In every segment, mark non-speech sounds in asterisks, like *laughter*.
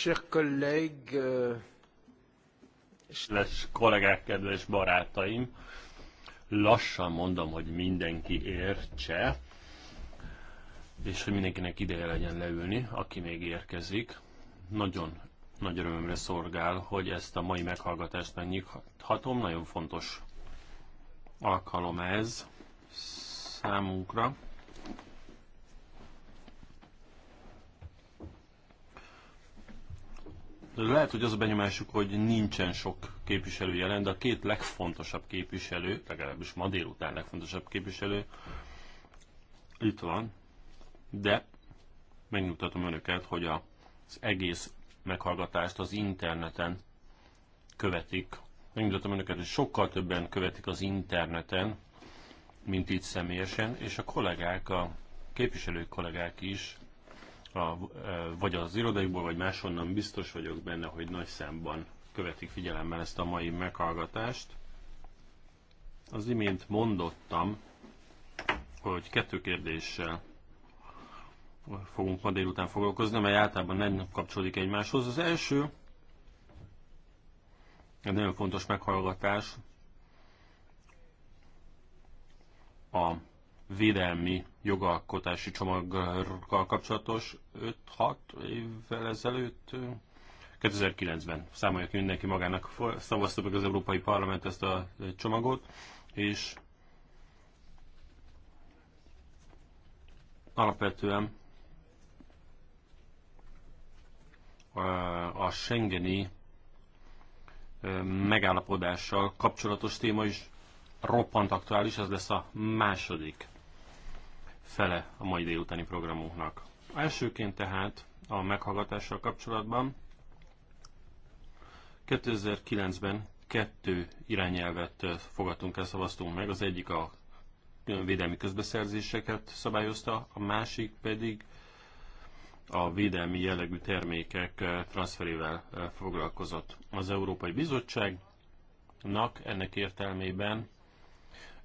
Chers collègues, lesz euh, kollégák, kedves barátaim, lassan mondom, hogy mindenki értse, és hogy mindenkinek ideje legyen leülni, aki még érkezik. Nagyon nagy örömömre szorgál, hogy ezt a mai meghallgatást megnyithatom. Nagyon fontos alkalom ez számunkra. de Lehet, hogy az a benyomásuk, hogy nincsen sok képviselő jelen, de a két legfontosabb képviselő, legalábbis ma délután legfontosabb képviselő itt van, de megnyugtatom önöket, hogy az egész meghallgatást az interneten követik. Megmutatom önöket, hogy sokkal többen követik az interneten, mint itt személyesen, és a kollégák, a képviselők kollégák is a, e, vagy az irodaikból, vagy máshonnan biztos vagyok benne, hogy nagy számban követik figyelemmel ezt a mai meghallgatást. Az imént mondottam, hogy kettő kérdéssel fogunk ma délután foglalkozni, mely általában nem kapcsolódik egymáshoz. Az első, egy nagyon fontos meghallgatás, a védelmi jogalkotási csomaggal kapcsolatos 5-6 évvel ezelőtt, 2009-ben számolja ki mindenki magának, szavazta meg az Európai Parlament ezt a csomagot, és alapvetően a Schengeni megállapodással kapcsolatos téma is roppant aktuális, ez lesz a második fele a mai délutáni programunknak. Elsőként tehát a meghallgatással kapcsolatban 2009-ben kettő irányelvet fogadtunk el, szavaztunk meg. Az egyik a védelmi közbeszerzéseket szabályozta, a másik pedig a védelmi jellegű termékek transferével foglalkozott. Az Európai Bizottságnak ennek értelmében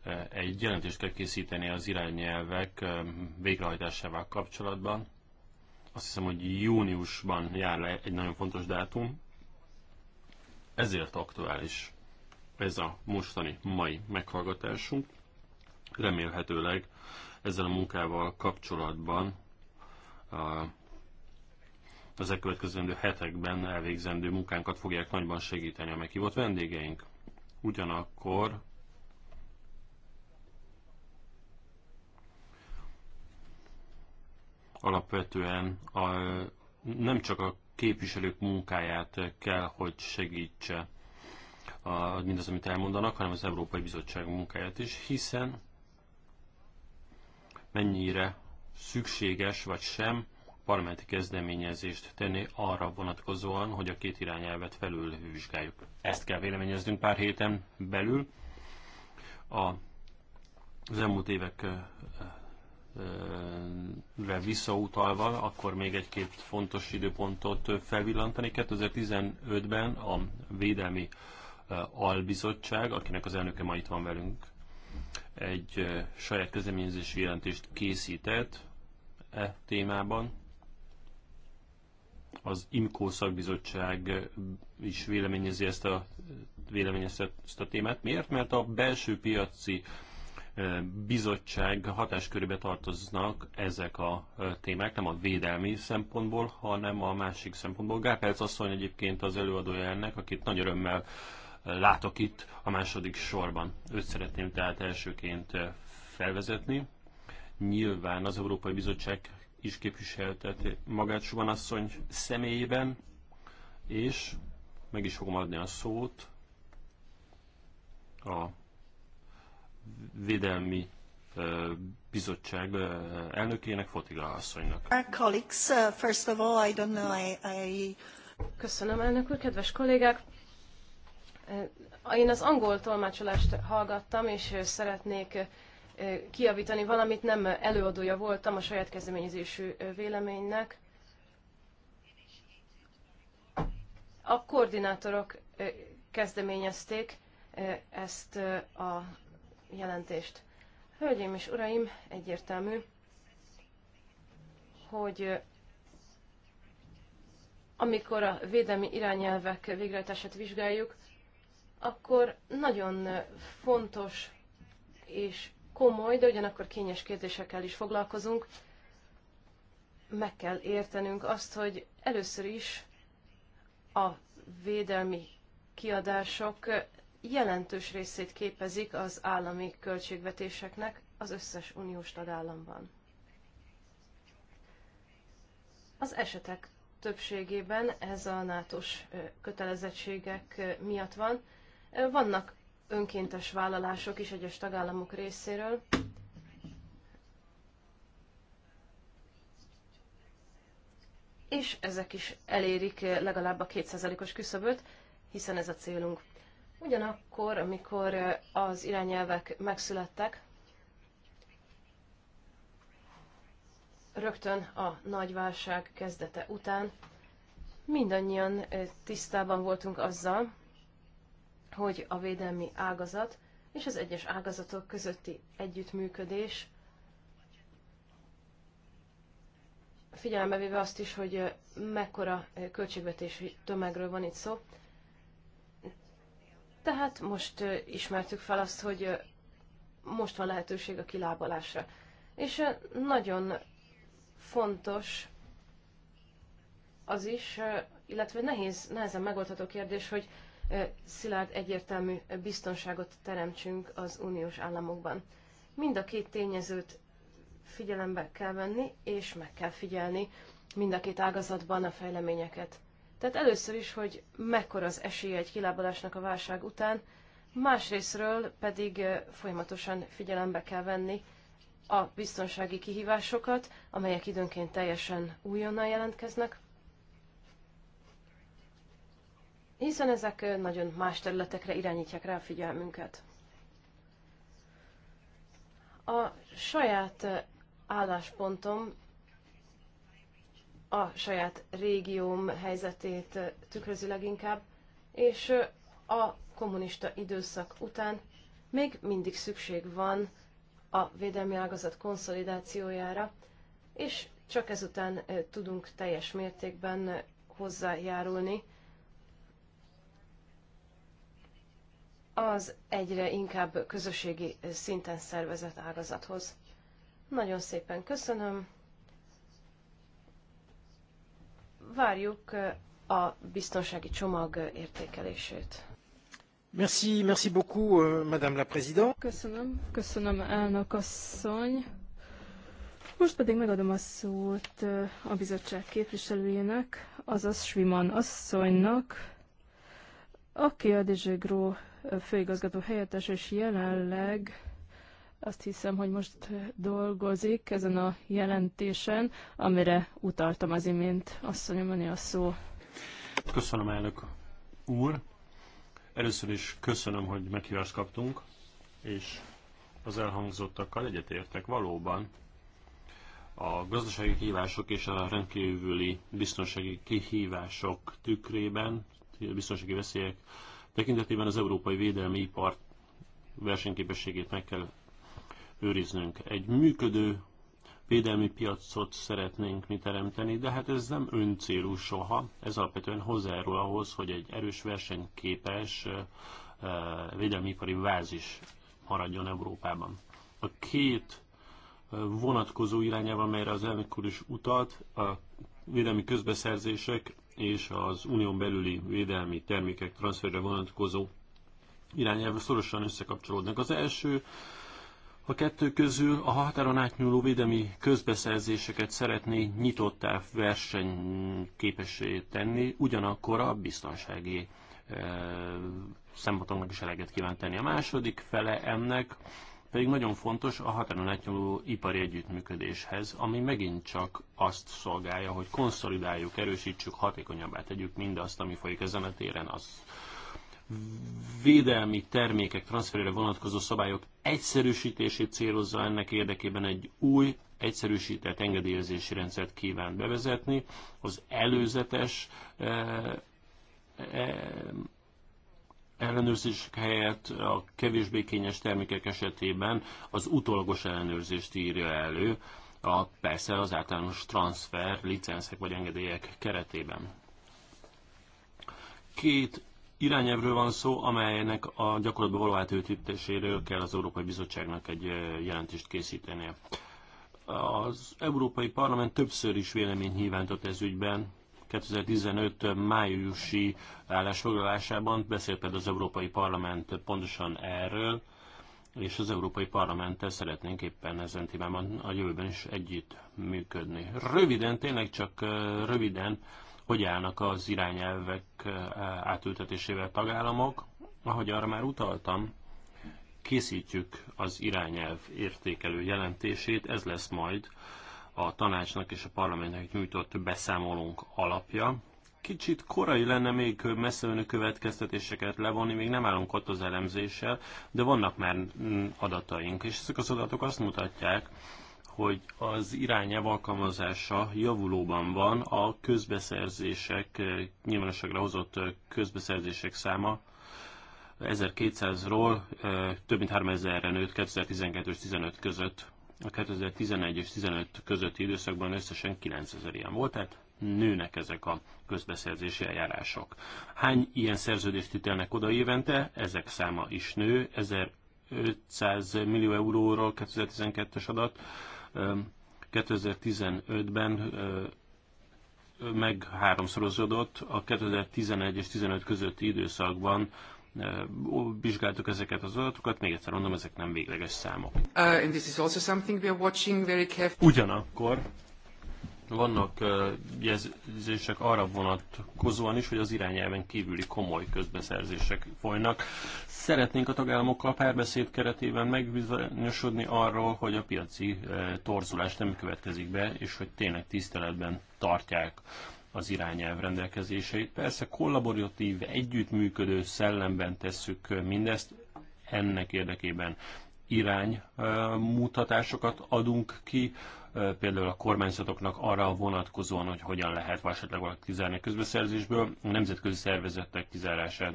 Eh, egy jelentést kell készíteni az irányelvek eh, végrehajtásával kapcsolatban. Azt hiszem, hogy júniusban jár le egy nagyon fontos dátum, ezért aktuális ez a mostani mai meghallgatásunk. Remélhetőleg ezzel a munkával kapcsolatban az elkövetkezendő hetekben elvégzendő munkánkat fogják nagyban segíteni a meghívott vendégeink. Ugyanakkor alapvetően a, nem csak a képviselők munkáját kell, hogy segítse a, mindaz, amit elmondanak, hanem az Európai Bizottság munkáját is, hiszen mennyire szükséges vagy sem parlamenti kezdeményezést tenni arra vonatkozóan, hogy a két irányelvet felülvizsgáljuk. Ezt kell véleményeznünk pár héten belül. A, az elmúlt évek visszautalva, akkor még egy-két fontos időpontot felvillantani. 2015-ben a Védelmi Albizottság, akinek az elnöke ma itt van velünk, egy saját kezdeményezési jelentést készített e témában. Az IMKO szakbizottság is véleményezi ezt a, véleményezi ezt a témát. Miért? Mert a belső piaci uh, bizottság hatáskörébe tartoznak ezek a témák, nem a védelmi szempontból, hanem a másik szempontból. Gápelc asszony egyébként az előadója ennek, akit nagy örömmel látok itt a második sorban. Őt szeretném tehát elsőként felvezetni. Nyilván az Európai Bizottság is képviselteti magát Suban asszony személyében, és meg is fogom adni a szót a Védelmi bizottság elnökének, Fotiga asszonynak. Uh, uh, Köszönöm, elnök úr, kedves kollégák! Én az angol tolmácsolást hallgattam, és szeretnék kiavítani valamit, nem előadója voltam a saját kezdeményezésű véleménynek. A koordinátorok kezdeményezték ezt a jelentést. Hölgyeim és uraim, egyértelmű, hogy amikor a védelmi irányelvek végrehajtását vizsgáljuk, akkor nagyon fontos és komoly, de ugyanakkor kényes kérdésekkel is foglalkozunk. Meg kell értenünk azt, hogy először is a védelmi kiadások jelentős részét képezik az állami költségvetéseknek az összes uniós tagállamban. Az esetek többségében ez a NATO-s kötelezettségek miatt van. Vannak önkéntes vállalások is egyes tagállamok részéről. És ezek is elérik legalább a kétszázalékos küszöböt, hiszen ez a célunk. Ugyanakkor, amikor az irányelvek megszülettek, rögtön a nagy válság kezdete után mindannyian tisztában voltunk azzal, hogy a védelmi ágazat és az egyes ágazatok közötti együttműködés, figyelembe véve azt is, hogy mekkora költségvetési tömegről van itt szó, tehát most ismertük fel azt, hogy most van lehetőség a kilábalásra. És nagyon fontos az is, illetve nehéz, nehezen megoldható kérdés, hogy szilárd egyértelmű biztonságot teremtsünk az uniós államokban. Mind a két tényezőt figyelembe kell venni, és meg kell figyelni mind a két ágazatban a fejleményeket. Tehát először is, hogy mekkora az esélye egy kilábalásnak a válság után, másrésztről pedig folyamatosan figyelembe kell venni a biztonsági kihívásokat, amelyek időnként teljesen újonnan jelentkeznek, hiszen ezek nagyon más területekre irányítják rá a figyelmünket. A saját álláspontom a saját régióm helyzetét tükrözi leginkább, és a kommunista időszak után még mindig szükség van a védelmi ágazat konszolidációjára, és csak ezután tudunk teljes mértékben hozzájárulni az egyre inkább közösségi szinten szervezett ágazathoz. Nagyon szépen köszönöm. várjuk a biztonsági csomag értékelését. Merci, merci beaucoup, euh, Madame la Présidente. Köszönöm, köszönöm, elnök asszony. Most pedig megadom a szót a bizottság képviselőjének, azaz Schwimann asszonynak, aki a DG főigazgató helyettes, és jelenleg azt hiszem, hogy most dolgozik ezen a jelentésen, amire utaltam az imént. Asszonyom, a szó. Köszönöm, elnök úr. Először is köszönöm, hogy meghívást kaptunk, és az elhangzottakkal egyetértek valóban. A gazdasági kihívások és a rendkívüli biztonsági kihívások tükrében, biztonsági veszélyek tekintetében az európai védelmi ipar versenyképességét meg kell őriznünk. Egy működő védelmi piacot szeretnénk mi teremteni, de hát ez nem öncélú soha, ez alapvetően hozzájárul ahhoz, hogy egy erős versenyképes védelmiipari vázis maradjon Európában. A két vonatkozó irányával, amelyre az elnök úr is utalt, a védelmi közbeszerzések és az unión belüli védelmi termékek transferre vonatkozó irányelv szorosan összekapcsolódnak. Az első a kettő közül a határon átnyúló védelmi közbeszerzéseket szeretné nyitottá versenyképessé tenni, ugyanakkor a biztonsági eh, szempontoknak is eleget kíván tenni. A második fele ennek pedig nagyon fontos a határon átnyúló ipari együttműködéshez, ami megint csak azt szolgálja, hogy konszolidáljuk, erősítsük, hatékonyabbá tegyük mindazt, ami folyik ezen a téren, az védelmi termékek transferére vonatkozó szabályok egyszerűsítését célozza ennek érdekében egy új, egyszerűsített engedélyezési rendszert kíván bevezetni. Az előzetes eh, eh, eh, ellenőrzések helyett a kevésbé kényes termékek esetében az utolagos ellenőrzést írja elő, a, persze az általános transfer, licenszek vagy engedélyek keretében. Két irányelvről van szó, amelynek a gyakorlatban való átültítéséről kell az Európai Bizottságnak egy jelentést készítenie. Az Európai Parlament többször is vélemény nyilvántott ez ügyben, 2015 májusi állásfoglalásában beszélt például az Európai Parlament pontosan erről, és az Európai Parlamenttel szeretnénk éppen ezen témában a jövőben is együtt működni. Röviden, tényleg csak röviden, hogy állnak az irányelvek eh, átültetésével tagállamok. Ahogy arra már utaltam, készítjük az irányelv értékelő jelentését, ez lesz majd a tanácsnak és a parlamentnek nyújtott beszámolónk alapja. Kicsit korai lenne még messze önő következtetéseket levonni, még nem állunk ott az elemzéssel, de vannak már mm, adataink, és ezek az adatok azt mutatják, hogy az irányelv alkalmazása javulóban van, a közbeszerzések, eh, nyilvánosságra hozott eh, közbeszerzések száma 1200-ról eh, több mint 3000-re nőtt 2012 és 15 között. A 2011 és 15 közötti időszakban összesen 9000 ilyen volt, tehát nőnek ezek a közbeszerzési eljárások. Hány ilyen szerződést ítélnek oda évente? Ezek száma is nő, 1500 millió euróról 2012-es adat, 2015-ben meg háromszorozódott, a 2011 és 15 közötti időszakban vizsgáltuk ezeket az adatokat, még egyszer mondom, ezek nem végleges számok. Uh, Ugyanakkor vannak jelzések arra vonatkozóan is, hogy az irányelven kívüli komoly közbeszerzések folynak. Szeretnénk a tagállamokkal párbeszéd keretében megbizonyosodni arról, hogy a piaci torzulás nem következik be, és hogy tényleg tiszteletben tartják az irányelv rendelkezéseit. Persze kollaboratív, együttműködő szellemben tesszük mindezt, ennek érdekében iránymutatásokat adunk ki például a kormányzatoknak arra vonatkozóan, hogy hogyan lehet esetleg valakit kizárni a közbeszerzésből, a nemzetközi szervezetek kizárását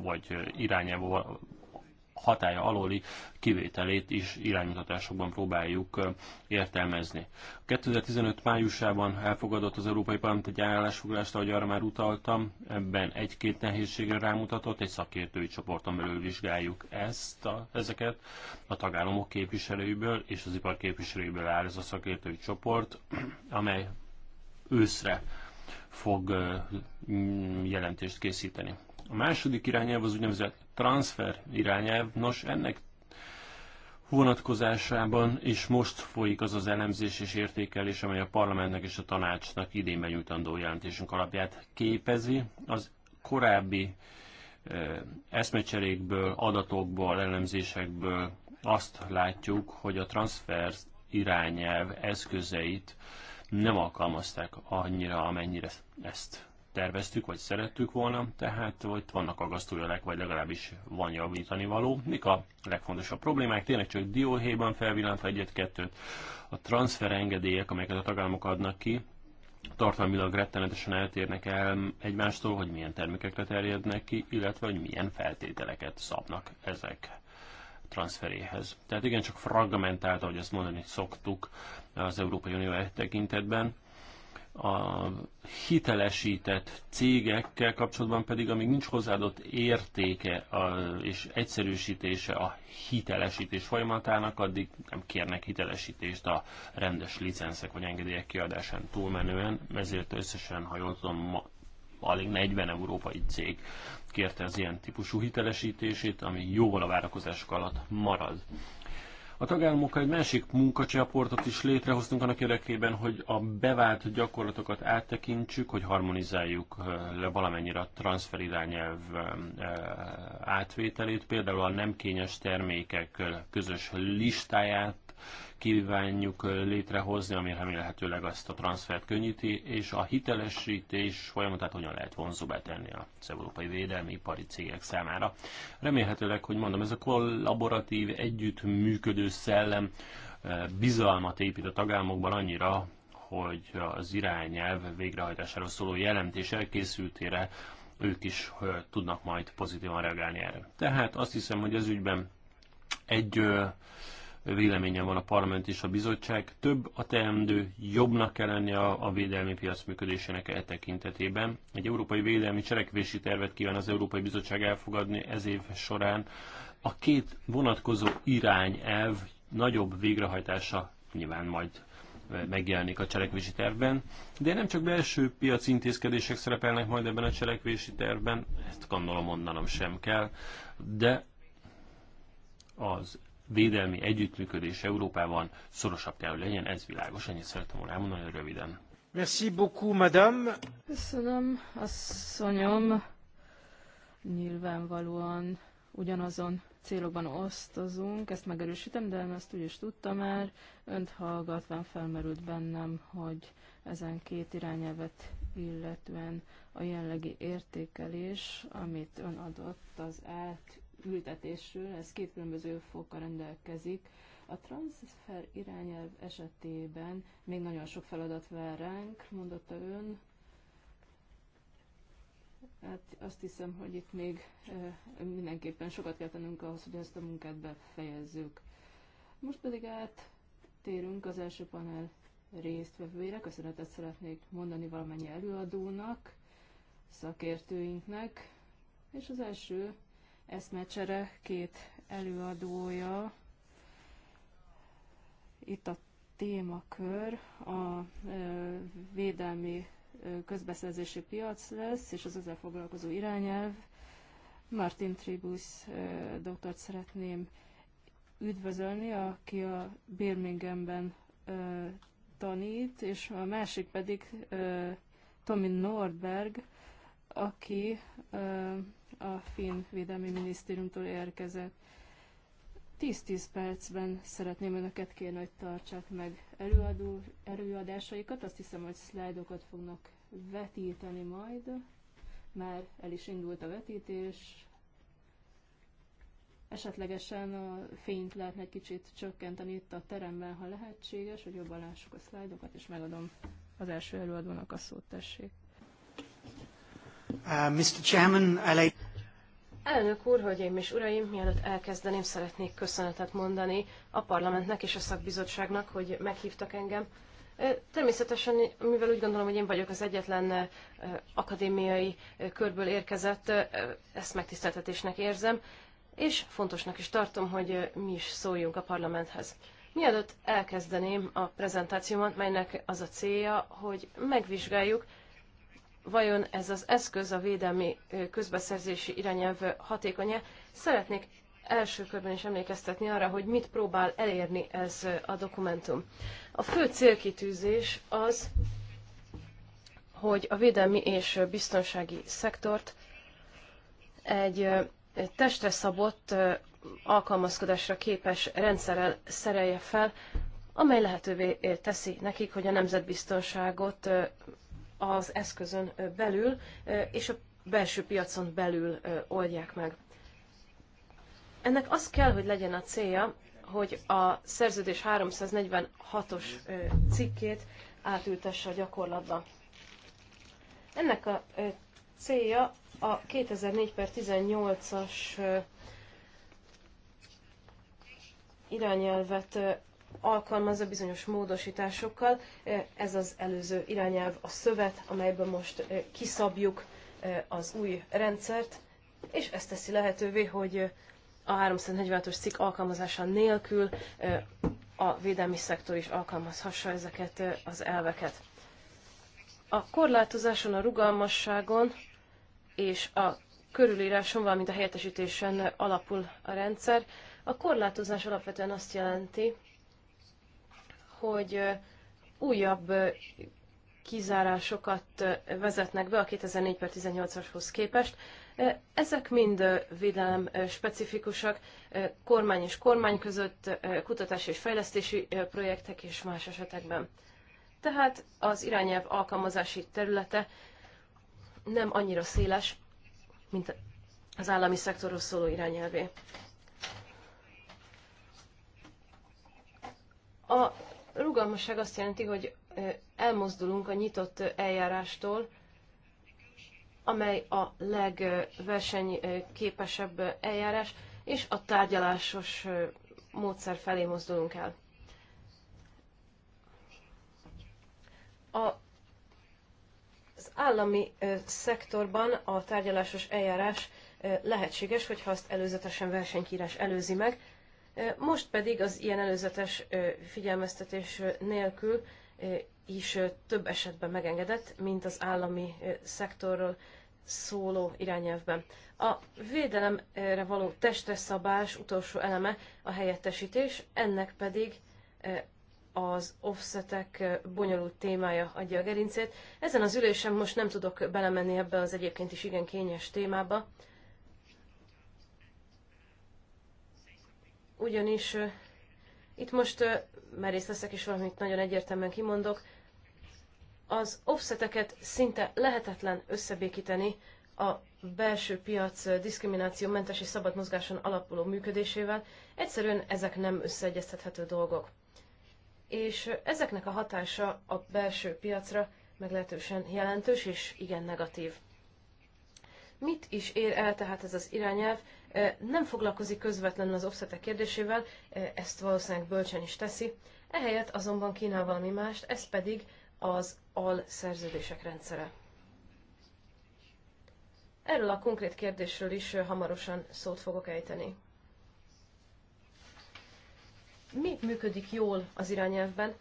vagy irányába hatája alóli kivételét is iránymutatásokban próbáljuk értelmezni. 2015 májusában elfogadott az Európai Parlament egy állásfoglalást, ahogy arra már utaltam, ebben egy-két nehézségre rámutatott, egy szakértői csoporton belül vizsgáljuk ezt a, ezeket. A tagállamok képviselőiből és az ipar képviselőiből áll ez a szakértői csoport, *clears throat* amely őszre fog jelentést készíteni. A második irányelv az úgynevezett transfer irányelv, nos ennek vonatkozásában is most folyik az az elemzés és értékelés, amely a parlamentnek és a tanácsnak idén benyújtandó jelentésünk alapját képezi. Az korábbi eszmecserékből, adatokból, elemzésekből azt látjuk, hogy a transfer irányelv eszközeit nem alkalmazták annyira, amennyire ezt terveztük, vagy szerettük volna, tehát ott vannak agasztójelek, vagy legalábbis van javítani való. Mik a legfontosabb problémák? Tényleg csak dióhéjban felvillantva egyet-kettőt. A engedélyek, amelyeket a tagállamok adnak ki, tartalmilag rettenetesen eltérnek el egymástól, hogy milyen termékekre terjednek ki, illetve hogy milyen feltételeket szabnak ezek transferéhez. Tehát igen, csak fragmentált, ahogy azt mondani szoktuk az Európai Unió e tekintetben a hitelesített cégekkel kapcsolatban pedig, amíg nincs hozzáadott értéke a, és egyszerűsítése a hitelesítés folyamatának, addig nem kérnek hitelesítést a rendes licenszek vagy engedélyek kiadásán túlmenően, ezért összesen, ha jól tudom, ma alig 40 európai cég kérte az ilyen típusú hitelesítését, ami jóval a várakozások alatt marad. A tagállamokkal egy másik munkacsoportot is létrehoztunk annak érdekében, hogy a bevált gyakorlatokat áttekintsük, hogy harmonizáljuk le valamennyire a transferirányelv átvételét, például a nem kényes termékek közös listáját kívánjuk létrehozni, ami remélhetőleg ezt a transfert könnyíti, és a hitelesítés folyamatát hogyan lehet vonzóbbá tenni az európai védelmi ipari cégek számára. Remélhetőleg, hogy mondom, ez a kollaboratív, együttműködő szellem eh, bizalmat épít a tagállamokban annyira, hogy az irányelv végrehajtásáról szóló jelentés elkészültére ők is eh, tudnak majd pozitívan reagálni erre. Tehát azt hiszem, hogy ez ügyben egy eh, véleményen van a parlament és a bizottság. Több a teendő, jobbnak kell lennie a, a védelmi piac működésének e tekintetében. Egy európai védelmi cselekvési tervet kíván az Európai Bizottság elfogadni ez év során. A két vonatkozó irányelv nagyobb végrehajtása nyilván majd megjelenik a cselekvési tervben, de nem csak belső piac intézkedések szerepelnek majd ebben a cselekvési tervben, ezt gondolom mondanom sem kell, de az védelmi együttműködés Európában szorosabb kell, hogy legyen, ez világos. Ennyit szerettem volna elmondani röviden. Merci beaucoup, madame. Köszönöm, asszonyom. Nyilvánvalóan ugyanazon célokban osztozunk, ezt megerősítem, de ezt úgy is tudtam már. Önt hallgatván felmerült bennem, hogy ezen két irányelvet illetően a jelenlegi értékelés, amit ön adott az át ültetésről, ez két különböző fokkal rendelkezik. A transfer irányelv esetében még nagyon sok feladat vár ránk, mondotta ön. Hát azt hiszem, hogy itt még mindenképpen sokat kell tennünk ahhoz, hogy ezt a munkát befejezzük. Most pedig áttérünk az első panel résztvevőire. Köszönetet szeretnék mondani valamennyi előadónak, szakértőinknek, és az első eszmecsere két előadója. Itt a témakör a védelmi közbeszerzési piac lesz, és az ezzel foglalkozó irányelv. Martin Tribus doktort szeretném üdvözölni, aki a Birminghamben tanít, és a másik pedig Tommy Nordberg, aki a Finn Védelmi Minisztériumtól érkezett. 10-10 percben szeretném önöket kérni, hogy tartsák meg előadó, előadásaikat. Azt hiszem, hogy szlájdokat fognak vetíteni majd. Már el is indult a vetítés. Esetlegesen a fényt lehetne egy kicsit csökkenteni itt a teremben, ha lehetséges, hogy jobban lássuk a szlájdokat, és megadom az első előadónak a szót, tessék. Uh, Mr. Chairman, I like... Elnök úr, hölgyeim és uraim, mielőtt elkezdeném, szeretnék köszönetet mondani a parlamentnek és a szakbizottságnak, hogy meghívtak engem. Természetesen, mivel úgy gondolom, hogy én vagyok az egyetlen akadémiai körből érkezett, ezt megtiszteltetésnek érzem, és fontosnak is tartom, hogy mi is szóljunk a parlamenthez. Mielőtt elkezdeném a prezentációmat, melynek az a célja, hogy megvizsgáljuk, vajon ez az eszköz a védelmi közbeszerzési irányelv hatékony-e. Szeretnék első körben is emlékeztetni arra, hogy mit próbál elérni ez a dokumentum. A fő célkitűzés az, hogy a védelmi és biztonsági szektort egy testre szabott alkalmazkodásra képes rendszerrel szerelje fel, amely lehetővé teszi nekik, hogy a nemzetbiztonságot az eszközön belül és a belső piacon belül oldják meg. Ennek az kell, hogy legyen a célja, hogy a szerződés 346-os cikkét átültesse a gyakorlatba. Ennek a célja a 2004 per 18-as irányelvet alkalmazza bizonyos módosításokkal. Ez az előző irányelv, a szövet, amelyben most kiszabjuk az új rendszert, és ezt teszi lehetővé, hogy a 346-os cikk alkalmazása nélkül a védelmi szektor is alkalmazhassa ezeket az elveket. A korlátozáson, a rugalmasságon és a körülíráson, valamint a helyettesítésen alapul a rendszer. A korlátozás alapvetően azt jelenti, hogy újabb kizárásokat vezetnek be a 2004 per 18-ashoz képest. Ezek mind védelem specifikusak, kormány és kormány között, kutatási és fejlesztési projektek és más esetekben. Tehát az irányelv alkalmazási területe nem annyira széles, mint az állami szektorról szóló irányelvé. A rugalmasság azt jelenti, hogy elmozdulunk a nyitott eljárástól, amely a legversenyképesebb eljárás, és a tárgyalásos módszer felé mozdulunk el. A, az állami szektorban a tárgyalásos eljárás lehetséges, hogyha azt előzetesen versenykírás előzi meg, most pedig az ilyen előzetes figyelmeztetés nélkül is több esetben megengedett, mint az állami szektorról szóló irányelvben. A védelemre való testre szabás utolsó eleme a helyettesítés, ennek pedig az offsetek bonyolult témája adja a gerincét. Ezen az ülésen most nem tudok belemenni ebbe az egyébként is igen kényes témába, ugyanis itt most merész leszek, és valamit nagyon egyértelműen kimondok, az offseteket szinte lehetetlen összebékíteni a belső piac mentes és szabad mozgáson alapuló működésével, egyszerűen ezek nem összeegyeztethető dolgok. És ezeknek a hatása a belső piacra meglehetősen jelentős és igen negatív. Mit is ér el tehát ez az irányelv, nem foglalkozik közvetlenül az offsetek kérdésével, ezt valószínűleg bölcsen is teszi, ehelyett azonban kínál valami mást, ez pedig az alszerződések rendszere. Erről a konkrét kérdésről is hamarosan szót fogok ejteni. Mi működik jól az irányelvben?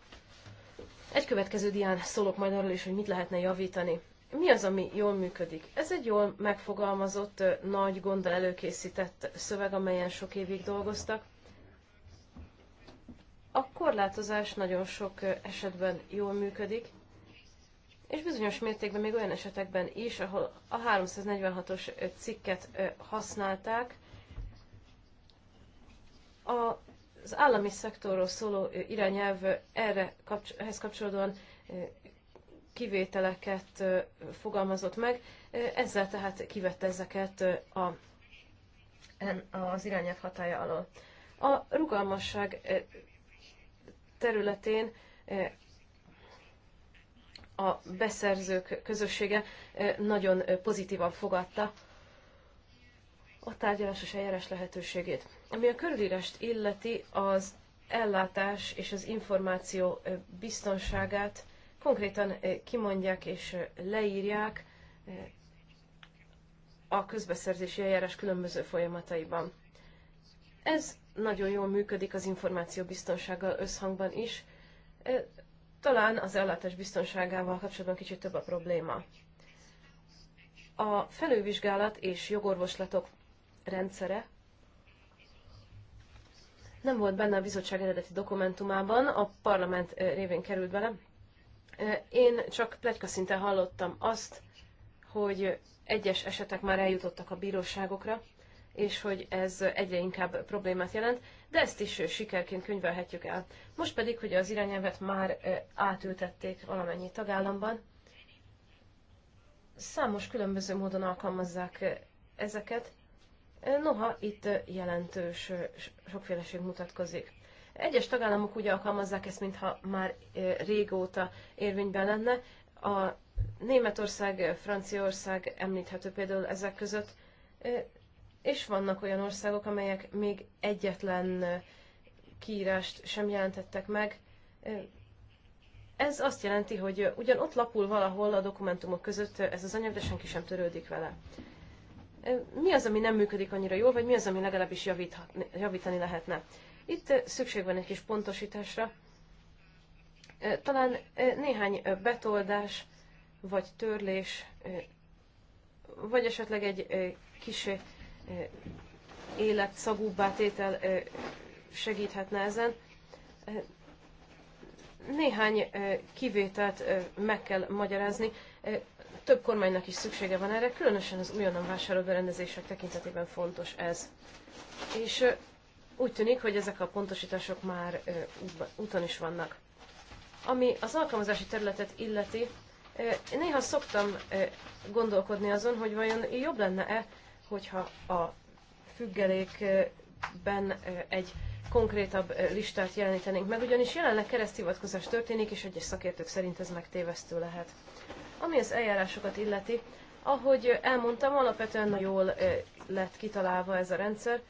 Egy következő dián szólok majd arról is, hogy mit lehetne javítani mi az, ami jól működik? Ez egy jól megfogalmazott, nagy gonddal előkészített szöveg, amelyen sok évig dolgoztak. A korlátozás nagyon sok esetben jól működik, és bizonyos mértékben még olyan esetekben is, ahol a 346-os cikket használták, az állami szektorról szóló irányelv erre kapcs- ehhez kapcsolódóan kivételeket fogalmazott meg, ezzel tehát kivette ezeket a, az irányelv hatája alól. A rugalmasság területén a beszerzők közössége nagyon pozitívan fogadta a tárgyalásos eljárás lehetőségét. Ami a körülírást illeti, az ellátás és az információ biztonságát konkrétan kimondják és leírják a közbeszerzési eljárás különböző folyamataiban. Ez nagyon jól működik az információ biztonsággal összhangban is. Talán az ellátás biztonságával kapcsolatban kicsit több a probléma. A felővizsgálat és jogorvoslatok rendszere nem volt benne a bizottság eredeti dokumentumában, a parlament révén került bele, én csak szinten hallottam azt, hogy egyes esetek már eljutottak a bíróságokra, és hogy ez egyre inkább problémát jelent, de ezt is sikerként könyvelhetjük el. Most pedig, hogy az irányelvet már átültették valamennyi tagállamban, számos különböző módon alkalmazzák ezeket, noha itt jelentős sokféleség mutatkozik. Egyes tagállamok úgy alkalmazzák ezt, mintha már régóta érvényben lenne. A Németország, Franciaország említhető például ezek között, és vannak olyan országok, amelyek még egyetlen kiírást sem jelentettek meg. Ez azt jelenti, hogy ugyan ott lapul valahol a dokumentumok között ez az anyag, de senki sem törődik vele. Mi az, ami nem működik annyira jól, vagy mi az, ami legalábbis javítani lehetne? Itt szükség van egy kis pontosításra. Talán néhány betoldás, vagy törlés, vagy esetleg egy kis életszagúbbá tétel segíthetne ezen. Néhány kivételt meg kell magyarázni. Több kormánynak is szüksége van erre, különösen az újonnan vásárolt berendezések tekintetében fontos ez. És úgy tűnik, hogy ezek a pontosítások már úton is vannak. Ami az alkalmazási területet illeti, néha szoktam gondolkodni azon, hogy vajon jobb lenne-e, hogyha a függelékben egy konkrétabb listát jelenítenénk meg, ugyanis jelenleg kereszthivatkozás történik, és egyes szakértők szerint ez megtévesztő lehet. Ami az eljárásokat illeti, ahogy elmondtam, alapvetően jól lett kitalálva ez a rendszer,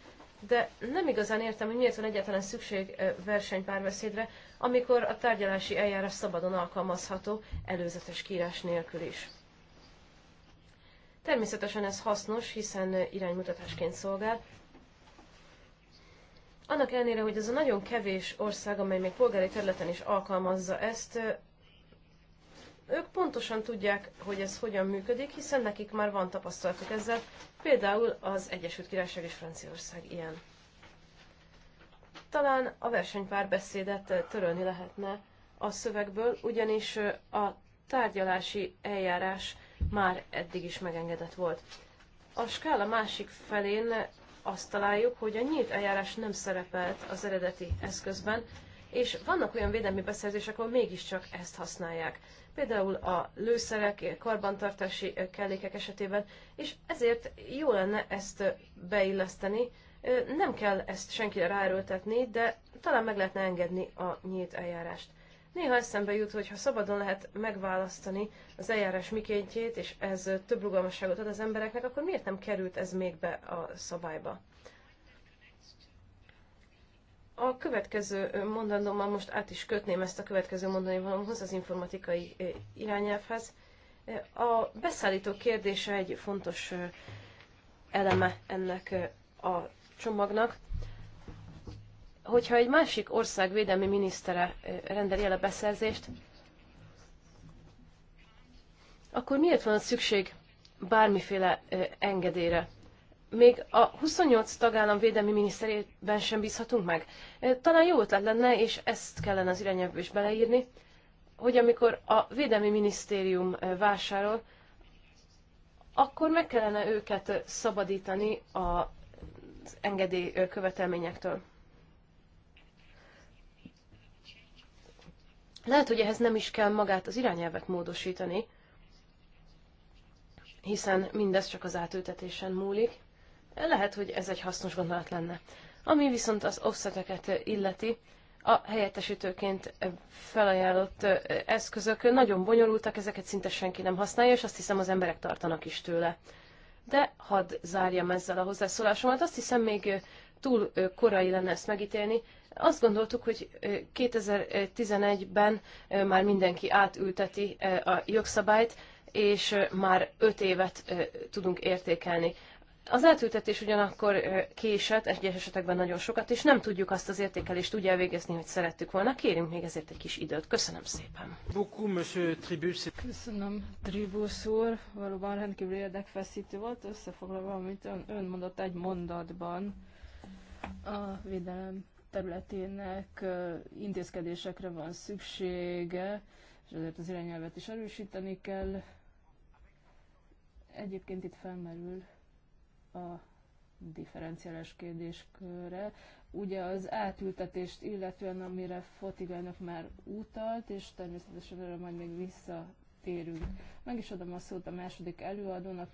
de nem igazán értem, hogy miért van egyáltalán szükség versenypárbeszédre, amikor a tárgyalási eljárás szabadon alkalmazható, előzetes kírás nélkül is. Természetesen ez hasznos, hiszen iránymutatásként szolgál. Annak ellenére, hogy ez a nagyon kevés ország, amely még polgári területen is alkalmazza ezt, ők pontosan tudják, hogy ez hogyan működik, hiszen nekik már van tapasztalatuk ezzel, például az Egyesült Királyság és Franciaország ilyen. Talán a versenypárbeszédet eh, törölni lehetne a szövegből, ugyanis eh, a tárgyalási eljárás már eddig is megengedett volt. A skála másik felén eh, azt találjuk, hogy a nyílt eljárás nem szerepelt az eredeti eszközben, és vannak olyan védelmi beszerzések, ahol mégiscsak ezt használják például a lőszerek, karbantartási kellékek esetében, és ezért jó lenne ezt beilleszteni. Nem kell ezt senkire ráerőltetni, de talán meg lehetne engedni a nyílt eljárást. Néha eszembe jut, hogy ha szabadon lehet megválasztani az eljárás mikéntjét, és ez több rugalmasságot ad az embereknek, akkor miért nem került ez még be a szabályba? A következő mondandómmal most át is kötném ezt a következő mondani valamhoz, az informatikai eh, irányelvhez. Eh, a beszállító kérdése egy fontos eh, eleme ennek a csomagnak. Hogyha egy másik ország védelmi minisztere rendeli el a beszerzést, akkor miért van szükség bármiféle engedélyre? még a 28 tagállam védelmi miniszterében sem bízhatunk meg. Talán jó ötlet lenne, és ezt kellene az irányelvbe is beleírni, hogy amikor a védelmi minisztérium vásárol, akkor meg kellene őket szabadítani az engedély követelményektől. Lehet, hogy ehhez nem is kell magát az irányelvet módosítani, hiszen mindez csak az átültetésen múlik. Lehet, hogy ez egy hasznos gondolat lenne. Ami viszont az offseteket illeti, a helyettesítőként felajánlott eh, eszközök nagyon bonyolultak, ezeket szinte senki nem használja, és azt hiszem az emberek tartanak is tőle. De hadd zárjam ezzel a hozzászólásomat, azt hiszem még eh, túl eh, korai lenne ezt megítélni. Azt gondoltuk, hogy 2011-ben már mindenki átülteti a jogszabályt, és már öt évet tudunk értékelni. Az átültetés ugyanakkor késett, egyes esetekben nagyon sokat, és nem tudjuk azt az értékelést úgy elvégezni, hogy szerettük volna. Kérünk még ezért egy kis időt. Köszönöm szépen. Köszönöm, Tribus úr. Valóban rendkívül érdekfeszítő volt. Összefoglalva, amit ön, ön mondott egy mondatban a védelem területének intézkedésekre van szüksége, és ezért az irányelvet is erősíteni kell. Egyébként itt felmerül a differenciális kérdéskörre. Ugye az átültetést illetően, amire Fotigának már utalt, és természetesen erre majd még visszatérünk. Meg is adom a szót a második előadónak,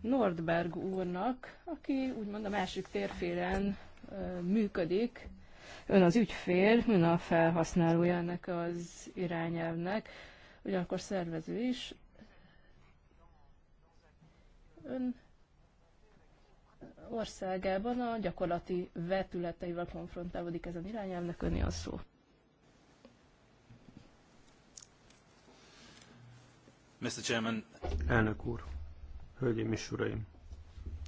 Nordberg úrnak, aki úgymond a másik térfélen működik. Ön az ügyfél, ön a felhasználója ennek az irányelvnek, ugyanakkor szervező is, Ön országában a gyakorlati vetületeivel konfrontálódik ezen irányelvnek, önni a szó. Mr. Chairman. Elnök úr, hölgyeim és uraim,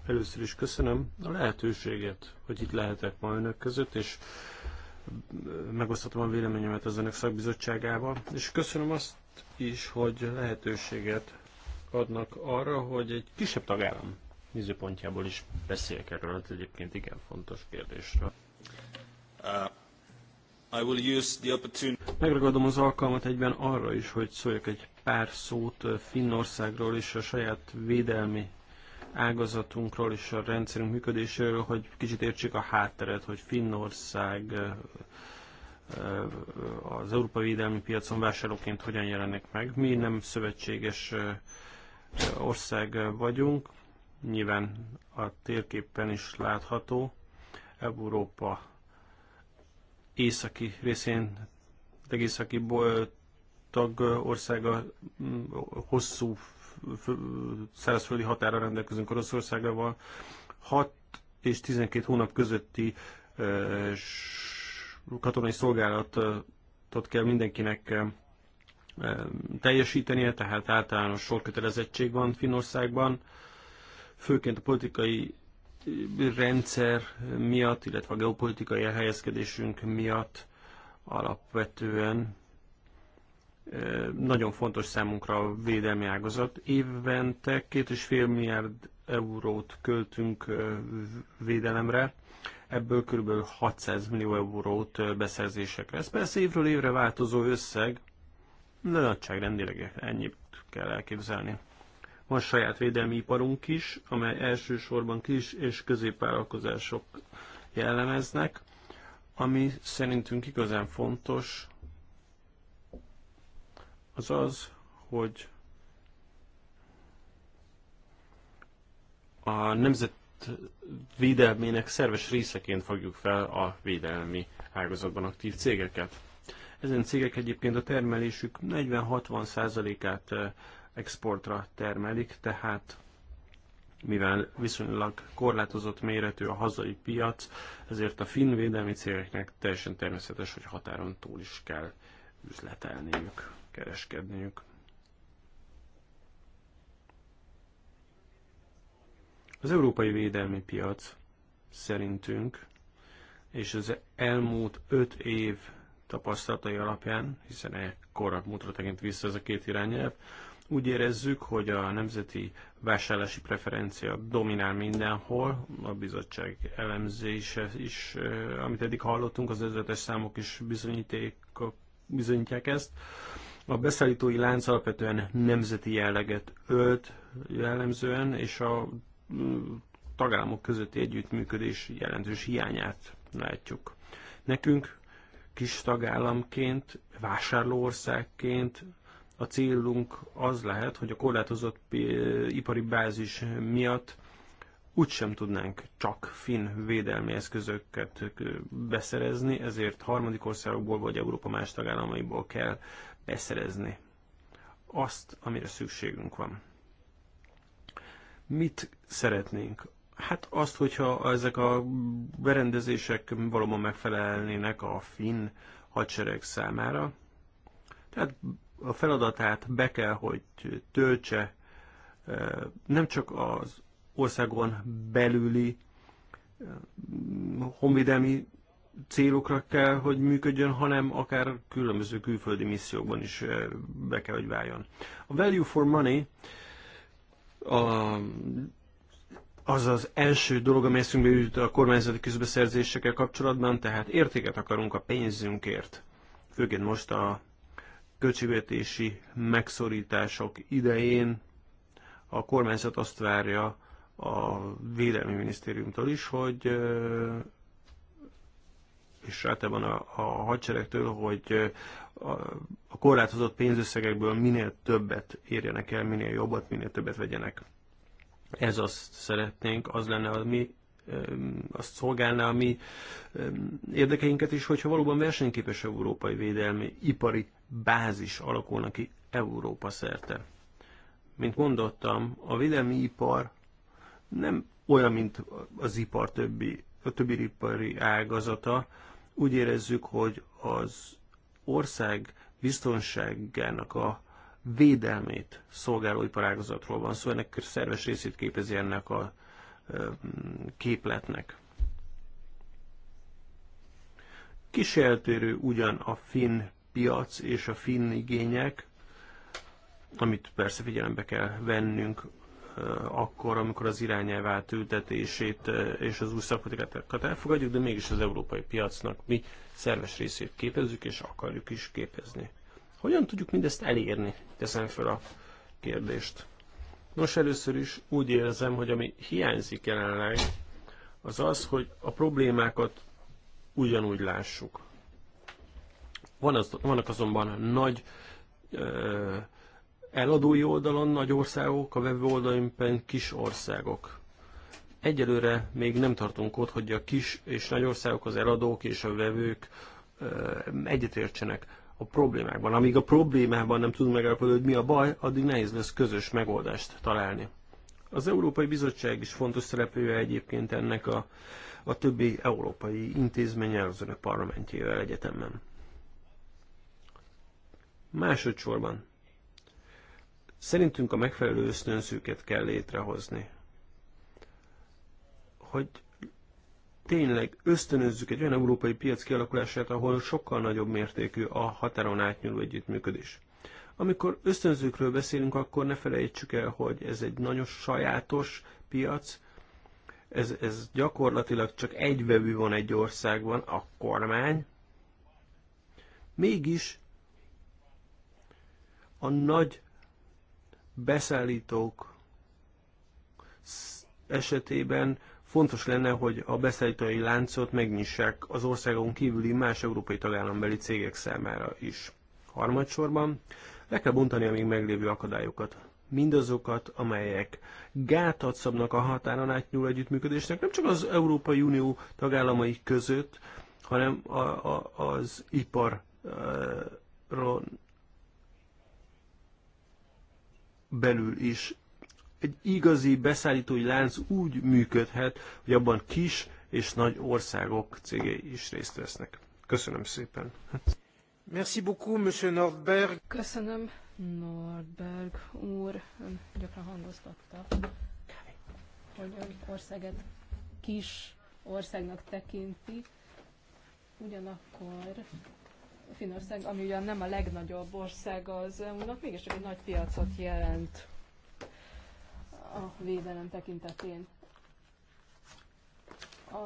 először is köszönöm a lehetőséget, hogy itt lehetek ma önök között, és megosztatom a véleményemet az önök szakbizottságával, és köszönöm azt is, hogy lehetőséget adnak arra, hogy egy kisebb tagállam nézőpontjából is beszéljek erről, ez hát egyébként igen fontos kérdésről. Uh. I will use the opportunity. Megragadom az alkalmat egyben arra is, hogy szóljak egy pár szót uh, Finnországról és a saját védelmi ágazatunkról és a rendszerünk működéséről, hogy kicsit értsék a hátteret, hogy Finnország uh, uh, az európai védelmi piacon vásárlóként hogyan jelennek meg. Mi nem szövetséges ország vagyunk, nyilván a térképen is látható, Európa északi részén, északi tag országa mm, hosszú szárazföldi határa rendelkezünk Oroszországával. 6 és 12 hónap közötti katonai szolgálatot kell mindenkinek teljesítenie, tehát általános sorkötelezettség van Finországban, főként a politikai rendszer miatt, illetve a geopolitikai elhelyezkedésünk miatt alapvetően nagyon fontos számunkra a védelmi ágazat. Évente két és fél milliárd eurót költünk védelemre, ebből kb. 600 millió eurót beszerzésekre. Ez persze évről évre változó összeg, de nagyságrendileg ennyit kell elképzelni. Van saját védelmi iparunk is, amely elsősorban kis és középvállalkozások jellemeznek, ami szerintünk igazán fontos, az az, hogy a nemzet védelmének szerves részeként fogjuk fel a védelmi ágazatban aktív cégeket. Ezen cégek egyébként a termelésük 40-60%-át exportra termelik, tehát mivel viszonylag korlátozott méretű a hazai piac, ezért a finn védelmi cégeknek teljesen természetes, hogy határon túl is kell üzletelniük, kereskedniük. Az európai védelmi piac szerintünk és az elmúlt öt év tapasztalatai alapján, hiszen ekkora mutra tekint vissza ez a két irányelv, úgy érezzük, hogy a nemzeti vásárlási preferencia dominál mindenhol, a bizottság elemzése is, eh, amit eddig hallottunk, az ezretes számok is bizonyítják ezt. A beszállítói lánc alapvetően nemzeti jelleget ölt jellemzően, és a mm, tagállamok közötti együttműködés jelentős hiányát látjuk. Nekünk kis tagállamként, vásárlóországként a célunk az lehet, hogy a korlátozott ipari bázis miatt úgysem tudnánk csak finn védelmi eszközöket beszerezni, ezért harmadik országokból vagy Európa más tagállamaiból kell beszerezni azt, amire szükségünk van. Mit szeretnénk? Hát azt, hogyha ezek a berendezések valóban megfelelnének a finn hadsereg számára, tehát a feladatát be kell, hogy töltse nem csak az országon belüli honvédelmi célokra kell, hogy működjön, hanem akár különböző külföldi missziókban is be kell, hogy váljon. A value for money a az az első dolog, ami eszünkbe jut a kormányzati közbeszerzésekkel kapcsolatban, tehát értéket akarunk a pénzünkért. Főként most a költségvetési megszorítások idején a kormányzat azt várja a Védelmi Minisztériumtól is, hogy és van a, a hadseregtől, hogy a, a korlátozott pénzösszegekből minél többet érjenek el, minél jobbat, minél többet vegyenek ez azt szeretnénk, az lenne a mi azt szolgálná a mi érdekeinket is, hogyha valóban versenyképes európai védelmi ipari bázis alakulna ki Európa szerte. Mint mondottam, a védelmi ipar nem olyan, mint az ipar többi, a többi ipari ágazata. Úgy érezzük, hogy az ország biztonságának a védelmét szolgáló iparágazatról van szó, szóval ennek szerves részét képezi ennek a képletnek. Kiseltérő ugyan a finn piac és a finn igények, amit persze figyelembe kell vennünk akkor, amikor az irányelv átültetését és az új szakpolitikákat elfogadjuk, de mégis az európai piacnak mi szerves részét képezzük és akarjuk is képezni. Hogyan tudjuk mindezt elérni? Teszem fel a kérdést. Nos, először is úgy érzem, hogy ami hiányzik jelenleg, az az, hogy a problémákat ugyanúgy lássuk. Van az, vannak azonban nagy ö, eladói oldalon nagy országok, a vevő oldalon kis országok. Egyelőre még nem tartunk ott, hogy a kis és nagy országok, az eladók és a vevők egyetértsenek a problémákban. Amíg a problémában nem tudunk megállapodni, hogy mi a baj, addig nehéz lesz közös megoldást találni. Az Európai Bizottság is fontos szereplője egyébként ennek a, a többi európai intézménnyel, az önök parlamentjével egyetemben. Másodszorban. Szerintünk a megfelelő ösztönzőket kell létrehozni. Hogy tényleg ösztönözzük egy olyan európai piac kialakulását, ahol sokkal nagyobb mértékű a határon átnyúló együttműködés. Amikor ösztönzőkről beszélünk, akkor ne felejtsük el, hogy ez egy nagyon sajátos piac, ez, ez gyakorlatilag csak egy vevő van egy országban, a kormány. Mégis a nagy beszállítók esetében Fontos lenne, hogy a beszállítói láncot megnyissák az országon kívüli más európai tagállambeli cégek számára is. Harmadsorban le kell bontani a még meglévő akadályokat. Mindazokat, amelyek gátat szabnak a határon átnyúló együttműködésnek, nem csak az Európai Unió tagállamai között, hanem a, a, az iparon eh, belül is egy igazi beszállítói lánc úgy működhet, hogy abban kis és nagy országok cégei is részt vesznek. Köszönöm szépen. Merci beaucoup, Monsieur Nordberg. Köszönöm, Nordberg úr. Ön gyakran hangoztatta, hogy ön országet kis országnak tekinti. Ugyanakkor Finország, ami ugyan nem a legnagyobb ország az EU-nak, mégiscsak egy nagy piacot jelent a védelem tekintetén. A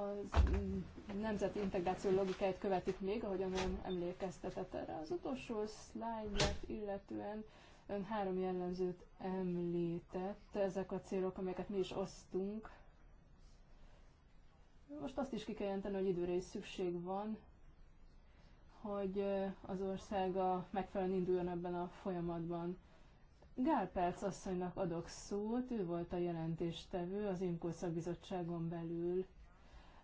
mm, nemzeti integráció logikáját követik még, ahogyan ön emlékeztetett erre az utolsó szlájdot, illetően ön három jellemzőt említett, ezek a célok, amelyeket mi is osztunk. Most azt is ki kell jelenteni, hogy időre is szükség van, hogy az ország a megfelelően induljon ebben a folyamatban. Gál Perc asszonynak adok szót, ő volt a jelentéstevő az IMKO szakbizottságon belül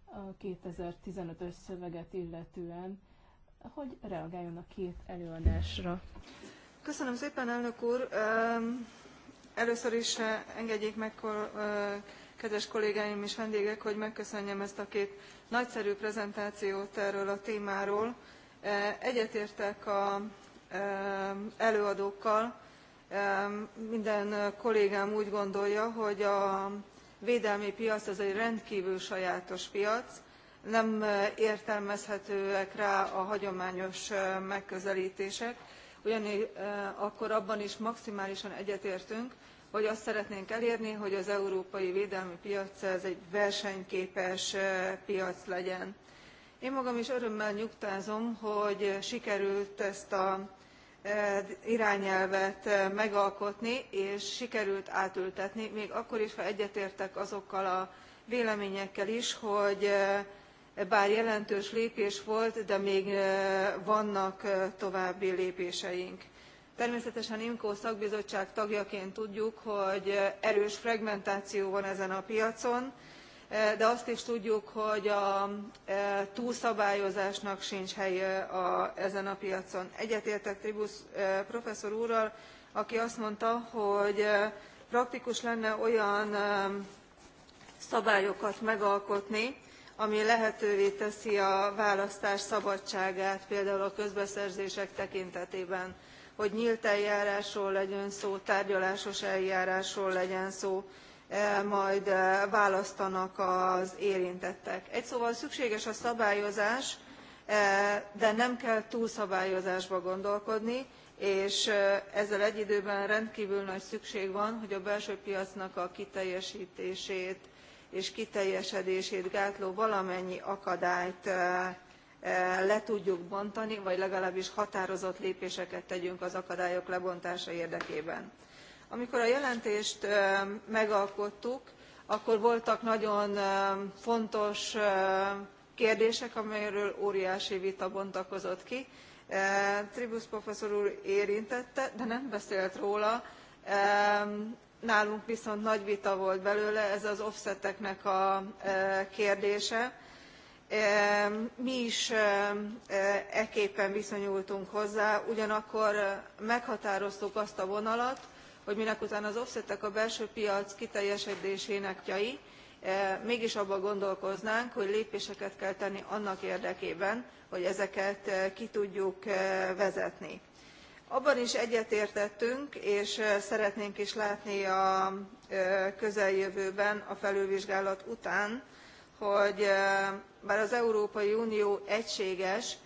a 2015-ös szöveget illetően, hogy reagáljon a két előadásra. Köszönöm szépen, elnök úr! Először is eh, engedjék meg, eh, kedves kollégáim és vendégek, hogy megköszönjem ezt a két nagyszerű prezentációt erről a témáról. Eh, egyetértek az előadókkal, minden kollégám úgy gondolja hogy a védelmi piac az egy rendkvül sajátos piac nem eh, értelmezhetőek rá a hagyományos eh, megközeltések ugyanakkor eh, abban is maximálisan egyetértünk hogy azt szeretnénk elérni hogy az európai védelmi piac ez egy versenyképes piac legyen. én magam is örömmel nyugtázom hogy sikerült ezt a irányelvet megalkotni és sikerült átültetni még akkor is ha egyetértek azokkal a véleményekkel is hogy bár jelentős lépés volt de még vannak további lépéseink. természetesen imco szakbizottság tagjaként tudjuk hogy erős fregmentáció van ezen a piacon de azt is tudjuk hogy a túlszabályozásnak sincs helye ezen a piacon. egyetértek tribus professzor úrral aki azt mondta hogy praktikus lenne olyan szabályokat megalkotni ami lehetővé teszi a választás szabadságát például a közbeszerzések tekintetében hogy nylt eljárásról legyen szó tárgyalásos eljárásról legyen szó majd választanak az érintettek. egy szóval szükséges a szabályozás de nem kell túlszabályozásba gondolkodni és ezzel egy időben rendkívül nagy szükség van hogy a belső piacnak a kiteljesítését és kiteljesedését gátló valamennyi akadályt le tudjuk bontani vagy legalábbis határozott lépéseket tegyünk az akadályok lebontása érdekében amikor a jelentést megalkottuk akkor voltak nagyon fontos kérdések amelyekről óriási vita bontakozott ki. tribus professzor úr érintette de nem beszélt róla nálunk viszont nagy vita volt belőle ez az offseteknek a kérdése. mi is eképpen viszonyultunk hozzá ugyanakkor meghatároztuk azt a vonalat hogy minekután az offset a belső piac kiteljesedésének tjai e, mégis abban gondolkoznánk hogy lépéseket kell tenni annak érdekében hogy ezeket e, ki tudjuk e, vezetni. abban is egyetértettünk és szeretnénk is látni a közeljövőben a felülvizsgálat után hogy bár az európai unió egységes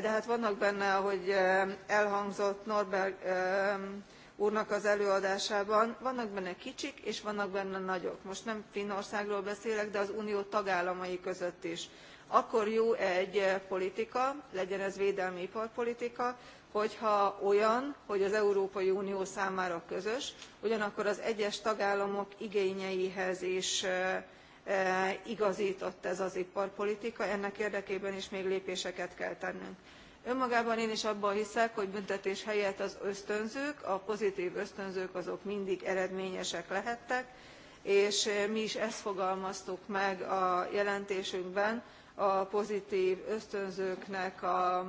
de hát vannak benne ahogy elhangzott norbert úrnak az előadásában vannak benne kicsik és vannak benne nagyok most nem finnországról beszélek de az unió tagállamai között is. akkor jó egy eh, politika legyen ez védelmi iparpolitika hogyha olyan hogy az európai unió számára közös ugyanakkor az egyes tagállamok igényeihez is eh, eh, igaztott ez az iparpolitika ennek érdekében is még lépéseket kell tennünk önmagában én is abban hiszek hogy büntetés helyett az ösztönzők a pozitv ösztönzők azok mindig eredményesek lehettek és mi is ezt fogalmaztuk meg a jelentésünkben a pozitv ösztönzőknek a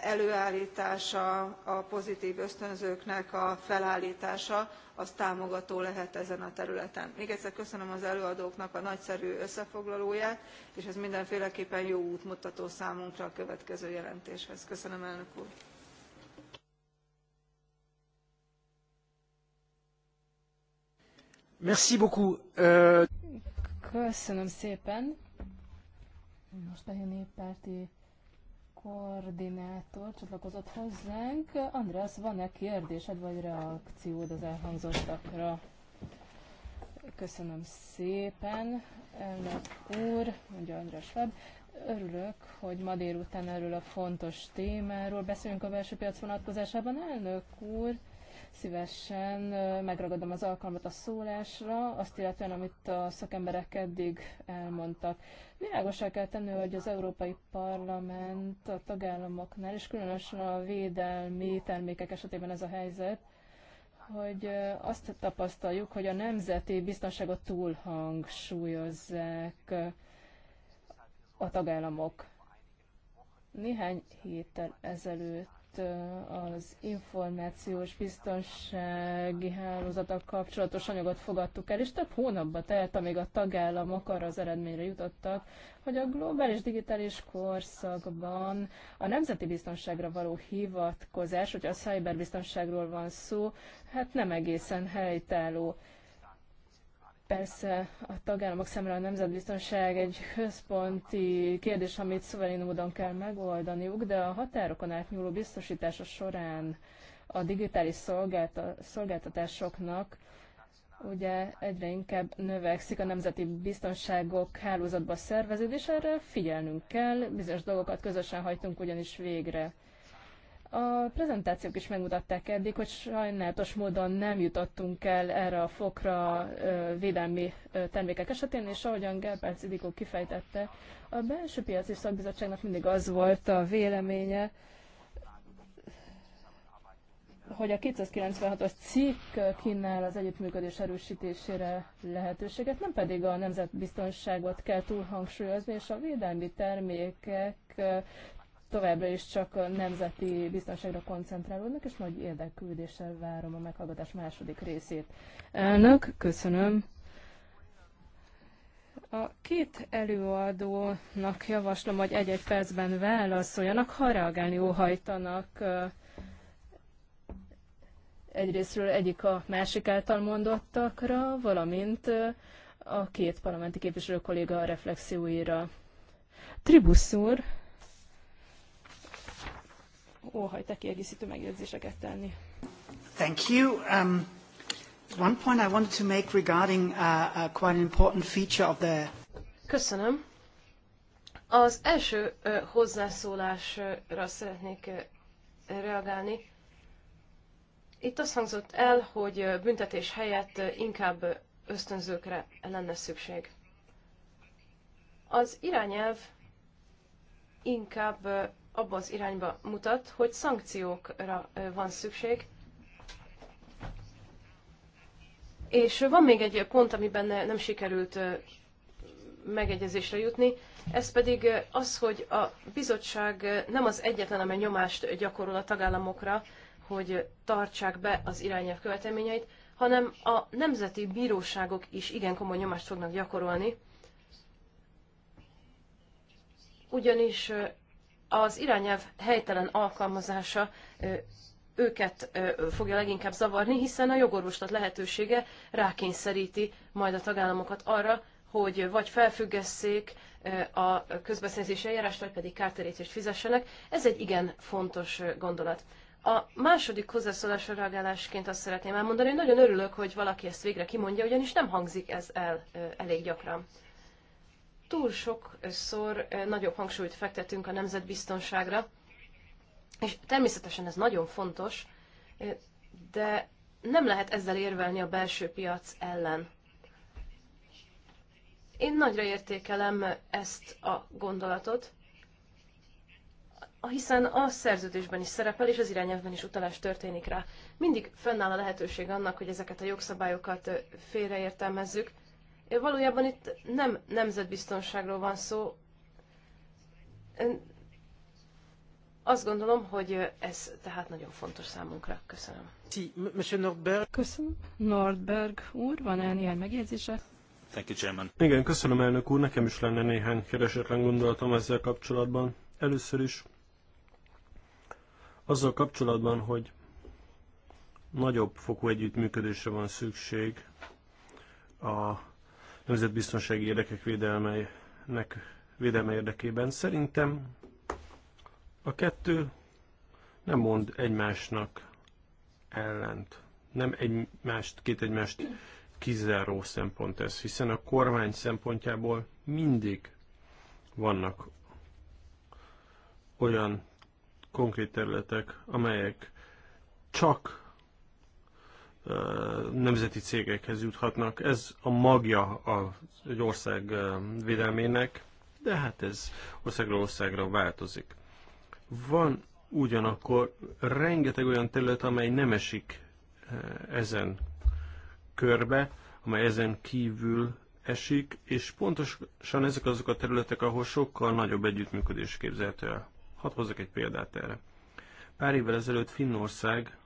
előálltása a pozitv ösztönzőknek a felálltása az támogató lehet ezen a területen. még egyszer köszönöm az előadóknak a nagyszerű összefoglalóját és ez mindenféleképpen jó útmutató számunkra a következő jelentéshez. köszönöm elnök úr! Merci beaucoup. Euh, köszönöm szépen. Most a néppárti koordinátor csatlakozott hozzánk. András, van-e kérdésed vagy reakciód az elhangzottakra? Köszönöm szépen, elnök úr, mondja András Fab. Örülök, hogy ma délután erről a fontos témáról beszélünk a belső piac vonatkozásában. Elnök úr, Szívesen megragadom az alkalmat a szólásra, azt illetően, amit a szakemberek eddig elmondtak. Világosá kell tenni, hogy az Európai Parlament a tagállamoknál, és különösen a védelmi termékek esetében ez a helyzet, hogy azt tapasztaljuk, hogy a nemzeti biztonságot túlhangsúlyozzák a tagállamok. Néhány héttel ezelőtt itt az információs biztonsági hálózatok kapcsolatos anyagot fogadtuk el, és több hónapba telt, amíg a tagállamok arra az eredményre jutottak, hogy a globális digitális korszakban a nemzeti biztonságra való hivatkozás, hogy a cyberbiztonságról van szó, hát nem egészen helytálló. Persze a tagállamok számára a nemzetbiztonság egy központi kérdés, amit szuverén módon kell megoldaniuk, de a határokon átnyúló biztosítása során a digitális szolgáltatásoknak ugye egyre inkább növekszik a nemzeti biztonságok hálózatba szerveződés, erre figyelnünk kell, bizonyos dolgokat közösen hajtunk ugyanis végre. A prezentációk is megmutatták eddig, hogy sajnálatos módon nem jutottunk el erre a fokra védelmi termékek esetén, és ahogyan Gerbert Zidikó kifejtette, a belső piaci szakbizottságnak mindig az volt a véleménye, hogy a 296 os cikk kínál az együttműködés erősítésére lehetőséget, nem pedig a nemzetbiztonságot kell túlhangsúlyozni, és a védelmi termékek továbbra is csak a nemzeti biztonságra koncentrálódnak, és nagy érdeklődéssel várom a meghallgatás második részét. Elnök, köszönöm. A két előadónak javaslom, hogy egy-egy percben válaszoljanak, ha reagálni óhajtanak egyrésztről egyik a másik által mondottakra, valamint a két parlamenti képviselő kolléga reflexióira. Tribusz úr, óhajta kiegészítő megjegyzéseket tenni. Thank you. Um, one point I wanted to make regarding a, uh, a uh, quite an important feature of the... Köszönöm. Az első uh, hozzászólásra szeretnék uh, reagálni. Itt azt hangzott el, hogy büntetés helyett inkább ösztönzőkre lenne szükség. Az irányelv inkább abba az irányba mutat, hogy szankciókra van szükség. És van még egy pont, amiben nem sikerült megegyezésre jutni, ez pedig az, hogy a bizottság nem az egyetlen, amely nyomást gyakorol a tagállamokra, hogy tartsák be az irányelv követelményeit, hanem a nemzeti bíróságok is igen komoly nyomást fognak gyakorolni, ugyanis az irányelv helytelen alkalmazása őket fogja leginkább zavarni, hiszen a jogorvoslat lehetősége rákényszeríti majd a tagállamokat arra, hogy vagy felfüggesszék a közbeszerzési eljárást, vagy pedig kártérítést fizessenek. Ez egy igen fontos gondolat. A második hozzászólásra reagálásként azt szeretném elmondani, hogy nagyon örülök, hogy valaki ezt végre kimondja, ugyanis nem hangzik ez el elég gyakran túl sokszor eh, nagyobb hangsúlyt fektetünk a nemzetbiztonságra, és természetesen ez nagyon fontos, eh, de nem lehet ezzel érvelni a belső piac ellen. Én nagyra értékelem ezt a gondolatot, hiszen a szerződésben is szerepel, és az irányelvben is utalás történik rá. Mindig fennáll a lehetőség annak, hogy ezeket a jogszabályokat eh, félreértelmezzük, valójában itt nem nemzetbiztonságról van szó. Ön azt gondolom, hogy ez tehát nagyon fontos számunkra. Köszönöm. Monsieur Nordberg. Köszönöm. Nordberg úr, van-e néhány megjegyzése? Thank you, Chairman. Igen, köszönöm elnök úr, nekem is lenne néhány keresetlen gondolatom ezzel kapcsolatban. Először is azzal kapcsolatban, hogy nagyobb fokú együttműködésre van szükség a nemzetbiztonsági érdekek védelmeinek védelme érdekében. Szerintem a kettő nem mond egymásnak ellent. Nem egymást, két egymást kizáró szempont ez, hiszen a kormány szempontjából mindig vannak olyan konkrét területek, amelyek csak nemzeti cégekhez juthatnak. Ez a magja egy ország védelmének, de hát ez országról országra változik. Van ugyanakkor rengeteg olyan terület, amely nem esik ezen körbe, amely ezen kívül esik, és pontosan ezek azok a területek, ahol sokkal nagyobb együttműködés képzelhető el. Hadd hozzak egy példát erre. Pár évvel ezelőtt Finnország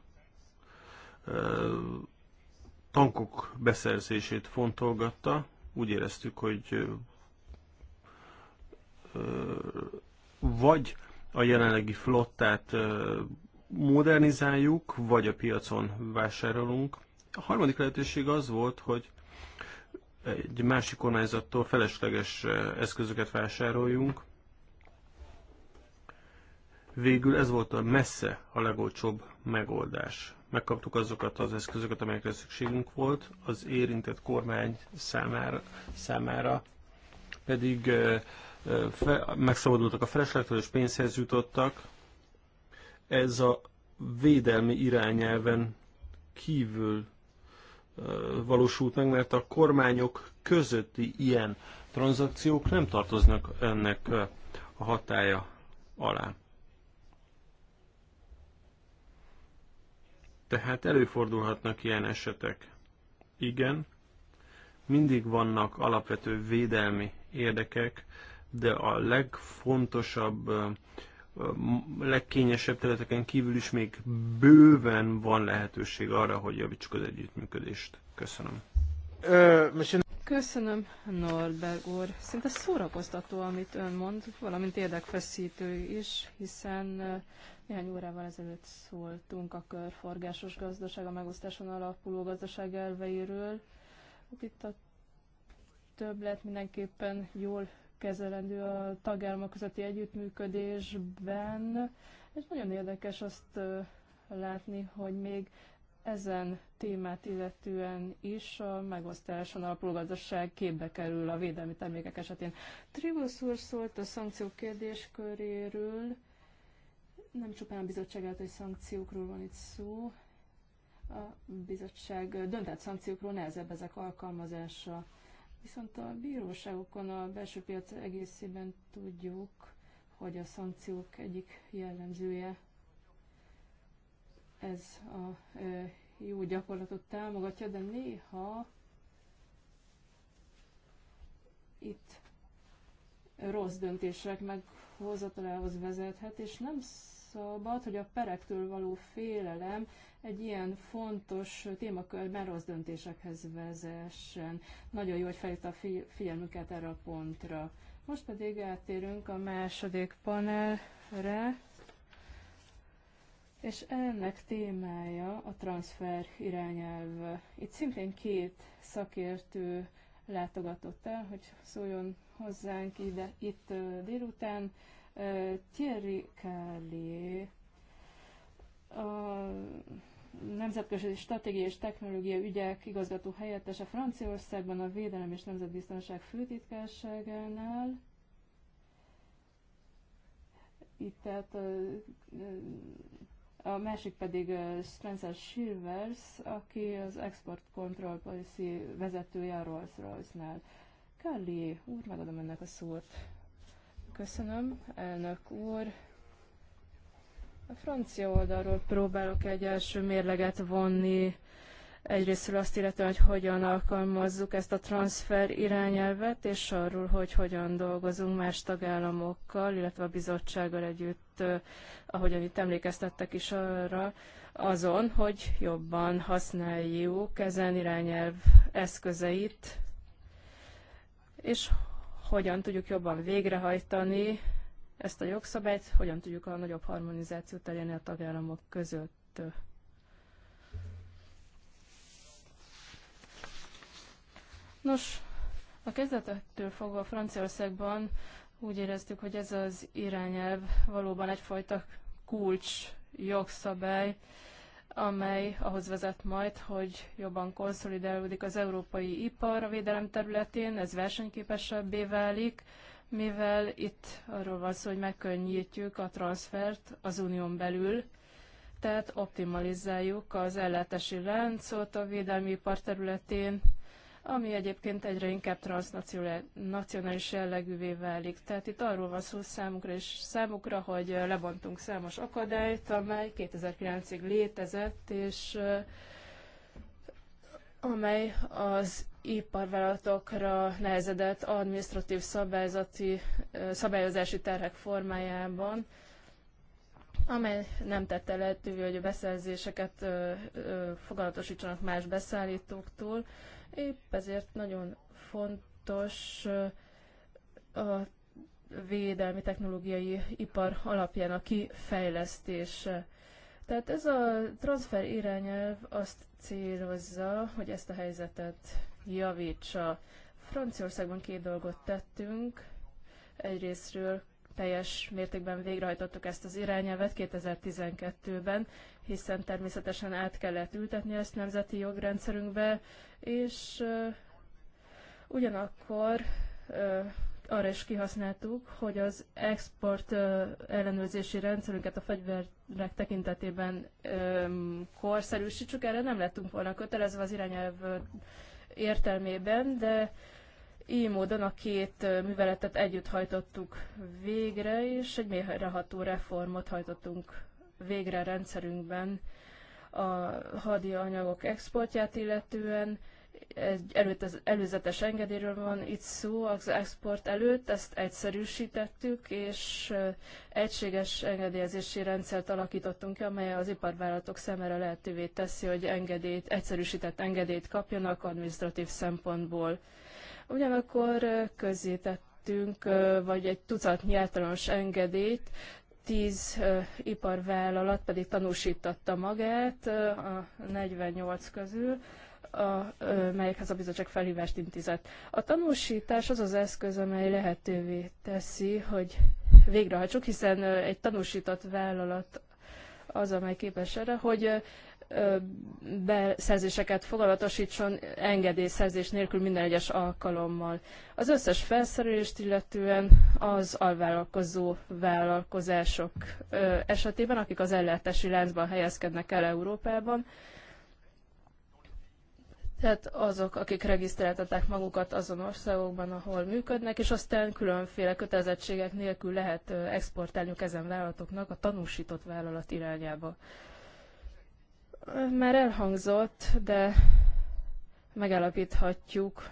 tankok beszerzését fontolgatta. Úgy éreztük, hogy vagy a jelenlegi flottát modernizáljuk, vagy a piacon vásárolunk. A harmadik lehetőség az volt, hogy egy másik kormányzattól felesleges eszközöket vásároljunk, Végül ez volt a messze a legolcsóbb megoldás. Megkaptuk azokat az eszközöket, amelyekre szükségünk volt, az érintett kormány számára, számára pedig fe, megszabadultak a feleslektől és pénzhez jutottak. Ez a védelmi irányelven kívül valósult meg, mert a kormányok közötti ilyen tranzakciók nem tartoznak ennek a hatája alá. Tehát előfordulhatnak ilyen esetek. Igen, mindig vannak alapvető védelmi érdekek, de a legfontosabb, legkényesebb területeken kívül is még bőven van lehetőség arra, hogy javítsuk az együttműködést. Köszönöm. Köszönöm, Norberg úr. Szinte szórakoztató, amit ön mond, valamint érdekfeszítő is, hiszen néhány órával ezelőtt szóltunk a körforgásos gazdaság, a megosztáson alapuló gazdaság elveiről. Hát itt a többlet mindenképpen jól kezelendő a tagállamok közötti együttműködésben. És nagyon érdekes azt látni, hogy még ezen témát illetően is a megosztáson alapuló gazdaság képbe kerül a védelmi termékek esetén. Tribus úr szólt a szankciók kérdésköréről, nem csupán a bizottság által szankciókról van itt szó, a bizottság döntett szankciókról nehezebb ezek alkalmazása. Viszont a bíróságokon a belső piac egészében tudjuk, hogy a szankciók egyik jellemzője ez a jó gyakorlatot támogatja, de néha itt rossz döntések meghozatalához vezethet, és nem szabad, hogy a perektől való félelem egy ilyen fontos mert rossz döntésekhez vezessen. Nagyon jó, hogy felhívta a figyelmüket erre a pontra. Most pedig eltérünk a második panelre, és ennek témája a transfer irányelv. Itt szintén két szakértő látogatott el, hogy szóljon hozzánk ide, itt délután. Thierry Nemzetközi Stratégia és Technológia Ügyek igazgató helyettese Franciaországban a Védelem és Nemzetbiztonság főtitkárságánál. Itt tehát a, a másik pedig Spencer Silvers, aki az Export Control Policy vezetője a Rolls-Royce-nál. Kelly, úr, megadom ennek a szót. Köszönöm, elnök úr. A francia oldalról próbálok egy első mérleget vonni. Egyrésztről azt illetően, hogy hogyan alkalmazzuk ezt a transfer irányelvet, és arról, hogy hogyan dolgozunk más tagállamokkal, illetve a bizottsággal együtt, ahogyan itt emlékeztettek is arra, azon, hogy jobban használjuk ezen irányelv eszközeit, és hogyan tudjuk jobban végrehajtani ezt a jogszabályt, hogyan tudjuk a nagyobb harmonizációt elérni a tagállamok között. Nos, a kezdetektől fogva Franciaországban úgy éreztük, hogy ez az irányelv valóban egyfajta kulcs jogszabály, amely ahhoz vezet majd, hogy jobban konszolidálódik az európai ipar a védelem területén, ez versenyképesebbé válik, mivel itt arról van szó, hogy megkönnyítjük a transfert az unión belül, tehát optimalizáljuk az ellátási láncot a védelmi ipar területén, ami egyébként egyre inkább transnacionális jellegűvé válik. Tehát itt arról van szó számukra és számukra, hogy lebontunk számos akadályt, amely 2009-ig létezett, és eh, amely az iparvállalatokra nehezedett administratív szabályzati, eh, szabályozási terhek formájában, amely nem tette lehetővé, hogy a beszerzéseket eh, fogalatosítsanak más beszállítóktól, Épp ezért nagyon fontos a védelmi technológiai ipar alapján a kifejlesztése. Tehát ez a transfer irányelv azt célozza, hogy ezt a helyzetet javítsa. Franciaországban két dolgot tettünk. Egyrésztről teljes mértékben végrehajtottuk ezt az irányelvet 2012-ben, hiszen természetesen át kellett ültetni ezt nemzeti jogrendszerünkbe, és ugyanakkor arra is kihasználtuk, hogy az export ellenőrzési rendszerünket a fegyverek tekintetében korszerűsítsük. Erre nem lettünk volna kötelezve az irányelv értelmében, de így módon a két műveletet együtt hajtottuk végre, és egy mélyreható reformot hajtottunk végre a rendszerünkben, a hadi anyagok exportját illetően. Egy előzetes engedélyről van itt szó az export előtt, ezt egyszerűsítettük, és egységes engedélyezési rendszert alakítottunk ki, amely az iparvállalatok számára lehetővé teszi, hogy engedélyt, egyszerűsített engedélyt kapjanak administratív szempontból. Ugyanakkor közzétettünk, vagy egy tucatnyi általános engedélyt, tíz iparvállalat pedig tanúsítatta magát a 48 közül, a, melyekhez a bizottság felhívást intézett. A tanúsítás az az eszköz, amely lehetővé teszi, hogy végrehajtsuk, hiszen egy tanúsított vállalat az, amely képes erre, hogy beszerzéseket fogalatosítson engedélyszerzés nélkül minden egyes alkalommal. Az összes felszerelést illetően az alvállalkozó vállalkozások esetében, akik az ellátási láncban helyezkednek el Európában, tehát azok, akik regisztráltatták magukat azon országokban, ahol működnek, és aztán különféle kötelezettségek nélkül lehet exportálniuk ezen vállalatoknak a tanúsított vállalat irányába. Már elhangzott, de megállapíthatjuk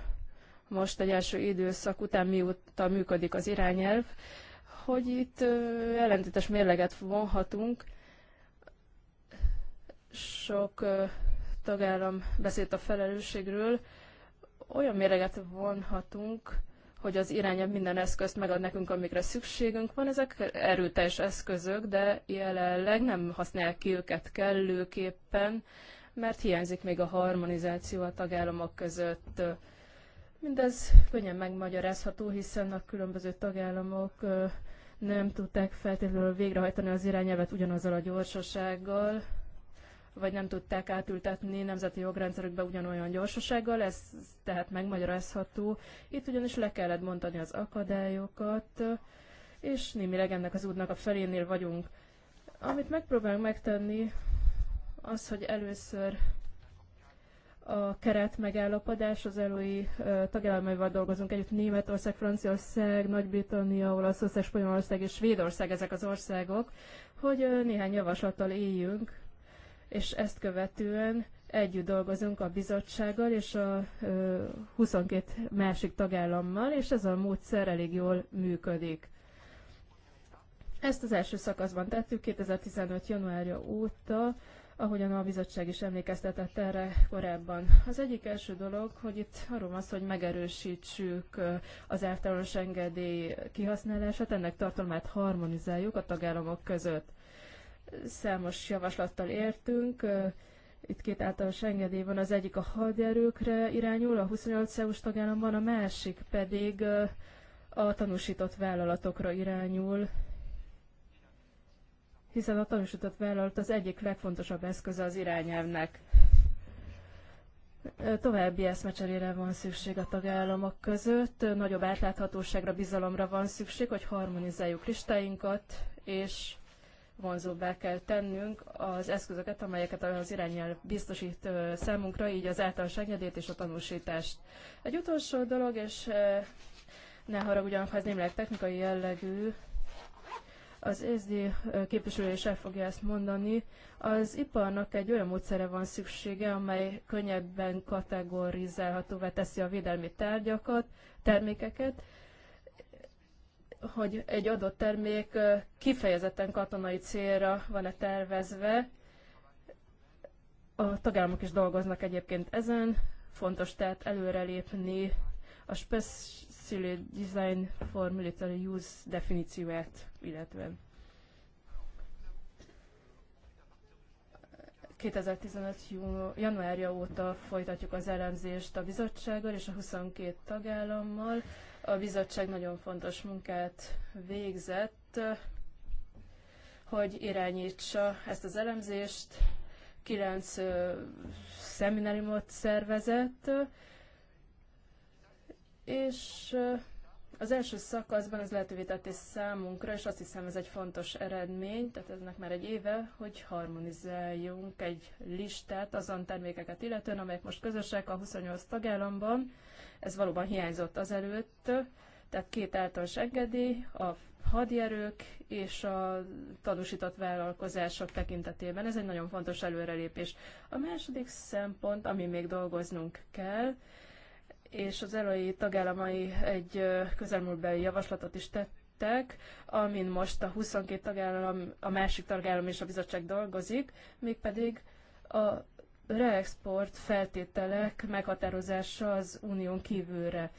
most egy első időszak után, mióta működik az irányelv, hogy itt ellentétes mérleget vonhatunk. Sok tagállam beszélt a felelősségről, olyan mérleget vonhatunk, hogy az irányelv minden eszközt megad nekünk, amikre szükségünk van. Ezek erőteljes eszközök, de jelenleg nem használják ki őket kellőképpen, mert hiányzik még a harmonizáció a tagállamok között. Mindez könnyen megmagyarázható, hiszen a különböző tagállamok nem tudták feltétlenül végrehajtani az irányelvet ugyanazzal a gyorsasággal, vagy nem tudták átültetni nemzeti jogrendszerükbe ugyanolyan gyorsasággal, ez tehát megmagyarázható. Itt ugyanis le kellett mondani az akadályokat, és némileg ennek az útnak a felénél vagyunk. Amit megpróbálunk megtenni, az, hogy először a keret megállapodás, az elői tagállamaival dolgozunk együtt, Németország, Franciaország, Nagy-Britannia, Olaszország, Spanyolország és Svédország ezek az országok, hogy néhány javaslattal éljünk, és ezt követően együtt dolgozunk a bizottsággal és a 22 másik tagállammal, és ez a módszer elég jól működik. Ezt az első szakaszban tettük 2015. januárja óta, ahogyan a bizottság is emlékeztetett erre korábban. Az egyik első dolog, hogy itt arról van szó, hogy megerősítsük az általános engedély kihasználását, ennek tartalmát harmonizáljuk a tagállamok között. Számos javaslattal értünk, itt két általános engedély van, az egyik a haderőkre irányul, a 28 EU-s tagállamban, a másik pedig a tanúsított vállalatokra irányul, hiszen a tanúsított vállalat az egyik legfontosabb eszköze az irányelvnek. További eszmecserére van szükség a tagállamok között, nagyobb átláthatóságra, bizalomra van szükség, hogy harmonizáljuk listáinkat, és vonzóbbá kell tennünk az eszközöket, amelyeket az irányel biztosít számunkra, így az általános engedélyt és a tanúsítást. Egy utolsó dolog, és ne haragudjanak, ha ez némileg technikai jellegű, az ESZDI képviselő is el fogja ezt mondani, az iparnak egy olyan módszere van szüksége, amely könnyebben kategorizálhatóvá teszi a védelmi tárgyakat, termékeket, hogy egy adott termék kifejezetten katonai célra van-e tervezve. A tagállamok is dolgoznak egyébként ezen, fontos tehát előrelépni a Special Design for Military Use definícióját, illetve 2015. januárja óta folytatjuk az elemzést a bizottsággal és a 22 tagállammal. A bizottság nagyon fontos munkát végzett, hogy irányítsa ezt az elemzést. Kilenc szemináriumot szervezett, és az első szakaszban ez lehetővé tette számunkra, és azt hiszem ez egy fontos eredmény, tehát eznek már egy éve, hogy harmonizáljunk egy listát azon termékeket illetően, amelyek most közösek a 28 tagállamban, ez valóban hiányzott azelőtt, tehát két általános engedély, a hadierők és a tanúsított vállalkozások tekintetében. Ez egy nagyon fontos előrelépés. A második szempont, ami még dolgoznunk kell, és az elői tagállamai egy közelmúltbeli javaslatot is tettek, amin most a 22 tagállam, a másik tagállam és a bizottság dolgozik, mégpedig a reexport feltételek meghatározása az unión kívülre.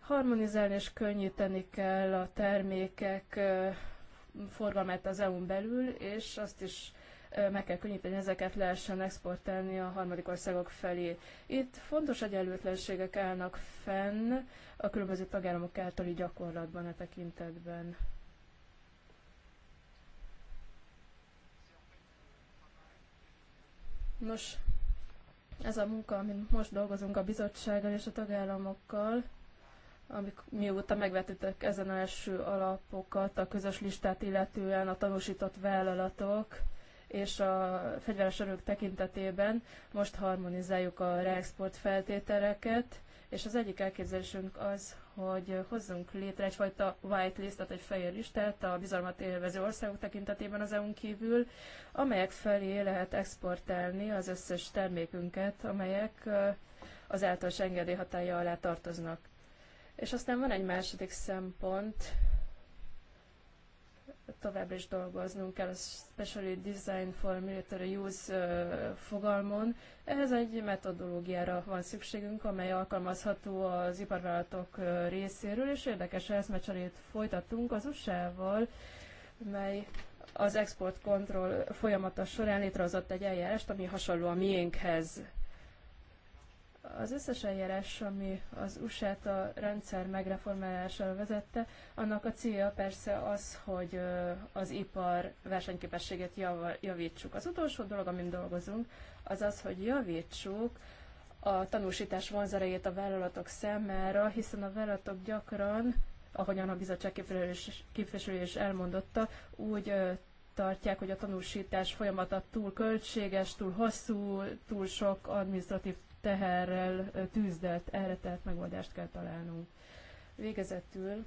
Harmonizálni és könnyíteni kell a termékek forgalmát az EU-n belül, és azt is meg kell könnyíteni, ezeket lehessen exportálni a harmadik országok felé. Itt fontos egyenlőtlenségek állnak fenn a különböző tagállamok általi gyakorlatban a e tekintetben. Nos, ez a munka, amin most dolgozunk a bizottsággal és a tagállamokkal, amik, mióta megvetítek ezen első alapokat, a közös listát illetően a tanúsított vállalatok és a fegyveres erők tekintetében most harmonizáljuk a reexport feltételeket, és az egyik elképzelésünk az, hogy hozzunk létre egyfajta whitelistet, egy fehér listát a bizalmat élvező országok tekintetében az EU-n kívül, amelyek felé lehet exportálni az összes termékünket, amelyek az általános engedély hatája alá tartoznak. És aztán van egy második szempont, továbbra is dolgoznunk kell a Specially Design for Military Use fogalmon. Ehhez egy metodológiára van szükségünk, amely alkalmazható az iparvállalatok részéről, és érdekes cserét folytattunk az USA-val, mely az export control folyamata során létrehozott egy eljárást, ami hasonló a miénkhez. Az összes eljárás, ami az USA-t a rendszer megreformálására vezette, annak a célja persze az, hogy az ipar versenyképességét javítsuk. Az utolsó dolog, amin dolgozunk, az az, hogy javítsuk a tanúsítás vonzerejét a vállalatok számára, hiszen a vállalatok gyakran, ahogyan a bizottság képviselő is elmondotta, úgy tartják, hogy a tanúsítás folyamata túl költséges, túl hosszú, túl sok administratív teherrel tűzdelt, erre tehát megoldást kell találnunk. Végezetül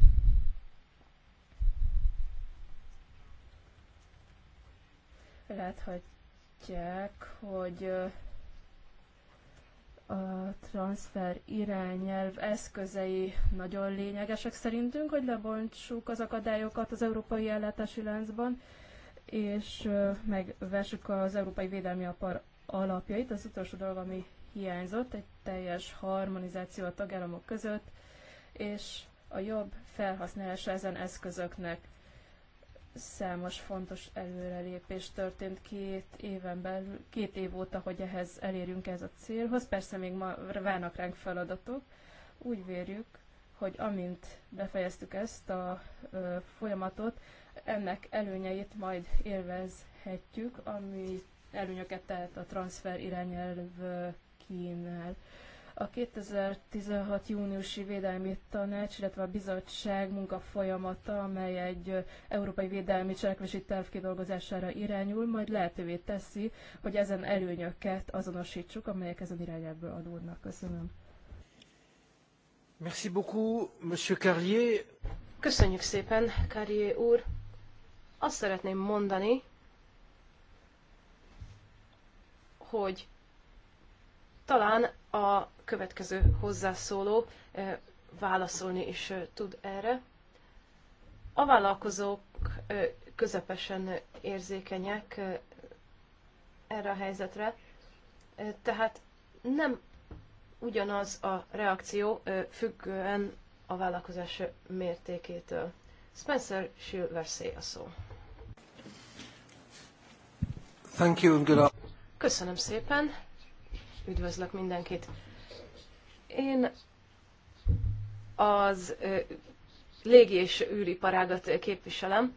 láthatják, hogy a transfer irányelv eszközei nagyon lényegesek szerintünk, hogy lebontsuk az akadályokat az európai ellátási láncban, és megvessük az európai védelmi apar alapjait. Az utolsó dolog, ami hiányzott, egy teljes harmonizáció a tagállamok között, és a jobb felhasználása ezen eszközöknek számos fontos előrelépés történt két éven belül, két év óta, hogy ehhez elérjünk ez a célhoz. Persze még ma várnak ránk feladatok. Úgy vérjük, hogy amint befejeztük ezt a ö, folyamatot, ennek előnyeit majd élvezhetjük, ami előnyöket tehet a transfer irányelv kínál. A 2016. júniusi Védelmi Tanács, illetve a bizottság folyamata, amely egy európai védelmi cselekvési terv kidolgozására irányul, majd lehetővé teszi, hogy ezen előnyöket azonosítsuk, amelyek ezen irányából adódnak. Köszönöm. Merci beaucoup, Monsieur Carrier. Köszönjük szépen, Carrier úr. Azt szeretném mondani, hogy talán a következő hozzászóló eh, válaszolni is eh, tud erre. A vállalkozók eh, közepesen érzékenyek erre a helyzetre, tehát nem ugyanaz a reakció függően a vállalkozás mértékétől. Spencer Silversé a szó. Thank you and good Köszönöm szépen, üdvözlök mindenkit. Én az légi és űriparágat képviselem,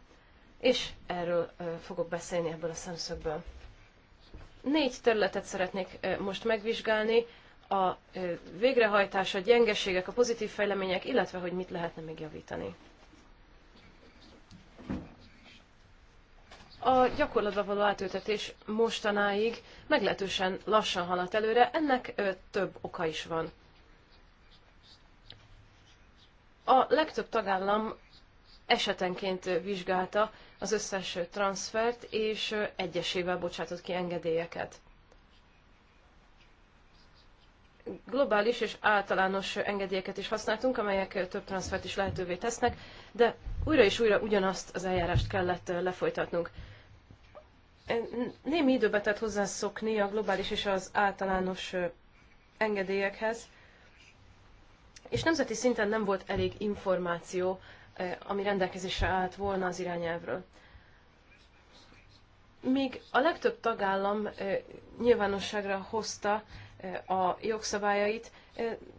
és erről fogok beszélni ebből a szemszögből. Négy területet szeretnék most megvizsgálni, a végrehajtás, a gyengeségek, a pozitív fejlemények, illetve hogy mit lehetne még javítani. a gyakorlatban való átültetés mostanáig meglehetősen lassan haladt előre, ennek több oka is van. A legtöbb tagállam esetenként vizsgálta az összes transfert, és egyesével bocsátott ki engedélyeket. Globális és általános engedélyeket is használtunk, amelyek több transfert is lehetővé tesznek, de újra és újra ugyanazt az eljárást kellett lefolytatnunk. Némi időbe tett hozzászokni a globális és az általános engedélyekhez, és nemzeti szinten nem volt elég információ, ami rendelkezésre állt volna az irányelvről. Míg a legtöbb tagállam nyilvánosságra hozta a jogszabályait,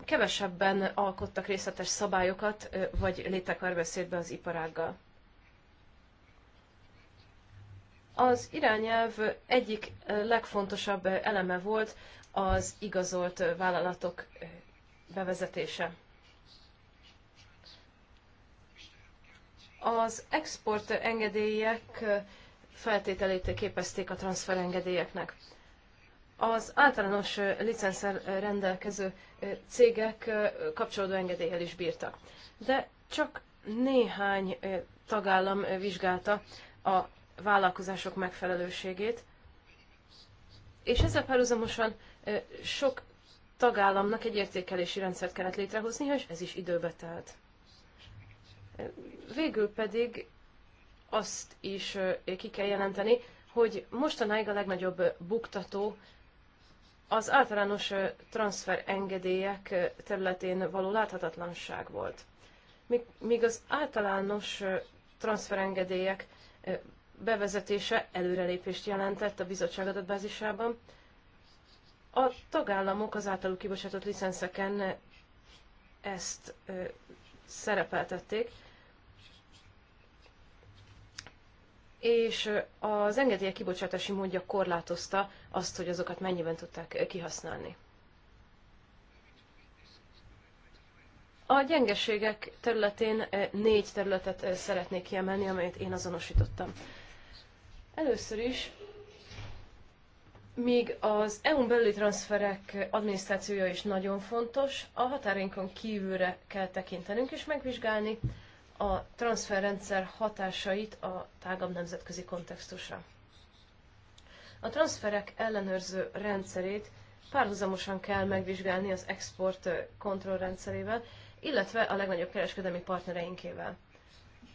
kevesebben alkottak részletes szabályokat, vagy léptek párbeszédbe az iparággal. Az irányelv egyik legfontosabb eleme volt az igazolt vállalatok bevezetése. Az export engedélyek feltételét képezték a transferengedélyeknek. Az általános licenszer rendelkező cégek kapcsolódó engedéllyel is bírtak. De csak néhány tagállam vizsgálta a vállalkozások megfelelőségét, és ezzel párhuzamosan sok tagállamnak egy értékelési rendszert kellett létrehozni, és ez is időbe telt. Végül pedig azt is ki kell jelenteni, hogy mostanáig a legnagyobb buktató az általános transfer engedélyek területén való láthatatlanság volt. Míg az általános transferengedélyek bevezetése előrelépést jelentett a bizottság adatbázisában. A tagállamok az általuk kibocsátott licenszeken ezt ö, szerepeltették, és az engedélyek kibocsátási módja korlátozta azt, hogy azokat mennyiben tudták kihasználni. A gyengeségek területén négy területet szeretnék kiemelni, amelyet én azonosítottam. Először is, míg az EU-n belüli transferek adminisztrációja is nagyon fontos, a határainkon kívülre kell tekintenünk és megvizsgálni a transferrendszer hatásait a tágabb nemzetközi kontextusra. A transferek ellenőrző rendszerét párhuzamosan kell megvizsgálni az export kontrollrendszerével, illetve a legnagyobb kereskedelmi partnereinkével.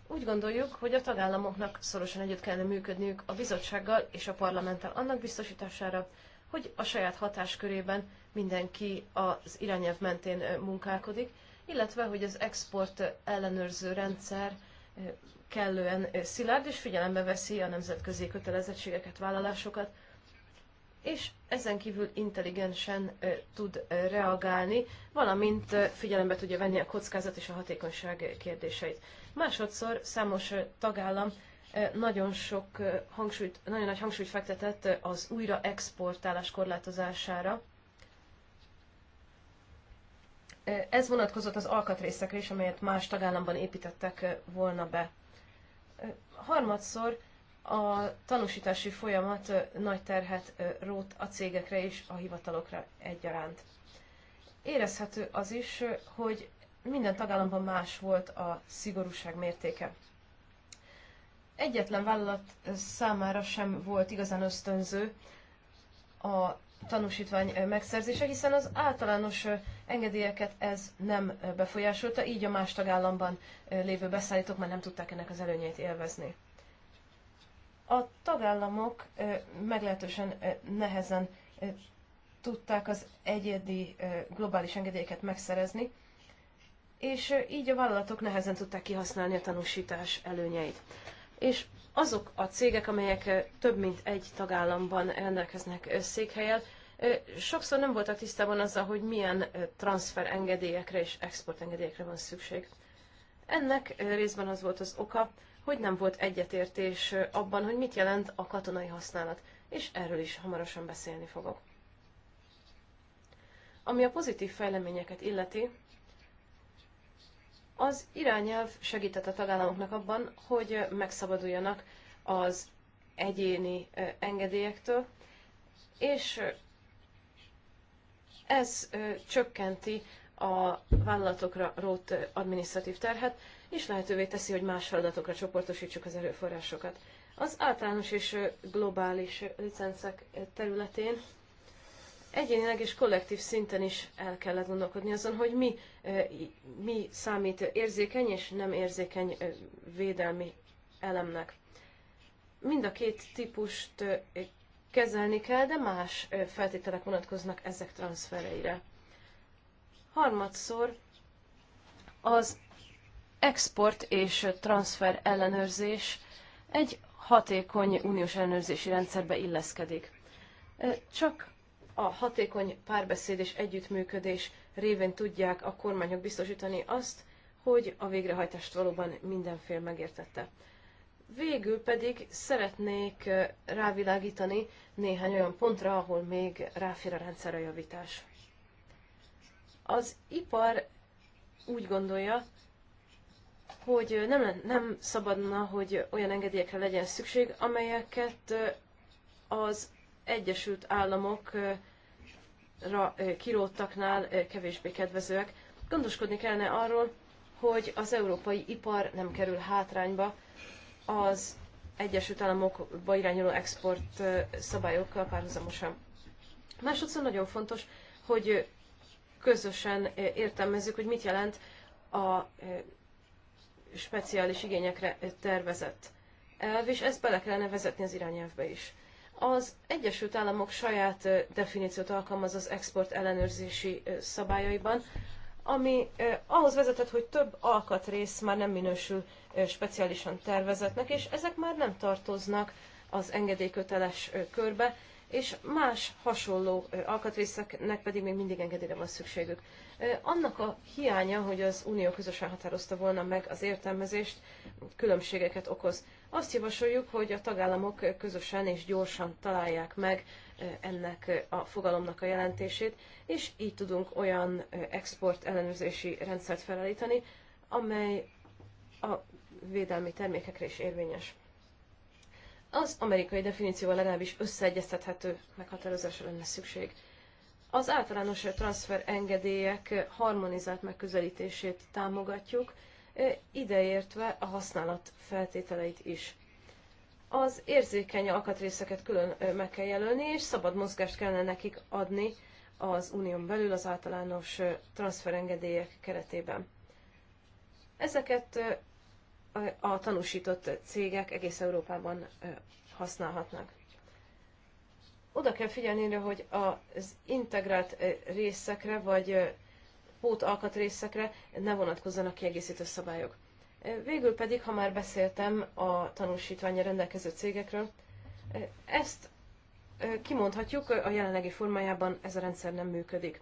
Úgy gondoljuk, hogy a tagállamoknak szorosan együtt kellene működniük a bizottsággal és a parlamenttel annak biztosítására, hogy a saját hatáskörében mindenki az irányelv mentén munkálkodik, illetve hogy az export ellenőrző rendszer kellően szilárd és figyelembe veszi a nemzetközi kötelezettségeket, vállalásokat, és ezen kívül intelligensen tud reagálni, valamint figyelembe tudja venni a kockázat és a hatékonyság kérdéseit. Másodszor számos tagállam nagyon sok hangsúlyt, nagyon nagy hangsúlyt fektetett az újra exportálás korlátozására. Ez vonatkozott az alkatrészekre is, amelyet más tagállamban építettek volna be. Harmadszor a tanúsítási folyamat nagy terhet rót a cégekre és a hivatalokra egyaránt. Érezhető az is, hogy minden tagállamban más volt a szigorúság mértéke. Egyetlen vállalat számára sem volt igazán ösztönző a tanúsítvány megszerzése, hiszen az általános engedélyeket ez nem befolyásolta, így a más tagállamban lévő beszállítók már nem tudták ennek az előnyét élvezni. A tagállamok meglehetősen nehezen tudták az egyedi globális engedélyeket megszerezni, és így a vállalatok nehezen tudták kihasználni a tanúsítás előnyeit. És azok a cégek, amelyek több mint egy tagállamban rendelkeznek székhelyel, sokszor nem voltak tisztában azzal, hogy milyen transfer engedélyekre és exportengedélyekre van szükség. Ennek részben az volt az oka, hogy nem volt egyetértés abban, hogy mit jelent a katonai használat, és erről is hamarosan beszélni fogok. Ami a pozitív fejleményeket illeti, az irányelv segített a tagállamoknak abban, hogy megszabaduljanak az egyéni engedélyektől, és ez csökkenti a vállalatokra rót adminisztratív terhet, és lehetővé teszi, hogy más feladatokra csoportosítsuk az erőforrásokat. Az általános és globális licencek területén egyénileg és kollektív szinten is el kellett gondolkodni azon, hogy mi, mi számít érzékeny és nem érzékeny védelmi elemnek. Mind a két típust kezelni kell, de más feltételek vonatkoznak ezek transfereire. Harmadszor az export és transfer ellenőrzés egy hatékony uniós ellenőrzési rendszerbe illeszkedik. Csak a hatékony párbeszéd és együttműködés révén tudják a kormányok biztosítani azt, hogy a végrehajtást valóban mindenfél megértette. Végül pedig szeretnék rávilágítani néhány olyan pontra, ahol még ráfér a rendszerre javítás. Az ipar úgy gondolja, hogy nem, nem szabadna, hogy olyan engedélyekre legyen szükség, amelyeket az Egyesült Államokra kiróttaknál kevésbé kedvezőek. Gondoskodni kellene arról, hogy az európai ipar nem kerül hátrányba az Egyesült Államokba irányuló export szabályokkal párhuzamosan. Másodszor nagyon fontos, hogy közösen értelmezzük, hogy mit jelent a speciális igényekre tervezett elv, és ezt bele kellene vezetni az irányelvbe is. Az Egyesült Államok saját definíciót alkalmaz az export ellenőrzési szabályaiban, ami ahhoz vezetett, hogy több alkatrész már nem minősül speciálisan tervezetnek, és ezek már nem tartoznak az engedélyköteles körbe, és más hasonló alkatrészeknek pedig még mindig engedélyre van szükségük. Annak a hiánya, hogy az Unió közösen határozta volna meg az értelmezést, különbségeket okoz. Azt javasoljuk, hogy a tagállamok közösen és gyorsan találják meg eh, ennek eh, a fogalomnak a jelentését, és így tudunk olyan eh, export ellenőrzési rendszert felállítani, amely a védelmi termékekre is érvényes. Az amerikai definícióval legalábbis összeegyeztethető meghatározásra lenne szükség. Az általános transfer engedélyek harmonizált megközelítését támogatjuk, ideértve a használat feltételeit is. Az érzékeny alkatrészeket külön meg kell jelölni, és szabad mozgást kellene nekik adni az unión belül az általános transferengedélyek keretében. Ezeket a tanúsított cégek egész Európában használhatnak. Oda kell figyelni, hogy az integrált részekre vagy pót alkatrészekre ne vonatkozzanak kiegészítő szabályok. Végül pedig, ha már beszéltem a tanúsítványa rendelkező cégekről, ezt kimondhatjuk, a jelenlegi formájában ez a rendszer nem működik.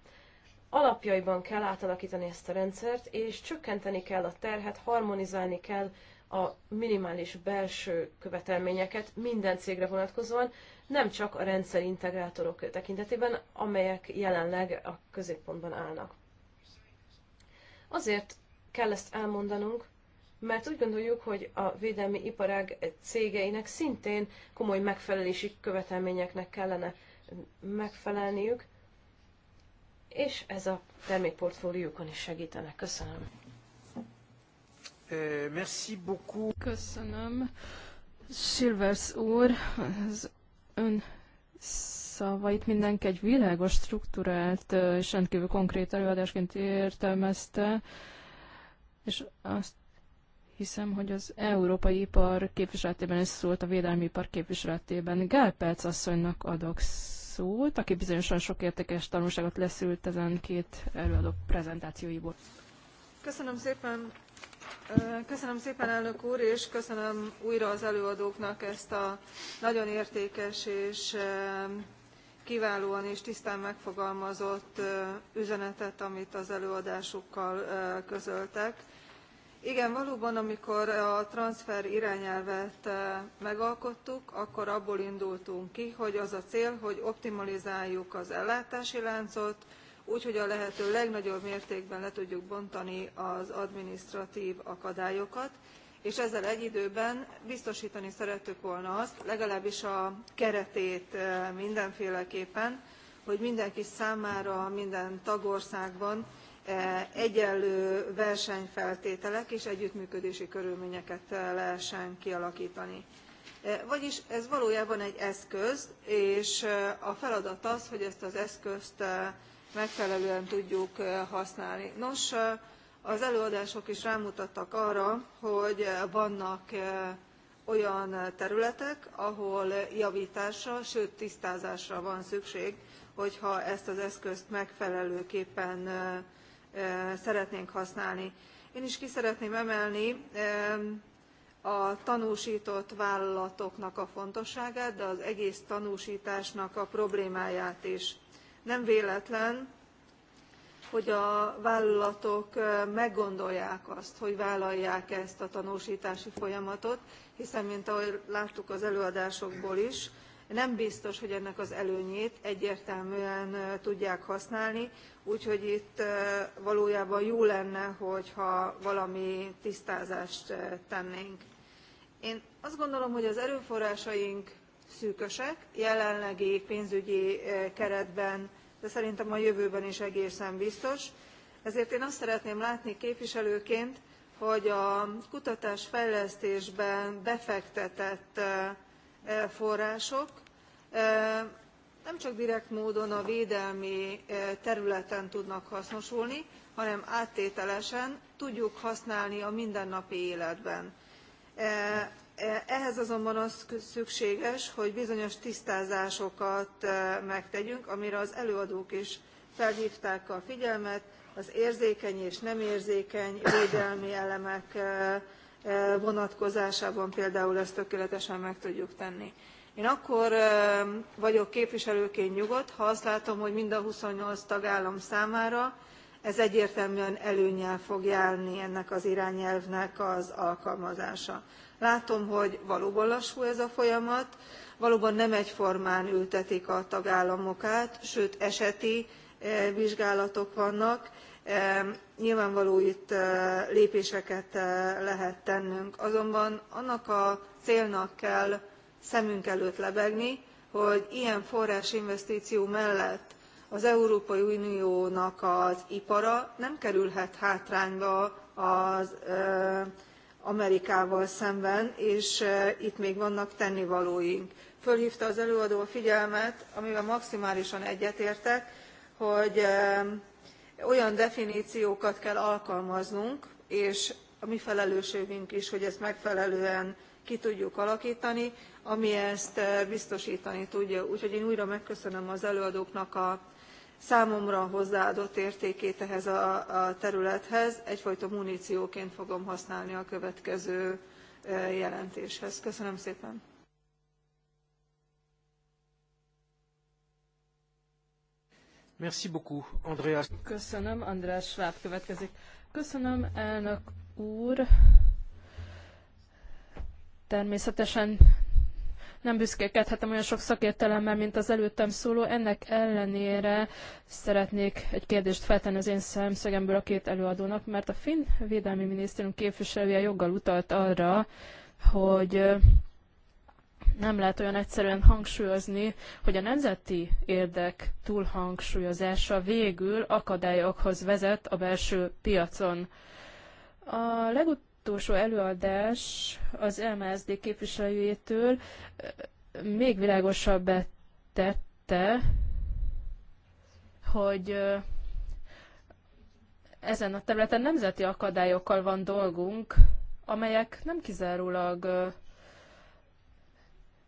Alapjaiban kell átalakítani ezt a rendszert, és csökkenteni kell a terhet, harmonizálni kell a minimális belső követelményeket minden cégre vonatkozóan, nem csak a rendszer integrátorok tekintetében, amelyek jelenleg a középpontban állnak. Azért kell ezt elmondanunk, mert úgy gondoljuk, hogy a védelmi iparág cégeinek szintén komoly megfelelési követelményeknek kellene megfelelniük, és ez a termékportfóliókon is segítene. Köszönöm. Merci beaucoup. Köszönöm. Silvers úr, az ön szavait mindenki egy világos, struktúrált és rendkívül konkrét előadásként értelmezte, és azt hiszem, hogy az európai ipar képviseletében is szólt, a védelmi ipar képviseletében. Gál Perc asszonynak adok szót, aki bizonyosan sok értékes tanulságot leszült ezen két előadó prezentációiból. Köszönöm szépen, köszönöm szépen elnök úr, és köszönöm újra az előadóknak ezt a nagyon értékes és kiválóan és tisztán megfogalmazott üzenetet amit az előadásukkal közöltek. igen valóban amikor a transfer irányelvet megalkottuk akkor abból indultunk ki hogy az a cél hogy optimalizáljuk az ellátási láncot úgy hogy a lehető legnagyobb mértékben le tudjuk bontani az adminisztratv akadályokat és ezzel egy időben biztostani szerettük volna azt legalábbis a keretét eh, mindenféleképpen hogy mindenki számára minden tagországban eh, egyenlő versenyfeltételek és együttműködési körülményeket eh, lehessen kialaktani. vagyis ez valójában egy eszköz és a feladat az hogy ezt az eszközt megfelelően tudjuk használni. nos az előadások is rámutattak arra hogy vannak eh, olyan területek ahol javtásra sőt tisztázásra van szükség hogyha ezt az eszközt megfelelőképpen eh, eh, szeretnénk használni. én is ki szeretném emelni a tanústott vállalatoknak a fontosságát de az egész tanústásnak a problémáját is. nem véletlen hogy a vállalatok meggondolják azt hogy vállalják e ezt a tanústási folyamatot hiszen mint ahogy láttuk az előadásokból is nem biztos hogy ennek az előnyét egyértelműen tudják használni úgyhogy itt valójában jó lenne hogyha valami tisztázást tennénk. én azt gondolom hogy az erőforrásaink szűkösek jelenlegi pénzügyi keretben de szerintem a jövőben is egészen biztos ezért én azt szeretném látni képviselőként hogy a kutatás fejlesztésben befektetett eh, források eh, nem csak direkt módon a védelmi eh, területen tudnak hasznosulni hanem áttételesen tudjuk használni a mindennapi életben. E, ehhez azonban az szükséges hogy bizonyos tisztázásokat e, megtegyünk amire az előadók is felhvták a figyelmet az érzékeny és nem érzékeny védelmi elemek e, vonatkozásában például ezt tökéletesen meg tudjuk tenni. én akkor vagyok képviselőként nyugodt ha azt látom hogy mind a twenty eight tagállam számára ez egyértelműen előnyel fog járni ennek az irányelvnek az alkalmazása látom hogy valóban lassú ez a folyamat valóban nem egyformán ültetik a tagállamok át sőt eseti eh, vizsgálatok vannak eh, nyilvánvaló itt eh, lépéseket lehet tennünk azonban annak a célnak kell szemünk előtt lebegni hogy ilyen forrásinvestció mellett az európai uniónak az ipara nem kerülhet hátrányba az amerikával szemben és itt még vannak tennivalóink. fölhvta az előadó a figyelmet amivel maximálisan egyetértek hogy olyan definciókat kell alkalmaznunk és a mi felelősségünk is hogy ezt megfelelően ki tudjuk alaktani ami ezt biztostani tudja. úgyhogy én újra megköszönöm az előadóknak a számomra hozzáadott értékét ehhez a, a területhez egyfajta munícióként fogom használni a következő jelentéshez. köszönöm szépen! Merci beaucoup, Andreas. Köszönöm, András Schwab következik. Köszönöm, elnök úr. Természetesen nem büszkélkedhetem olyan sok szakértelemmel, mint az előttem szóló. Ennek ellenére szeretnék egy kérdést feltenni az én szemszögemből a két előadónak, mert a finn védelmi minisztérium képviselője joggal utalt arra, hogy nem lehet olyan egyszerűen hangsúlyozni, hogy a nemzeti érdek túlhangsúlyozása végül akadályokhoz vezet a belső piacon. A legutóbb utolsó előadás az MSZD képviselőjétől még világosabb tette, hogy ezen a területen nemzeti akadályokkal van dolgunk, amelyek nem kizárólag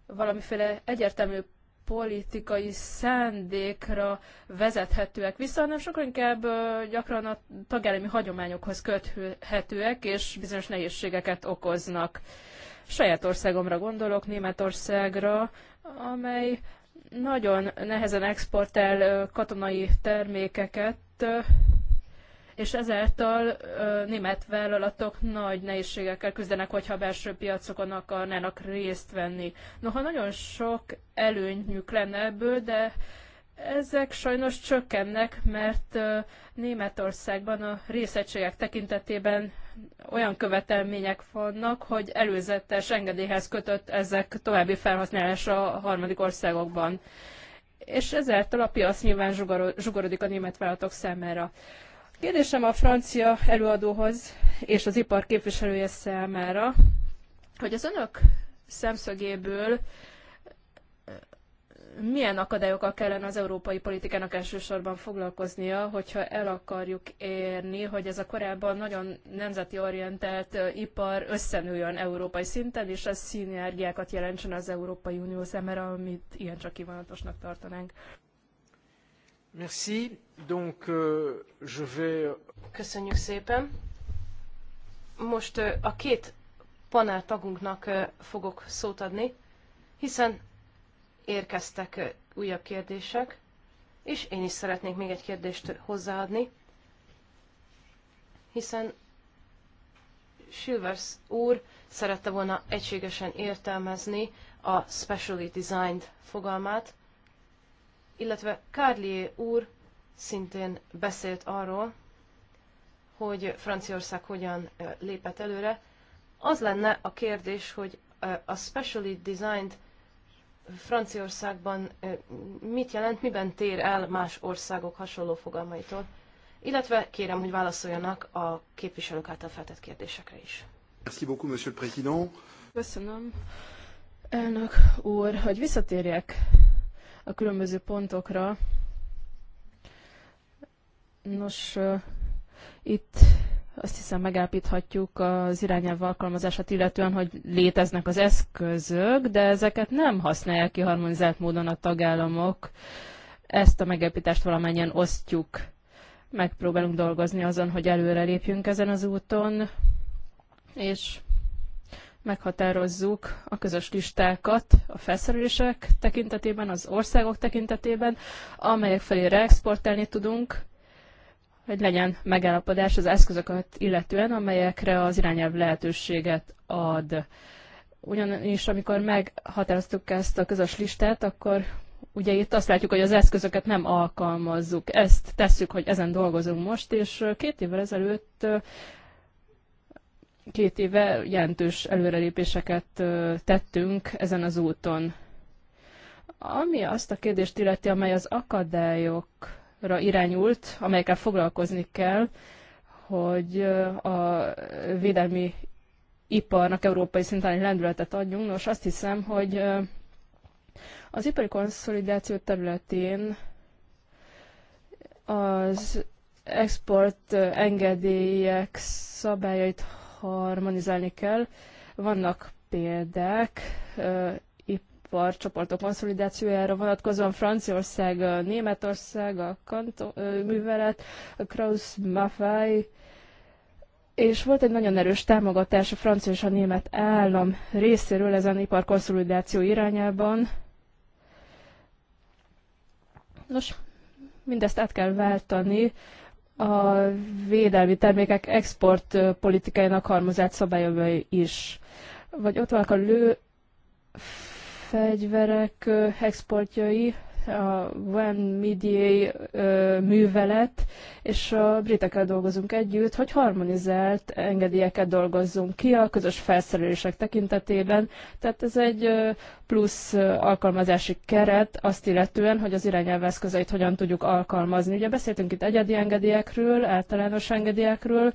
valamiféle egyértelmű politikai szándékra vezethetőek vissza, hanem sokkal inkább gyakran a tagállami hagyományokhoz köthetőek, és bizonyos nehézségeket okoznak. Saját országomra gondolok, Németországra, amely nagyon nehezen exportál katonai termékeket, és ezáltal német vállalatok nagy nehézségekkel küzdenek, hogyha a belső piacokon akarnának részt venni. Noha nagyon sok előnyük lenne ebből, de ezek sajnos csökkennek, mert Németországban a részegységek tekintetében olyan követelmények vannak, hogy előzetes engedélyhez kötött ezek további felhasználása a harmadik országokban. És ezáltal a piac nyilván zsugorodik a német vállalatok számára. Kérdésem a francia előadóhoz és az ipar képviselője számára, hogy az önök szemszögéből eh, milyen akadályokkal kellene az európai politikának elsősorban foglalkoznia, hogyha el akarjuk érni, hogy ez a korábban nagyon nemzeti orientált eh, ipar összenőjön európai szinten, és ez szinergiákat jelentsen az Európai Unió számára, amit igencsak kívánatosnak tartanánk. Merci. Donc, euh, je vais... Euh, Köszönjük szépen. Most a két panel tagunknak fogok szót adni, hiszen érkeztek újabb kérdések, és én is szeretnék még egy kérdést hozzáadni, hiszen Silvers úr szerette volna egységesen értelmezni a specially designed fogalmát, illetve Carlier úr szintén beszélt arról, hogy Franciaország hogyan lépett előre. Az lenne a kérdés, hogy a specially designed Franciaországban mit jelent, miben tér el más országok hasonló fogalmaitól, illetve kérem, hogy válaszoljanak a képviselők által feltett kérdésekre is. Merci beaucoup, monsieur le président. Köszönöm, elnök úr, hogy visszatérjek a különböző pontokra, Nos, itt azt hiszem megállapíthatjuk az irányelv alkalmazását illetően, hogy léteznek az eszközök, de ezeket nem használják ki harmonizált módon a tagállamok. Ezt a megállapítást valamennyien osztjuk. Megpróbálunk dolgozni azon, hogy előre lépjünk ezen az úton, és meghatározzuk a közös listákat a felszerelések tekintetében, az országok tekintetében, amelyek felé reexportálni tudunk, hogy legyen megállapodás az eszközöket illetően, amelyekre az irányelv lehetőséget ad. Ugyanis amikor meghatároztuk ezt a közös listát, akkor ugye itt azt látjuk, hogy az eszközöket nem alkalmazzuk. Ezt tesszük, hogy ezen dolgozunk most, és két évvel ezelőtt két éve jelentős előrelépéseket tettünk ezen az úton. Ami azt a kérdést illeti, amely az akadályok irányult, amelyekkel foglalkozni kell, hogy a védelmi iparnak európai szinten egy lendületet adjunk. Nos, azt hiszem, hogy az ipari konszolidáció területén az export engedélyek szabályait harmonizálni kell. Vannak példák csoportok konszolidációjára vonatkozóan Franciaország, Németország, a kanto, művelet, a Kraus Maffei, és volt egy nagyon erős támogatás a francia és a német állam részéről ezen konszolidáció irányában. Nos, mindezt át kell váltani a védelmi termékek export politikájának harmozált szabályai is. Vagy ott vannak a lő fegyverek exportjai, a Van Media művelet, és a britekkel dolgozunk együtt, hogy harmonizált engedélyeket dolgozzunk ki a közös felszerelések tekintetében. Tehát ez egy plusz alkalmazási keret azt illetően, hogy az irányelv eszközeit hogyan tudjuk alkalmazni. Ugye beszéltünk itt egyedi engedélyekről, általános engedélyekről,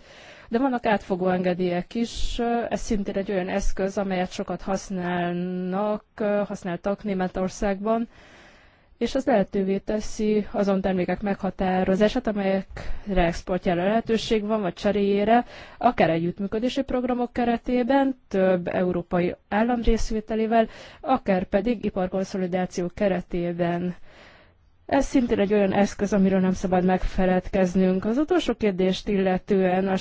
de vannak átfogó engedélyek is. Ez szintén egy olyan eszköz, amelyet sokat használnak, használtak Németországban, és az lehetővé teszi azon termékek meghatározását, amelyekre exportjára lehetőség van, vagy cseréjére, akár együttműködési programok keretében, több európai állam részvételével, akár pedig iparkonszolidáció keretében. Ez szintén egy olyan eszköz, amiről nem szabad megfeledkeznünk. Az utolsó kérdést illetően a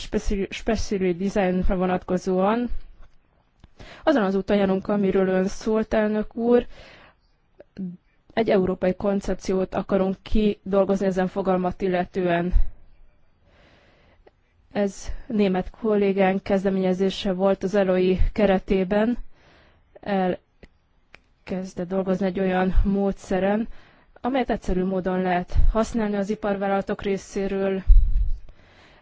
speciális dizájnra vonatkozóan azon az úton járunk, amiről ön szólt, elnök úr, egy európai koncepciót akarunk kidolgozni ezen fogalmat illetően. Ez német kollégánk kezdeményezése volt az eloi keretében. Elkezdett dolgozni egy olyan módszeren, amelyet egyszerű módon lehet használni az iparvállalatok részéről.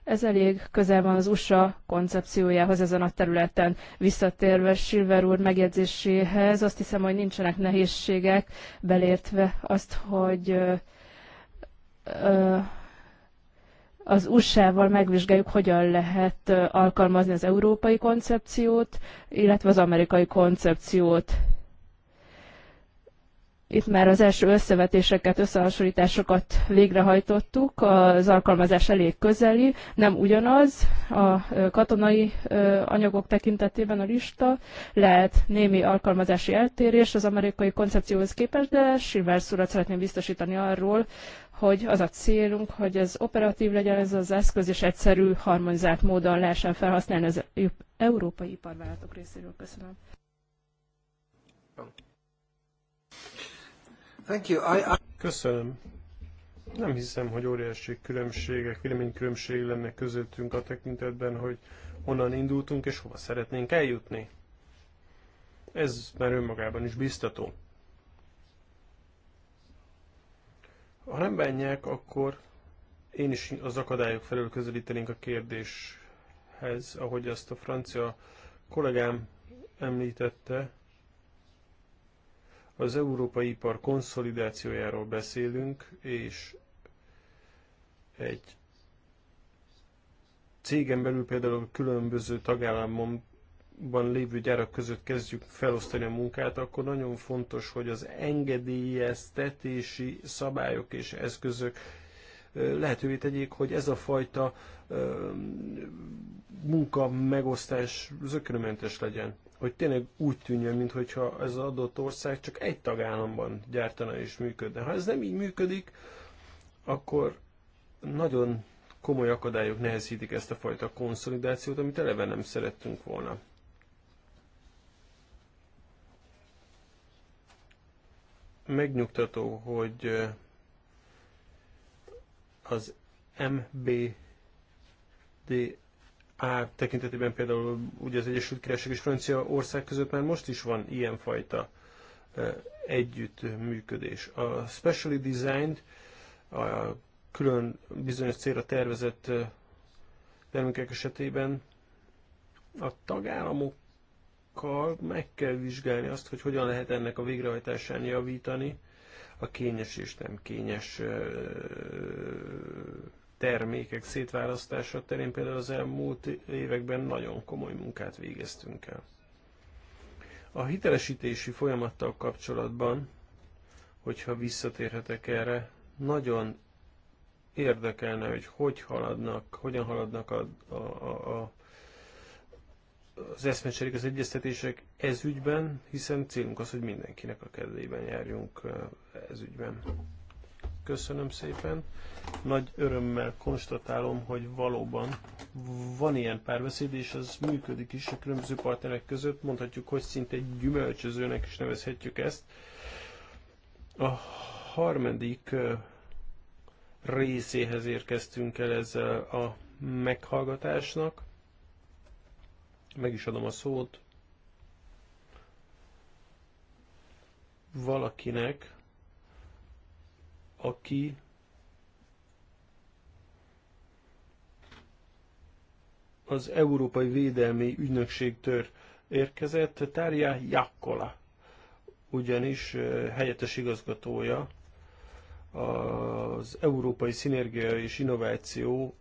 Ez elég közel van az USA koncepciójához ezen a területen. Visszatérve Silver úr megjegyzéséhez, azt hiszem, hogy nincsenek nehézségek, belértve azt, hogy ö, ö, az USA-val megvizsgáljuk, hogyan lehet alkalmazni az európai koncepciót, illetve az amerikai koncepciót. Itt már az első összevetéseket, összehasonlításokat végrehajtottuk, az alkalmazás elég közeli, nem ugyanaz a katonai anyagok tekintetében a lista, lehet némi alkalmazási eltérés az amerikai koncepcióhoz képest, de Silvers urat szeretném biztosítani arról, hogy az a célunk, hogy ez operatív legyen ez az eszköz, és egyszerű, harmonizált módon lehessen felhasználni az e- európai iparvállalatok részéről. Köszönöm. Köszönöm. Nem hiszem, hogy óriási különbségek, véleménykülönbség lenne közöttünk a tekintetben, hogy honnan indultunk és hova szeretnénk eljutni. Ez már önmagában is biztató. Ha nem bánják, akkor én is az akadályok felől közelítenénk a kérdéshez, ahogy azt a francia kollégám említette, az európai ipar konszolidációjáról beszélünk, és egy cégen belül például a különböző tagállamban lévő gyárak között kezdjük felosztani a munkát, akkor nagyon fontos, hogy az engedélyeztetési szabályok és eszközök lehetővé tegyék, hogy ez a fajta munka megosztás zökönömentes legyen hogy tényleg úgy tűnjön, mintha ez az adott ország csak egy tagállamban gyártana és működne. Ha ez nem így működik, akkor nagyon komoly akadályok nehezítik ezt a fajta konszolidációt, amit eleve nem szerettünk volna. Megnyugtató, hogy az MBD ár tekintetében például ugye az Egyesült Királyság és Franciaország között már most is van ilyenfajta együttműködés. A specially designed, a külön bizonyos célra tervezett termékek esetében a tagállamokkal meg kell vizsgálni azt, hogy hogyan lehet ennek a végrehajtásán javítani a kényes és nem kényes termékek szétválasztása terén például az elmúlt években nagyon komoly munkát végeztünk el. A hitelesítési folyamattal kapcsolatban, hogyha visszatérhetek erre, nagyon érdekelne, hogy hogy haladnak, hogyan haladnak a, a, a, a az eszmecserék, az egyeztetések ez ügyben, hiszen célunk az, hogy mindenkinek a kedvében járjunk ez ügyben. Köszönöm szépen. Nagy örömmel konstatálom, hogy valóban van ilyen párbeszéd, és az működik is a különböző partnerek között. Mondhatjuk, hogy szinte gyümölcsözőnek is nevezhetjük ezt. A harmadik részéhez érkeztünk el ezzel a meghallgatásnak. Meg is adom a szót valakinek, aki az Európai Védelmi Ügynökségtől érkezett, Tárja Jakkola, ugyanis helyettes igazgatója az Európai Szinergia és Innováció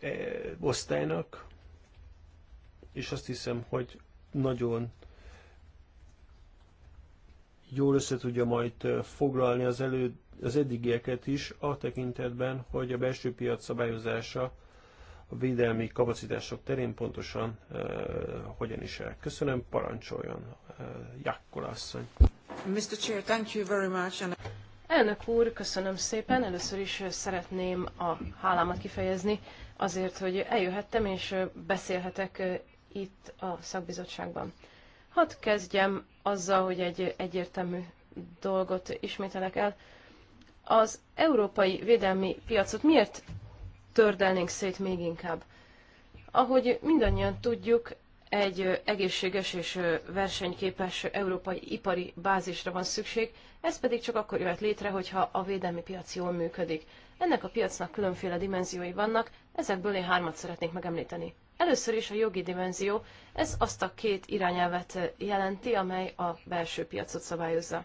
e, osztálynak, és azt hiszem, hogy nagyon jól össze tudja majd foglalni az, elő, az eddigieket is a tekintetben, hogy a belső piac szabályozása a védelmi kapacitások terén pontosan uh, hogyan is el. Köszönöm, parancsoljon, uh, Jakkola asszony. Mr. Chair, thank you very much. And... Elnök úr, köszönöm szépen. Először is szeretném a hálámat kifejezni azért, hogy eljöhettem és beszélhetek itt a szakbizottságban. Hadd kezdjem azzal, hogy egy egyértelmű dolgot ismételek el. Az európai védelmi piacot miért tördelnénk szét még inkább? Ahogy mindannyian tudjuk, egy egészséges és versenyképes európai ipari bázisra van szükség, ez pedig csak akkor jöhet létre, hogyha a védelmi piac jól működik. Ennek a piacnak különféle dimenziói vannak, ezekből én hármat szeretnék megemlíteni. Először is a jogi dimenzió, ez azt a két irányelvet eh, jelenti, amely a belső piacot szabályozza.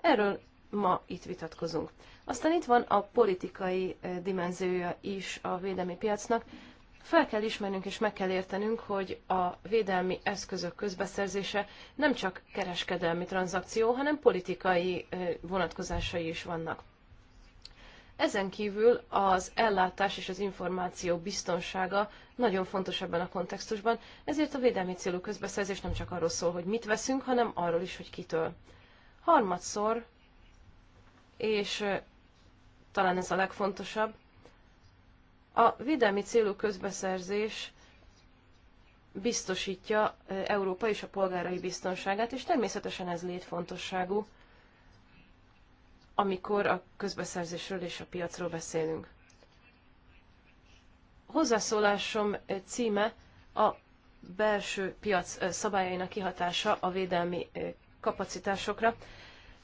Erről ma itt vitatkozunk. Aztán itt van a politikai eh, dimenziója is a védelmi piacnak. Fel kell ismernünk és meg kell értenünk, hogy a védelmi eszközök közbeszerzése nem csak kereskedelmi tranzakció, hanem politikai eh, vonatkozásai is vannak. Ezen kívül az ellátás és az információ biztonsága nagyon fontos ebben a kontextusban, ezért a védelmi célú közbeszerzés nem csak arról szól, hogy mit veszünk, hanem arról is, hogy kitől. Harmadszor, és talán ez a legfontosabb, a védelmi célú közbeszerzés biztosítja Európa és a polgárai biztonságát, és természetesen ez létfontosságú amikor a közbeszerzésről és a piacról beszélünk. Hozzászólásom eh, címe a belső piac eh, szabályainak kihatása a védelmi eh, kapacitásokra.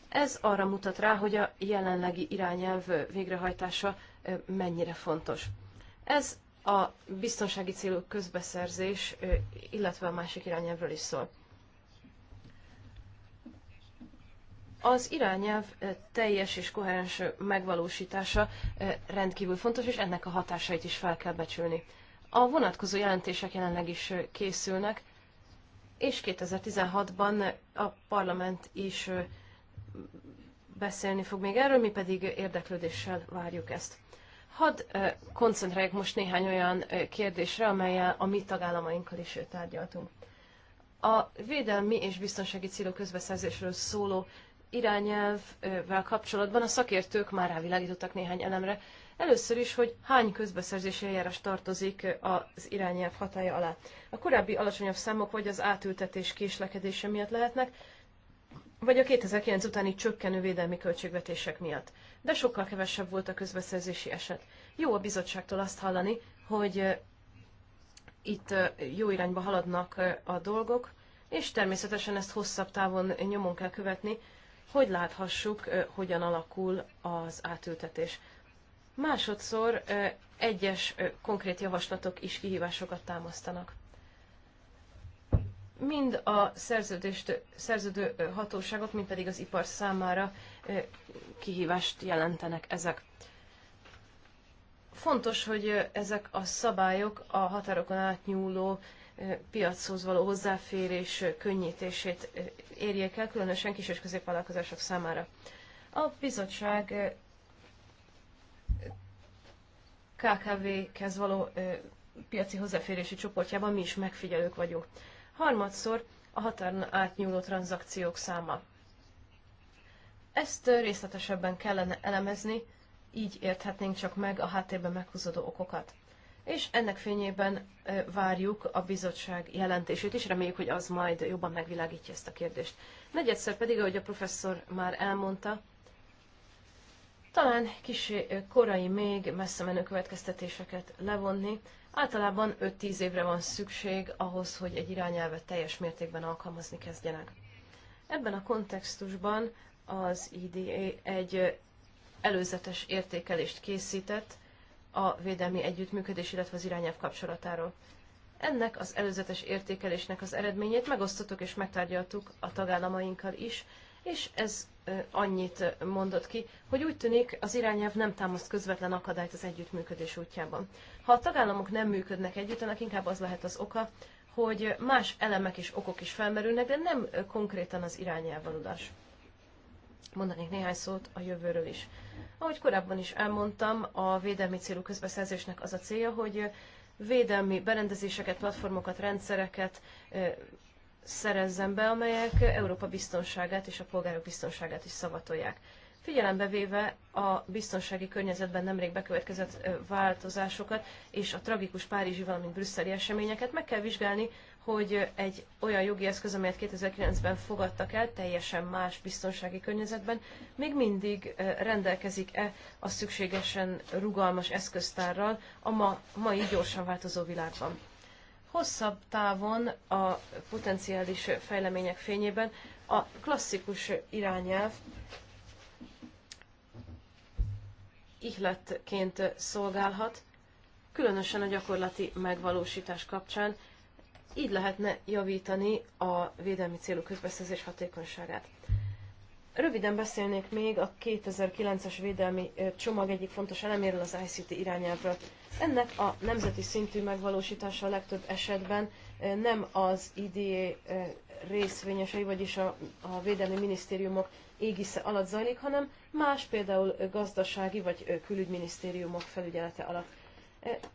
Ez arra mutat rá, hogy a jelenlegi irányelv végrehajtása mennyire fontos. Ez a biztonsági célú közbeszerzés, illetve a másik irányelvről is szól. Az irányelv teljes és koherens megvalósítása rendkívül fontos, és ennek a hatásait is fel kell becsülni. A vonatkozó jelentések jelenleg is készülnek, és 2016-ban a parlament is beszélni fog még erről, mi pedig érdeklődéssel várjuk ezt. Hadd koncentráljak most néhány olyan kérdésre, amelyel a mi tagállamainkkal is tárgyaltunk. A védelmi és biztonsági célú közbeszerzésről szóló irányelvvel kapcsolatban a szakértők már rávilágítottak néhány elemre. Először is, hogy hány közbeszerzési eljárás tartozik az irányelv hatája alá. A korábbi alacsonyabb számok vagy az átültetés késlekedése miatt lehetnek, vagy a 2009 utáni csökkenő védelmi költségvetések miatt. De sokkal kevesebb volt a közbeszerzési eset. Jó a bizottságtól azt hallani, hogy eh, itt eh, jó irányba haladnak eh, a dolgok, és természetesen ezt hosszabb távon nyomon kell követni, hogy láthassuk, hogyan alakul az átültetés. Másodszor egyes konkrét javaslatok is kihívásokat támasztanak. Mind a szerződést, szerződő hatóságok, mind pedig az ipar számára kihívást jelentenek ezek. Fontos, hogy ezek a szabályok a határokon átnyúló piachoz való hozzáférés könnyítését érjék el, különösen kis- és középvállalkozások számára. A bizottság KKV-khez való piaci hozzáférési csoportjában mi is megfigyelők vagyunk. Harmadszor a határon átnyúló tranzakciók száma. Ezt részletesebben kellene elemezni, így érthetnénk csak meg a háttérben meghúzódó okokat és ennek fényében várjuk a bizottság jelentését is, reméljük, hogy az majd jobban megvilágítja ezt a kérdést. Negyedszer pedig, ahogy a professzor már elmondta, talán kis korai még messze menő következtetéseket levonni. Általában 5-10 évre van szükség ahhoz, hogy egy irányelvet teljes mértékben alkalmazni kezdjenek. Ebben a kontextusban az IDA e egy előzetes értékelést készített, a védelmi együttműködés, illetve az irányelv kapcsolatáról. Ennek az előzetes értékelésnek az eredményét megosztottuk és megtárgyaltuk a tagállamainkkal is, és ez annyit mondott ki, hogy úgy tűnik, az irányelv nem támaszt közvetlen akadályt az együttműködés útjában. Ha a tagállamok nem működnek együtt, annak inkább az lehet az oka, hogy más elemek és okok is felmerülnek, de nem konkrétan az aludás mondanék néhány szót a jövőről is. Ahogy korábban is elmondtam, a védelmi célú közbeszerzésnek az a célja, hogy védelmi berendezéseket, platformokat, rendszereket szerezzen be, amelyek Európa biztonságát és a polgárok biztonságát is szavatolják. Figyelembe véve a biztonsági környezetben nemrég bekövetkezett változásokat és a tragikus párizsi, valamint brüsszeli eseményeket, meg kell vizsgálni, hogy egy olyan jogi eszköz, amelyet 2009-ben fogadtak el, teljesen más biztonsági környezetben, még mindig rendelkezik-e a szükségesen rugalmas eszköztárral a ma, mai gyorsan változó világban. Hosszabb távon a potenciális fejlemények fényében a klasszikus irányelv ihletként szolgálhat, különösen a gyakorlati megvalósítás kapcsán, így lehetne javítani a védelmi célú közbeszerzés hatékonyságát. Röviden beszélnék még a 2009-es védelmi csomag egyik fontos eleméről, az ICT irányelvről. Ennek a nemzeti szintű megvalósítása a legtöbb esetben nem az IDA e, részvényesei, vagyis a, a védelmi minisztériumok égisze alatt zajlik, hanem más, például gazdasági vagy külügyminisztériumok felügyelete alatt.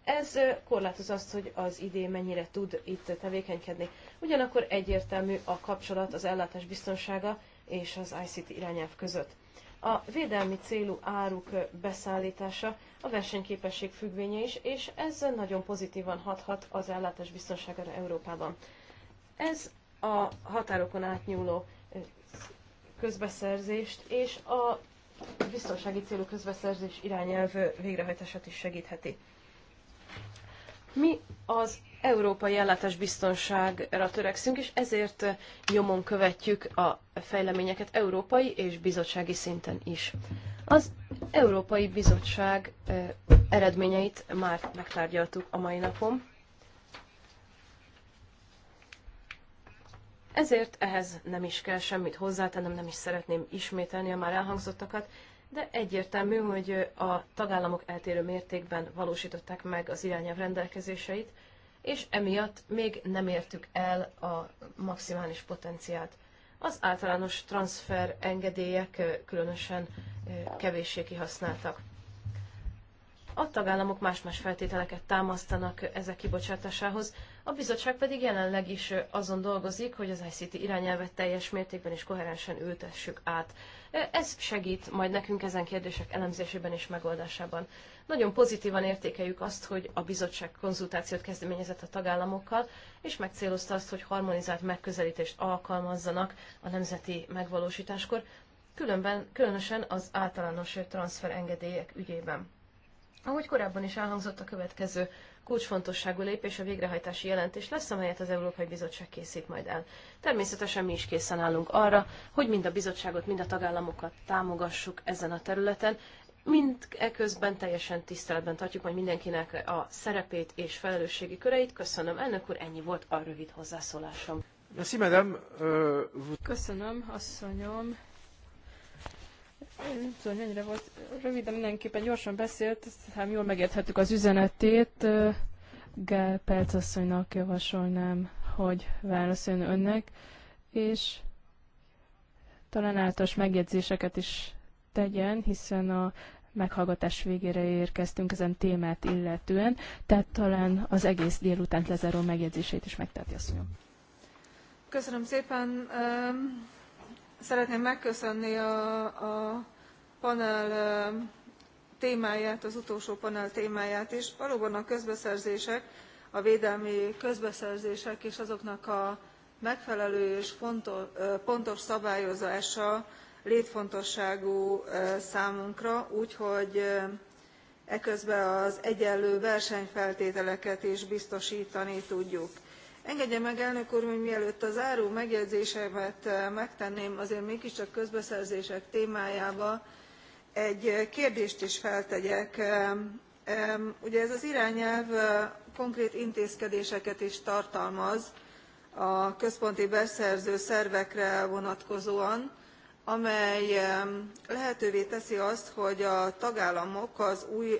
Ez korlátoz azt, hogy az idén mennyire tud itt tevékenykedni. Ugyanakkor egyértelmű a kapcsolat az ellátás biztonsága és az ICT irányelv között. A védelmi célú áruk beszállítása a versenyképesség függvénye is, és ez nagyon pozitívan hathat az ellátás biztonságára Európában. Ez a határokon átnyúló közbeszerzést és a biztonsági célú közbeszerzés irányelv végrehajtását is segítheti. Mi az európai ellátás biztonságra törekszünk, és ezért nyomon követjük a fejleményeket európai és bizottsági szinten is. Az Európai Bizottság eredményeit már megtárgyaltuk a mai napon. Ezért ehhez nem is kell semmit hozzátennem, nem is szeretném ismételni a már elhangzottakat, de egyértelmű, hogy a tagállamok eltérő mértékben valósították meg az irányelv rendelkezéseit, és emiatt még nem értük el a maximális potenciált. Az általános transfer engedélyek különösen kevéssé kihasználtak. A tagállamok más-más feltételeket támasztanak ezek kibocsátásához, a bizottság pedig jelenleg is azon dolgozik, hogy az ICT irányelvet teljes mértékben és koherensen ültessük át. Ez segít majd nekünk ezen kérdések elemzésében és megoldásában. Nagyon pozitívan értékeljük azt, hogy a bizottság konzultációt kezdeményezett a tagállamokkal, és megcélozta azt, hogy harmonizált megközelítést alkalmazzanak a nemzeti megvalósításkor, különben, különösen az általános transferengedélyek ügyében. Ahogy korábban is elhangzott, a következő kulcsfontosságú lépés a végrehajtási jelentés lesz, amelyet az Európai Bizottság készít majd el. Természetesen mi is készen állunk arra, hogy mind a bizottságot, mind a tagállamokat támogassuk ezen a területen, mind eközben teljesen tiszteletben tartjuk majd mindenkinek a szerepét és felelősségi köreit. Köszönöm, elnök úr, ennyi volt a rövid hozzászólásom. Euh, Köszönöm, asszonyom. Nem tudom, mennyire volt rövid, de mindenképpen gyorsan beszélt, hát jól megérthettük az üzenetét. Gál Perc javasolnám, hogy válaszoljon önnek, és talán általános megjegyzéseket is tegyen, hiszen a meghallgatás végére érkeztünk ezen témát illetően, tehát talán az egész délután lezáró megjegyzését is megteheti asszonyom. Köszönöm szépen. Szeretném megköszönni a, a panel témáját, az utolsó panel témáját is. Valóban a közbeszerzések, a védelmi közbeszerzések és azoknak a megfelelő és fontos, pontos szabályozása létfontosságú számunkra, úgyhogy eközben az egyenlő versenyfeltételeket is biztostani tudjuk. engedje meg elnök úr hogy mielőtt a záró megjegyzésemet megtenném azért mégiscsak közbeszerzések témájába egy kérdést is feltegyek ugye ez az irányelv konkrét intézkedéseket is tartalmaz a központi beszerző szervekre vonatkozóan amely lehetővé teszi azt hogy a tagállamok az új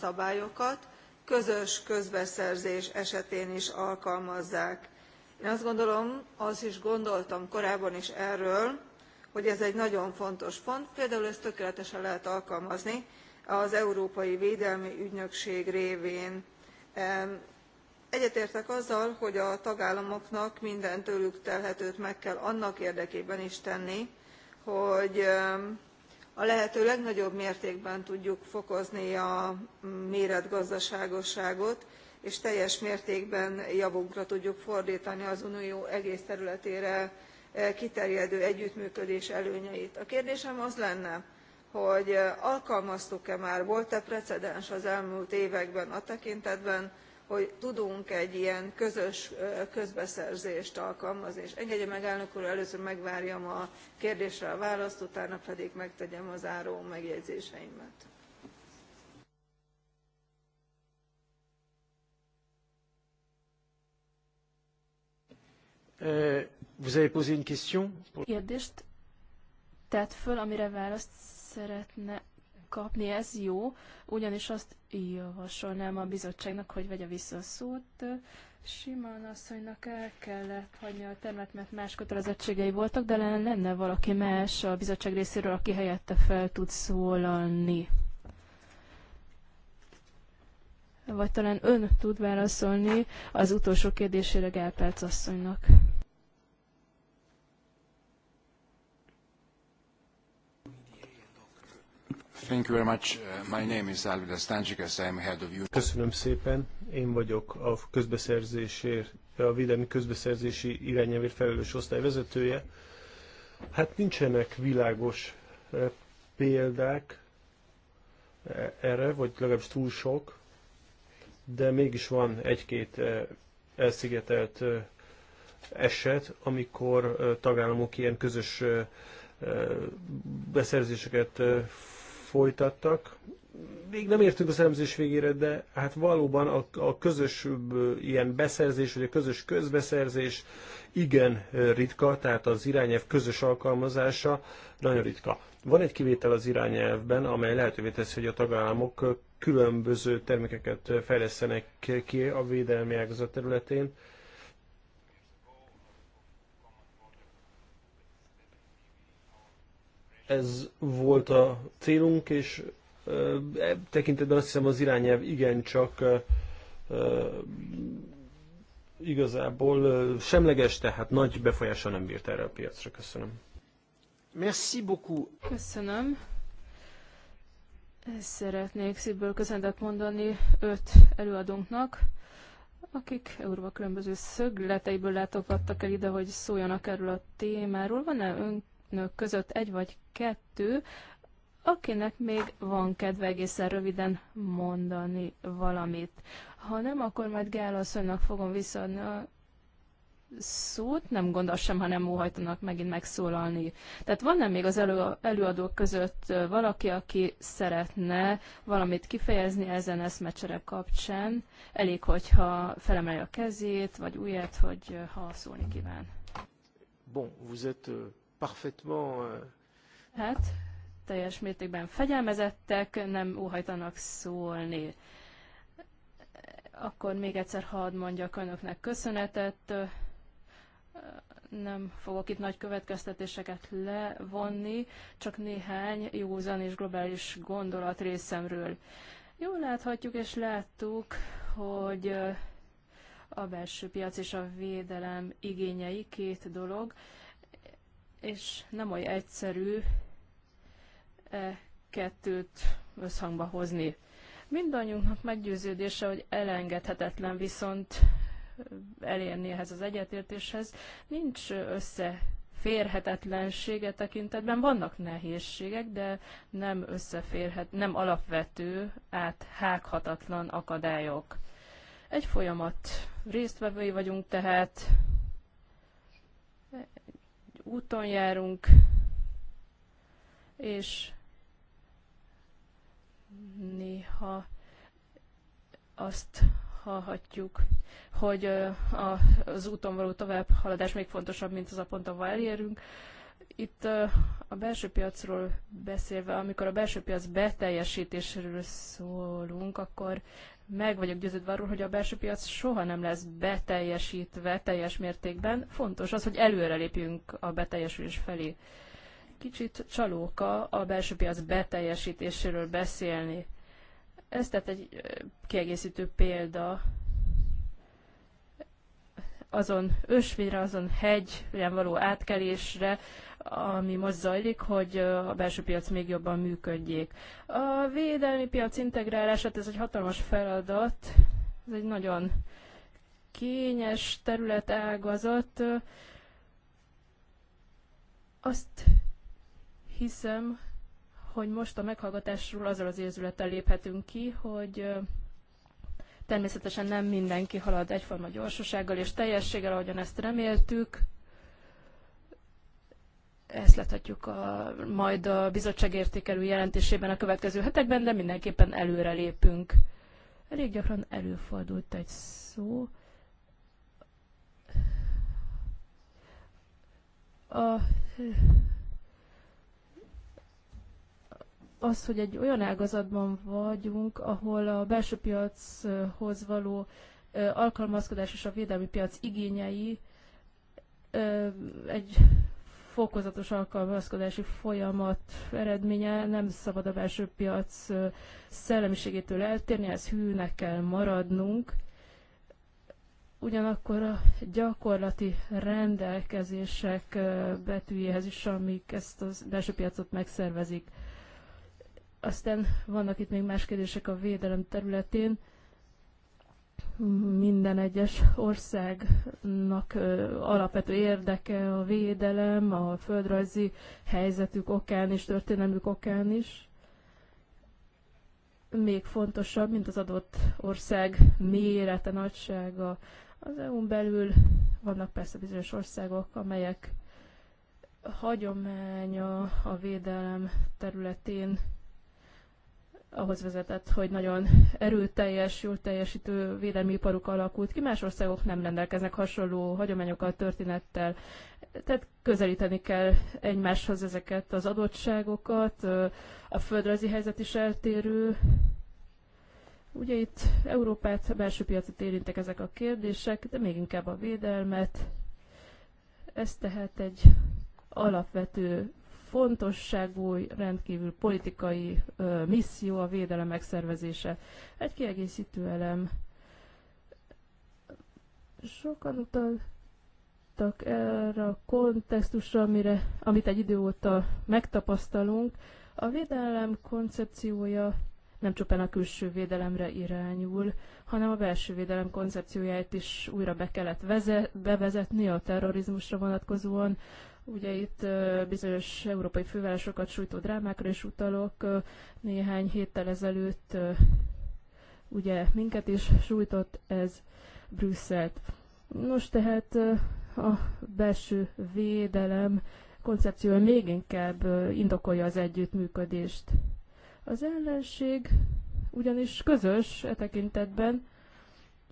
szabályokat közös közbeszerzés esetén is alkalmazzák. én azt gondolom azt is gondoltam korábban is erről hogy ez egy nagyon fontos pont például ezt tökéletesen lehet alkalmazni az európai védelmi ügynökség révén. egyetértek azzal hogy a tagállamoknak minden tőlük telhetőt meg kell annak érdekében is tenni hogy a lehető legnagyobb mértékben tudjuk fokozni a méretgazdaságosságot és teljes mértékben javunkra tudjuk fordtani az unió egész területére kiterjedő együttműködés előnyeit. a kérdésem az lenne hogy alkalmaztuk e már volt e precedens az elmúlt években a tekintetben hogy tudunk egy ilyen közös közbeszerzést alkalmazni és engedje meg elnök úr először megvárjam a kérdésre a választ utána pedig megtegyem a záró megjegyzéseimet. Vous avez posé une question? Kérdést tett föl, amire választ szeretne kapni, ez jó, ugyanis azt javasolnám a bizottságnak, hogy vegye vissza a szót. Simán asszonynak el kellett hagyni a termet, mert más kötelezettségei voltak, de lenne valaki más a bizottság részéről, aki helyette fel tud szólalni. Vagy talán ön tud válaszolni az utolsó kérdésére Gálperc asszonynak. Uh, Köszönöm szépen. Én vagyok a közbeszerzésért, a védelmi közbeszerzési irányelvért felelős osztály vezetője. Hát nincsenek világos eh, példák eh, erre, vagy legalábbis túl sok, de mégis van egy-két eh, elszigetelt eset, amikor tagállamok ilyen közös beszerzéseket folytattak. Még nem értünk az elemzés végére, de hát valóban a, a közös ilyen beszerzés, vagy a közös közbeszerzés igen ritka, tehát az irányelv közös alkalmazása nagyon ritka. Van egy kivétel az irányelvben, amely lehetővé teszi, hogy a tagállamok különböző termékeket fejlesztenek ki a védelmi ágazat területén. ez volt a célunk, és e tekintetben azt hiszem az irányelv igencsak e, igazából semleges, tehát nagy befolyással nem bírt erre a piacra. Köszönöm. Merci beaucoup. Köszönöm. Szeretnék szívből köszöntet mondani öt előadónknak, akik Európa különböző szögleteiből látogattak el ide, hogy szóljanak erről a témáról. Van-e ön nők között egy vagy kettő, akinek még van kedve egészen röviden mondani valamit. Ha nem, akkor majd Gál asszonynak fogom visszaadni a szót, nem gondol sem, ha nem óhajtanak megint megszólalni. Tehát van-e még az elő, előadók között valaki, aki szeretne valamit kifejezni ezen eszmecsere kapcsán? Elég, hogyha felemelje a kezét, vagy újját, hogy ha szólni kíván. Bon, vous êtes euh, parfaitement... Euh, hát, teljes mértékben fegyelmezettek, nem óhajtanak szólni. Akkor még egyszer hadd mondjak önöknek köszönetet. Nem fogok itt nagy következtetéseket levonni, csak néhány józan és globális gondolat részemről. Jól láthatjuk és láttuk, hogy a belső piac és a védelem igényei két dolog, és nem olyan egyszerű e kettőt összhangba hozni. Mindannyiunknak meggyőződése, hogy elengedhetetlen viszont elérni ehhez az egyetértéshez. Nincs összeférhetetlensége tekintetben, vannak nehézségek, de nem összeférhet, nem alapvető, áthághatatlan akadályok. Egy folyamat résztvevői vagyunk tehát, úton járunk, és néha azt hallhatjuk, hogy az úton való továbbhaladás még fontosabb, mint az a pont, ahol elérünk. Itt a belső piacról beszélve, amikor a belső piac beteljesítésről szólunk, akkor meg vagyok győződve arról, hogy a belső piac soha nem lesz beteljesítve teljes mértékben. Fontos az, hogy előrelépjünk a beteljesülés felé. Kicsit csalóka a belső piac beteljesítéséről beszélni. Ez tehát egy kiegészítő példa azon ösvényre, azon hegyen való átkelésre, ami most zajlik, hogy a belső piac még jobban működjék. A védelmi piac integrálását, ez egy hatalmas feladat, ez egy nagyon kényes terület ágazat. Azt hiszem, hogy most a meghallgatásról azzal az érzülettel léphetünk ki, hogy természetesen nem mindenki halad egyforma gyorsasággal és teljességgel, ahogyan ezt reméltük, ezt láthatjuk a, majd a bizottság értékelő jelentésében a következő hetekben, de mindenképpen előre lépünk. Elég gyakran előfordult egy szó. A, az, hogy egy olyan ágazatban vagyunk, ahol a belső piachoz való alkalmazkodás és a védelmi piac igényei egy fokozatos alkalmazkodási folyamat eredménye nem szabad a belső piac szellemiségétől eltérni, ez hűnek kell maradnunk. Ugyanakkor a gyakorlati rendelkezések betűjéhez is, amik ezt a belső piacot megszervezik. Aztán vannak itt még más kérdések a védelem területén minden egyes országnak alapvető érdeke a védelem, a földrajzi helyzetük okán és történelmük okán is. Még fontosabb, mint az adott ország mérete, nagysága. Az EU-n belül vannak persze bizonyos országok, amelyek hagyománya a védelem területén ahhoz vezetett, hogy nagyon erőteljes, jól teljesítő védelmi iparuk alakult ki. Más országok nem rendelkeznek hasonló hagyományokkal, történettel. Tehát közelíteni kell egymáshoz ezeket az adottságokat. A földrajzi helyzet is eltérő. Ugye itt Európát, belső piacot érintek ezek a kérdések, de még inkább a védelmet. Ez tehát egy alapvető fontosságú, rendkívül politikai ö, misszió a védelem megszervezése. Egy kiegészítő elem. Sokan utaltak erre a kontextusra, amire, amit egy idő óta megtapasztalunk. A védelem koncepciója nem csupán a külső védelemre irányul, hanem a belső védelem koncepcióját is újra be kellett veze- bevezetni a terrorizmusra vonatkozóan, Ugye itt bizonyos európai fővárosokat sújtó drámákra is utalok. Néhány héttel ezelőtt ugye minket is sújtott ez Brüsszelt. Nos, tehát a belső védelem koncepciója még inkább indokolja az együttműködést. Az ellenség ugyanis közös e tekintetben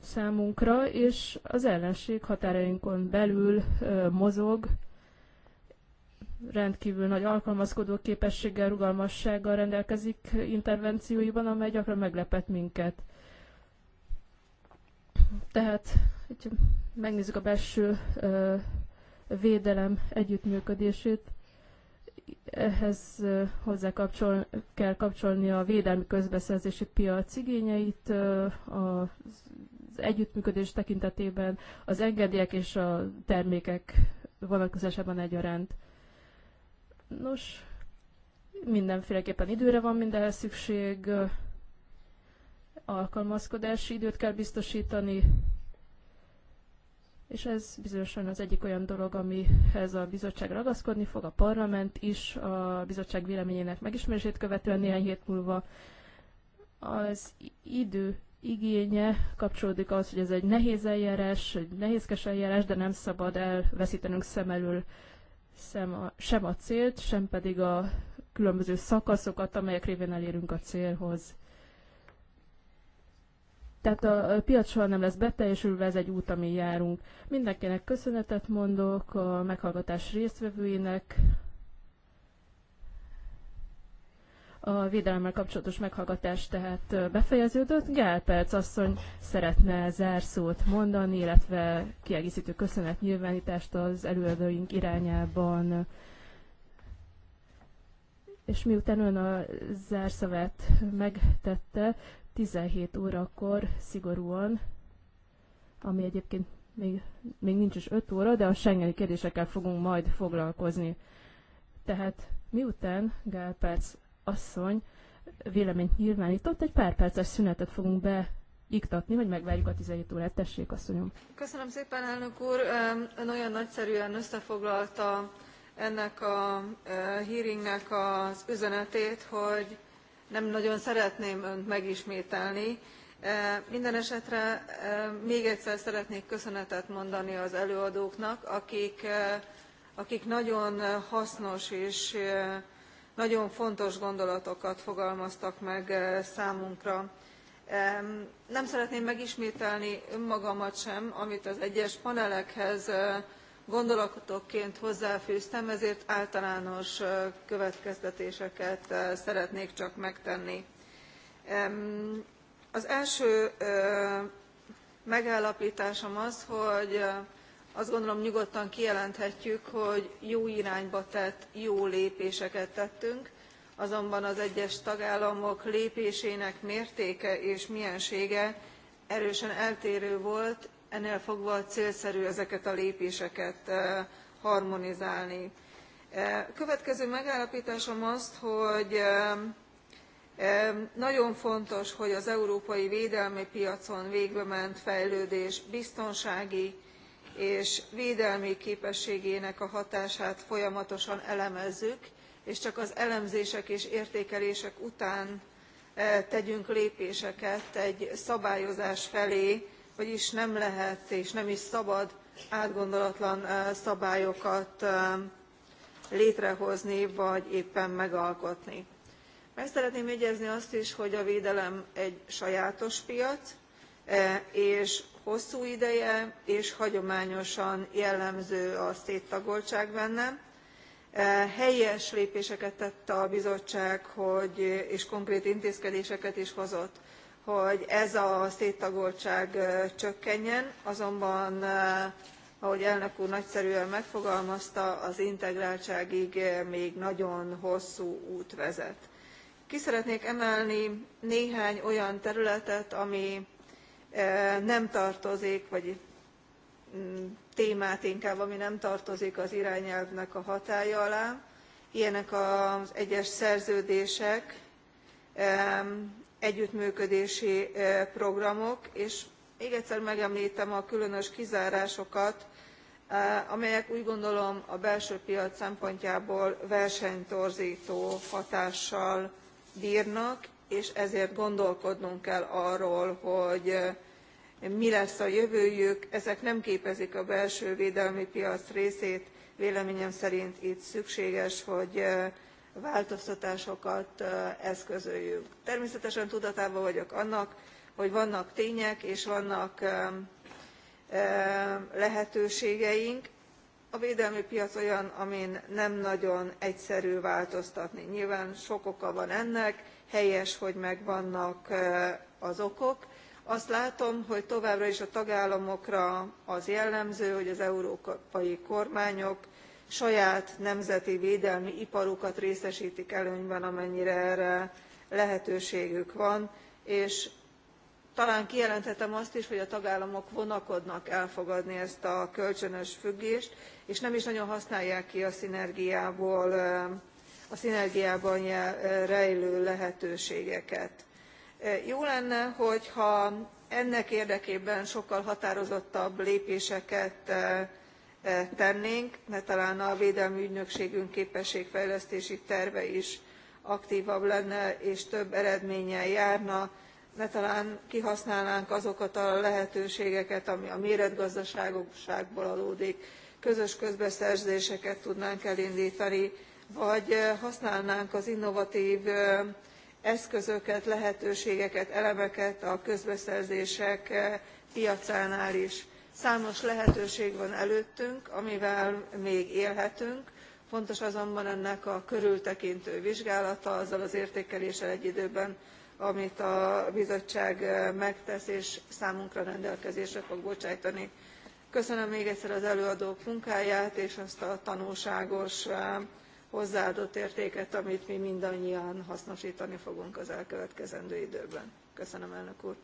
számunkra, és az ellenség határainkon belül mozog, rendkívül nagy alkalmazkodó képességgel, rugalmassággal rendelkezik intervencióiban, amely gyakran meglepet minket. Tehát, hogyha megnézzük a belső ö, védelem együttműködését, ehhez hozzá kapcsol, kell kapcsolni a védelmi közbeszerzési piac igényeit, az együttműködés tekintetében az engedélyek és a termékek vonatkozásában egyaránt. Nos, mindenféleképpen időre van mindenhez szükség, alkalmazkodási időt kell biztosítani, és ez bizonyosan az egyik olyan dolog, amihez a bizottság ragaszkodni fog, a parlament is, a bizottság véleményének megismerését követően néhány hét múlva az idő igénye kapcsolódik az, hogy ez egy nehéz eljárás, egy nehézkes eljárás, de nem szabad elveszítenünk szem elől sem a, sem a célt, sem pedig a különböző szakaszokat, amelyek révén elérünk a célhoz. Tehát a piac soha nem lesz beteljesülve, ez egy út, amin járunk. Mindenkinek köszönetet mondok, a meghallgatás résztvevőinek, A védelemmel kapcsolatos meghallgatás tehát befejeződött. Gál Perc asszony szeretne zárszót mondani, illetve kiegészítő nyilvánítást az előadóink irányában. És miután ön a zárszavát megtette, 17 órakor szigorúan, ami egyébként még, még nincs is 5 óra, de a Schengeni kérdésekkel fogunk majd foglalkozni. Tehát miután Gál Perc asszony véleményt nyilvánított. Egy pár perces szünetet fogunk be iktatni, hogy megvárjuk a 17 órát. Tessék, asszonyom. Köszönöm szépen, elnök úr. Ön olyan nagyszerűen összefoglalta ennek a hearingnek az üzenetét, hogy nem nagyon szeretném önt megismételni. Minden esetre még egyszer szeretnék köszönetet mondani az előadóknak, akik, akik nagyon hasznos és nagyon fontos gondolatokat fogalmaztak meg eh, számunkra. nem szeretném megismételni önmagamat sem amit az egyes panelekhez eh, gondolatokként hozzáfűztem ezért általános eh, következtetéseket szeretnék csak megtenni. az első megállaptásom az hogy azt gondolom nyugodtan kijelenthetjük hogy jó irányba tett jó lépéseket tettünk azonban az egyes tagállamok lépésének mértéke és miensége erősen eltérő volt ennél fogva célszerű ezeket a lépéseket eh, harmonizálni. Eh, következő megállaptásom az hogy nagyon fontos hogy az európai védelmi piacon végbement fejlődés biztonsági és védelmi képességének a hatását folyamatosan elemezzük és csak az elemzések és értékelések után e, tegyünk lépéseket egy szabályozás felé vagyis nem lehet és nem is szabad átgondolatlan e, szabályokat e, létrehozni vagy éppen megalkotni. meg szeretném jegyezni azt is hogy a védelem egy sajátos piac és hosszú ideje és hagyományosan jellemző a széttagoltság benne. E, helyes lépéseket tett a bizottság hogy, és konkrét intézkedéseket is hozott hogy ez a széttagoltság e, csökkenjen azonban e, ahogy elnök úr nagyszerűen megfogalmazta az integráltságig még nagyon hosszú út vezet. ki szeretnék emelni néhány olyan területet ami nem tartozik vagy mm, témát inkább ami nem tartozik az irányelvnek a hatálya alá ilyenek az egyes szerződések együttműködési programok és még egyszer megemlítem a különös kizárásokat amelyek úgy gondolom a belső piac szempontjából versenytorztó hatással brnak és ezért gondolkodnunk kell arról hogy eh, mi lesz a jövőjük ezek nem képezik a belső védelmi piac részét véleményem szerint itt szükséges hogy eh, változtatásokat eh, eszközöljünk. természetesen tudatában vagyok annak hogy vannak tények és vannak lehetőségeink a védelmi piac olyan amin nem nagyon egyszerű változtatni. nyilván sok oka van ennek helyes hogy megvannak az okok. azt látom hogy továbbra is a tagállamokra az jellemző hogy az európai kormányok saját nemzeti védelmi iparukat részestik előnyben amennyire erre lehetőségük van és talán kijelenthetem azt is hogy a tagállamok vonakodnak elfogadni ezt a kölcsönös függést és nem is nagyon használják ki a szinergiából a szinergiában rejlő lehetőségeket. E, jó lenne hogyha ennek érdekében sokkal határozottabb lépéseket e, e, tennénk mert talán a védelmi ügynökségünk képességfejlesztési terve is aktvabb lenne és több eredménnyel járna ne talán kihasználnánk azokat a lehetőségeket ami a méretgazdaságosságból adódik közös közbeszerzéseket tudnánk elindtani vagy használnánk az innovatv eszközöket lehetőségeket elemeket a közbeszerzések piacánál is. számos lehetőség van előttünk amivel még élhetünk fontos azonban ennek a körültekintő vizsgálata azzal az értékeléssel egy időben amit a bizottság megtesz és számunkra rendelkezésre fog bocsátani. köszönöm még egyszer az előadók munkáját és azt a tanulságos hozzáadott értéket amit mi mindannyian hasznosítani fogunk az elkövetkezendő időben. köszönöm elnök úr!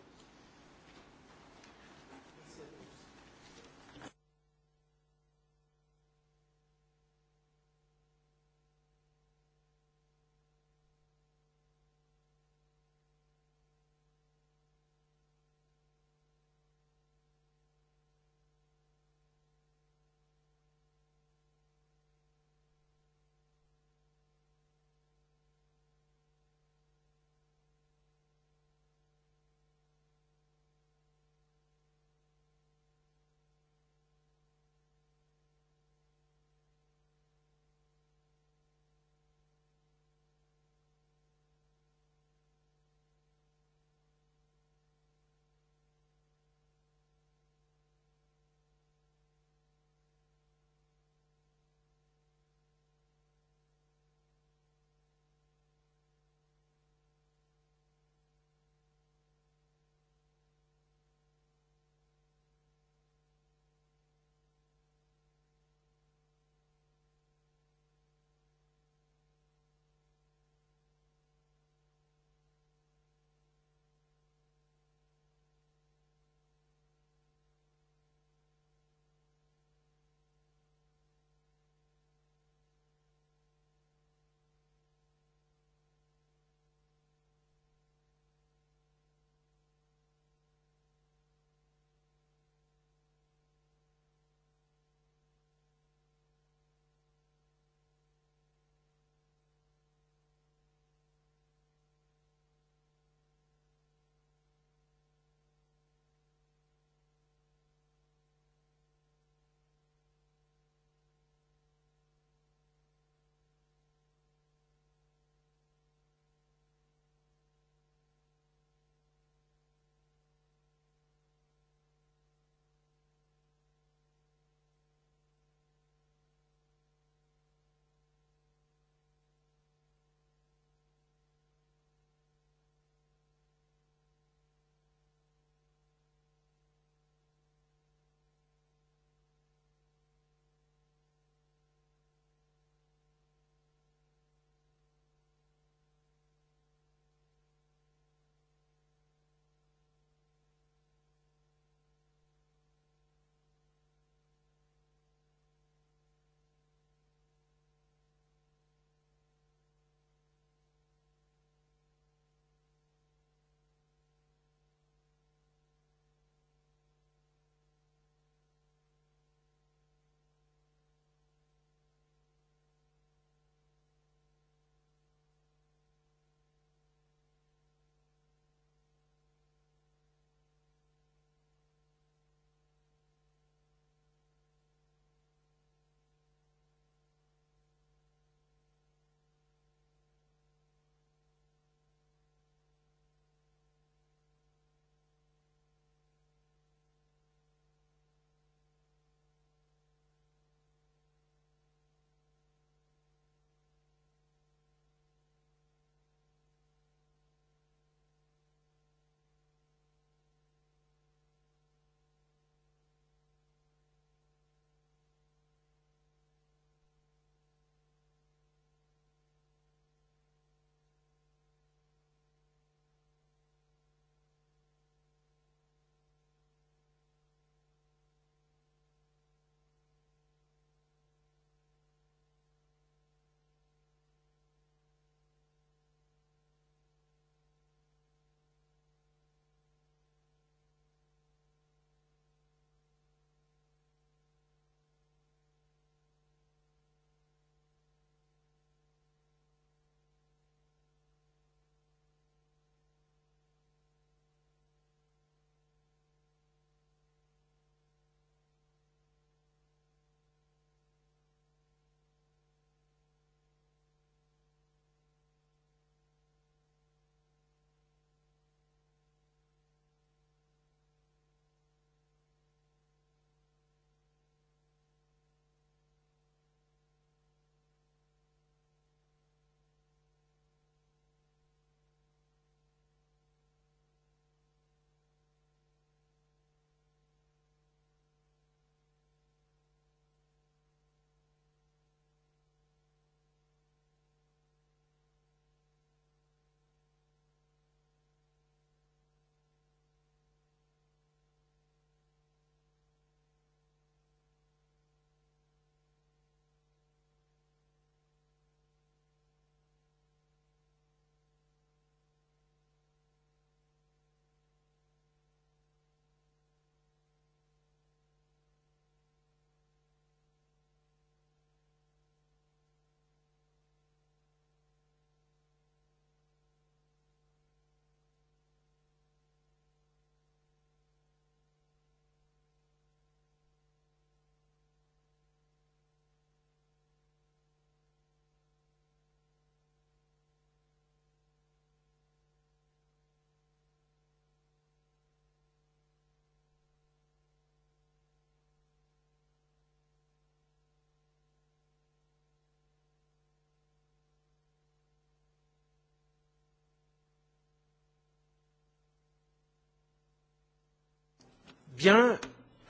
Bien,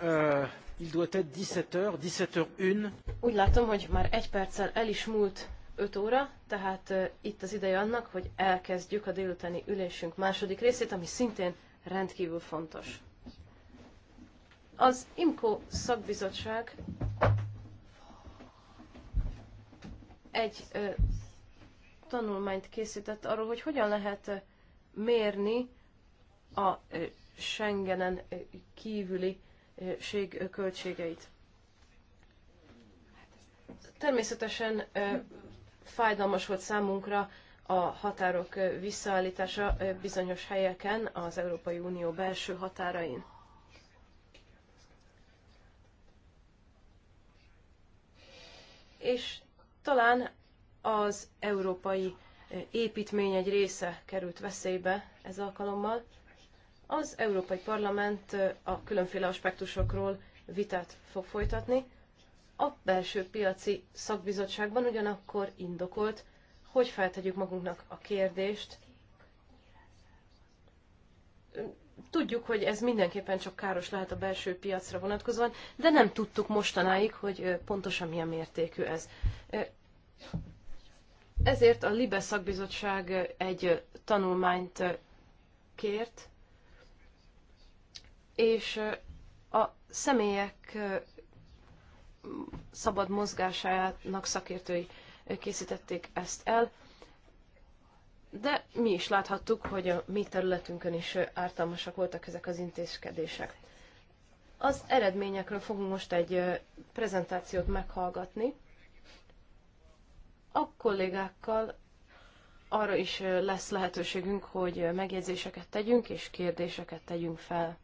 euh, il doit être 17h, 17h01. Úgy látom, hogy már egy perccel el is múlt 5 óra, tehát uh, itt az ideje annak, hogy elkezdjük a délutáni ülésünk második részét, ami szintén rendkívül fontos. Az IMCO szakbizottság egy uh, tanulmányt készített arról, hogy hogyan lehet uh, mérni a euh, Schengenen eh, kívüli eh, eh, költségeit. Természetesen fájdalmas volt számunkra a határok visszaállítása bizonyos helyeken az Európai Unió belső határain. És talán az európai építmény egy része került veszélybe ez alkalommal. Az Európai Parlament a különféle aspektusokról vitát fog folytatni. A belső piaci szakbizottságban ugyanakkor indokolt, hogy feltegyük magunknak a kérdést. Tudjuk, hogy ez mindenképpen csak káros lehet a belső piacra vonatkozóan, de nem tudtuk mostanáig, hogy pontosan milyen mértékű ez. Ezért a Libe szakbizottság egy tanulmányt kért, és a személyek szabad mozgásának szakértői készítették ezt el, de mi is láthattuk, hogy a mi területünkön is ártalmasak voltak ezek az intézkedések. Az eredményekről fogunk most egy prezentációt meghallgatni. A kollégákkal arra is lesz lehetőségünk, hogy megjegyzéseket tegyünk és kérdéseket tegyünk fel.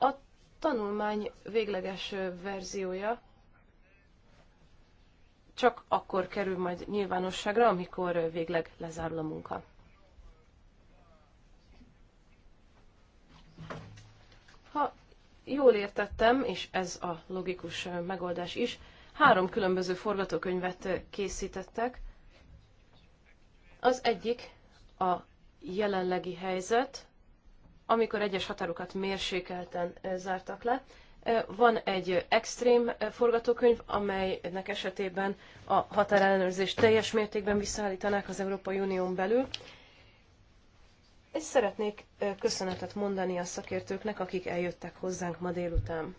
A tanulmány végleges verziója csak akkor kerül majd nyilvánosságra, amikor végleg lezárul a munka. Ha jól értettem, és ez a logikus megoldás is, három különböző forgatókönyvet készítettek. Az egyik a jelenlegi helyzet, amikor egyes határokat mérsékelten zártak le. Van egy extrém forgatókönyv, amelynek esetében a határellenőrzést teljes mértékben visszaállítanák az Európai Unión belül. És szeretnék köszönetet mondani a szakértőknek, akik eljöttek hozzánk ma délután.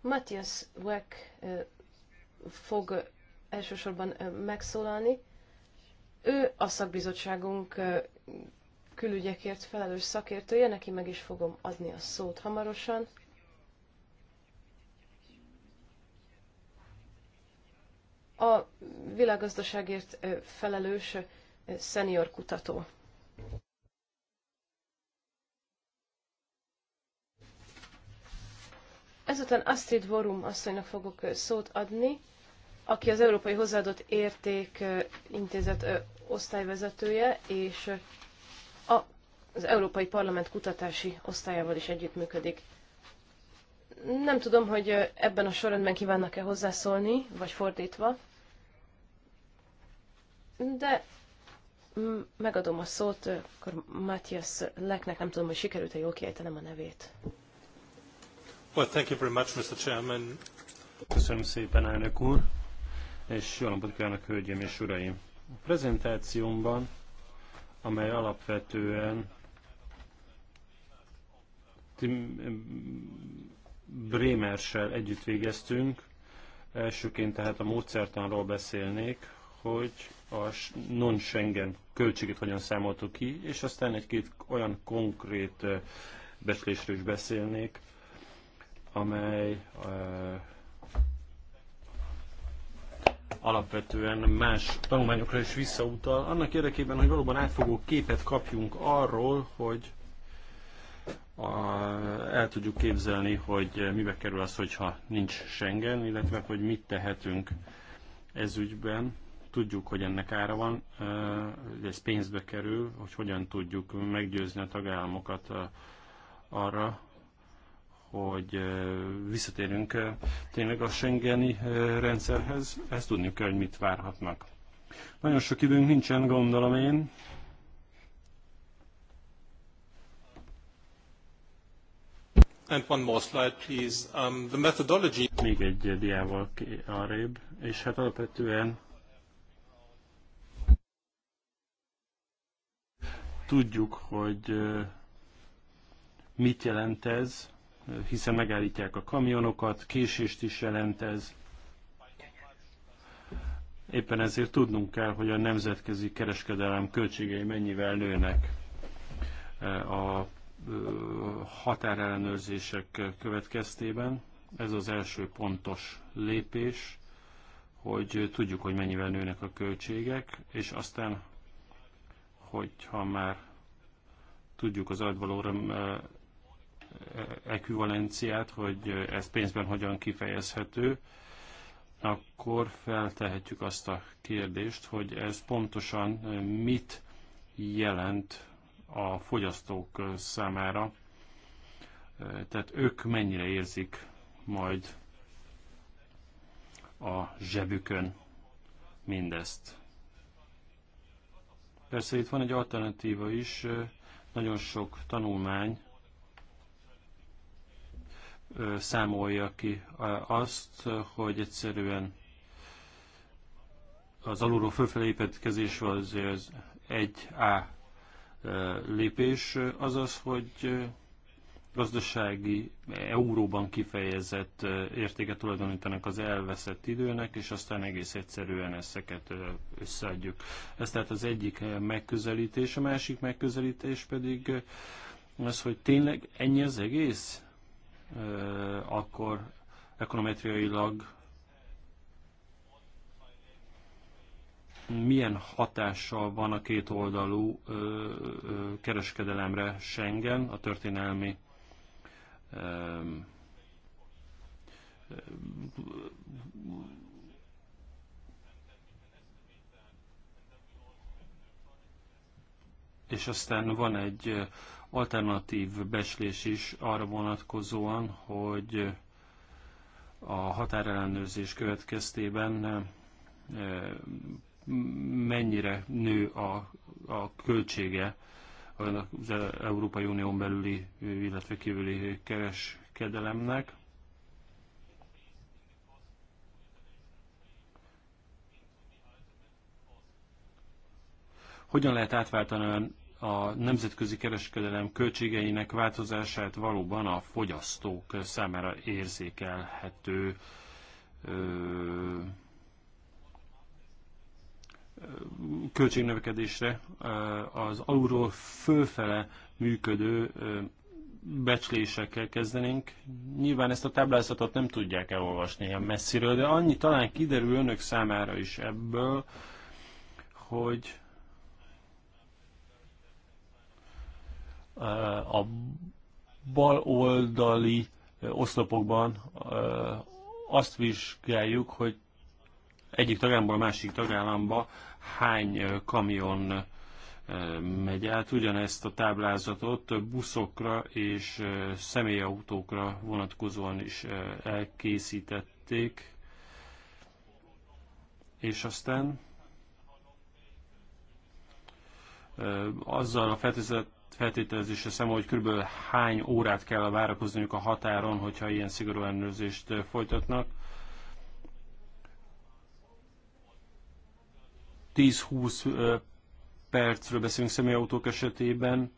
Matthias Weck fog elsősorban megszólalni. Ő a szakbizottságunk külügyekért felelős szakértője, neki meg is fogom adni a szót hamarosan. A világgazdaságért felelős szenior kutató. Ezután Astrid Vorum asszonynak fogok szót adni, aki az Európai Hozzáadott Érték Intézet osztályvezetője, és a, az Európai Parlament kutatási osztályával is együttműködik. Nem tudom, hogy ebben a sorrendben kívánnak-e hozzászólni, vagy fordítva, de mm, megadom a szót, akkor Matthias Leknek, nem tudom, hogy sikerült-e jól kiejtenem a nevét. Well, thank you very much, Mr. Chairman. Köszönöm szépen, elnök úr és jó napot kívánok, hölgyeim és uraim! A prezentációmban, amely alapvetően Tim Bremerssel együtt végeztünk, elsőként tehát a módszertanról beszélnék, hogy a non-Schengen költségét hogyan számoltuk ki, és aztán egy-két olyan konkrét becslésről is beszélnék, amely alapvetően más tanulmányokra is visszautal, annak érdekében, hogy valóban átfogó képet kapjunk arról, hogy a, el tudjuk képzelni, hogy mibe kerül az, hogyha nincs Schengen, illetve hogy mit tehetünk ez ügyben. Tudjuk, hogy ennek ára van, ez pénzbe kerül, hogy hogyan tudjuk meggyőzni a tagállamokat arra, hogy visszatérünk tényleg a Schengeni rendszerhez, ezt tudniuk kell, hogy mit várhatnak. Nagyon sok időnk nincsen, gondolom én. And one more slide, please. Um, the methodology... Még egy diával arrébb, és hát alapvetően tudjuk, hogy mit jelent ez, hiszen megállítják a kamionokat, késést is jelent ez. Éppen ezért tudnunk kell, hogy a nemzetközi kereskedelem költségei mennyivel nőnek eh, a eh, határellenőrzések következtében. Ez az első pontos lépés, hogy tudjuk, hogy mennyivel nőnek a költségek, és aztán, hogyha már tudjuk az agyvalóra eh, ekvivalenciát, hogy ez pénzben hogyan kifejezhető, akkor feltehetjük azt a kérdést, hogy ez pontosan mit jelent a fogyasztók számára, tehát ők mennyire érzik majd a zsebükön mindezt. Persze itt van egy alternatíva is, nagyon sok tanulmány számolja ki azt, hogy egyszerűen az alulról fölfelé építkezés az, az 1A lépés, azaz, hogy gazdasági euróban kifejezett értéket tulajdonítanak az elveszett időnek, és aztán egész egyszerűen ezeket összeadjuk. Ez tehát az egyik megközelítés, a másik megközelítés pedig az, hogy tényleg ennyi az egész? akkor ekonometriailag milyen hatással van a két oldalú kereskedelemre Schengen, a történelmi és aztán van egy alternatív beslés is arra vonatkozóan, hogy a határellenőrzés következtében eh, mennyire nő a, a költsége az Európai Unión belüli, illetve kívüli kereskedelemnek. Hogyan lehet átváltani a nemzetközi kereskedelem költségeinek változását valóban a fogyasztók számára érzékelhető költségnövekedésre az alulról fölfele működő becslésekkel kezdenénk. Nyilván ezt a táblázatot nem tudják elolvasni ilyen messziről, de annyi talán kiderül önök számára is ebből, hogy a baloldali oszlopokban azt vizsgáljuk, hogy egyik tagállamból a másik tagállamba hány kamion megy át. Ugyanezt a táblázatot buszokra és személyautókra vonatkozóan is elkészítették. És aztán azzal a feltételezett feltételezésre számol, hogy körülbelül hány órát kell várakozniuk a határon, hogyha ilyen szigorú ellenőrzést folytatnak. 10-20 percről beszélünk személyautók esetében,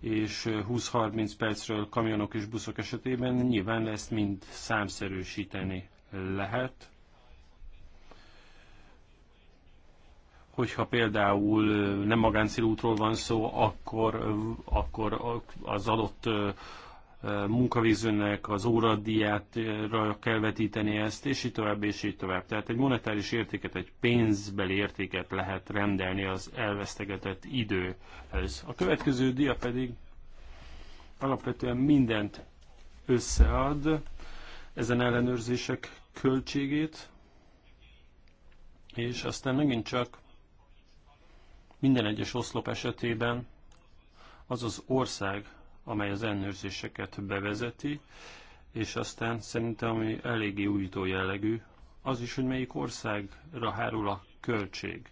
és 20-30 percről kamionok és buszok esetében. Nyilván ezt mind számszerűsíteni lehet. hogyha például nem magáncélútról van szó, akkor, akkor az adott munkavizőnek az óradiátra kell vetíteni ezt, és így tovább, és így tovább. Tehát egy monetáris értéket, egy pénzbeli értéket lehet rendelni az elvesztegetett időhöz. A következő dia pedig alapvetően mindent összead, ezen ellenőrzések költségét, és aztán megint csak minden egyes oszlop esetében az az ország, amely az ellenőrzéseket bevezeti, és aztán szerintem ami eléggé újító jellegű, az is, hogy melyik országra hárul a költség.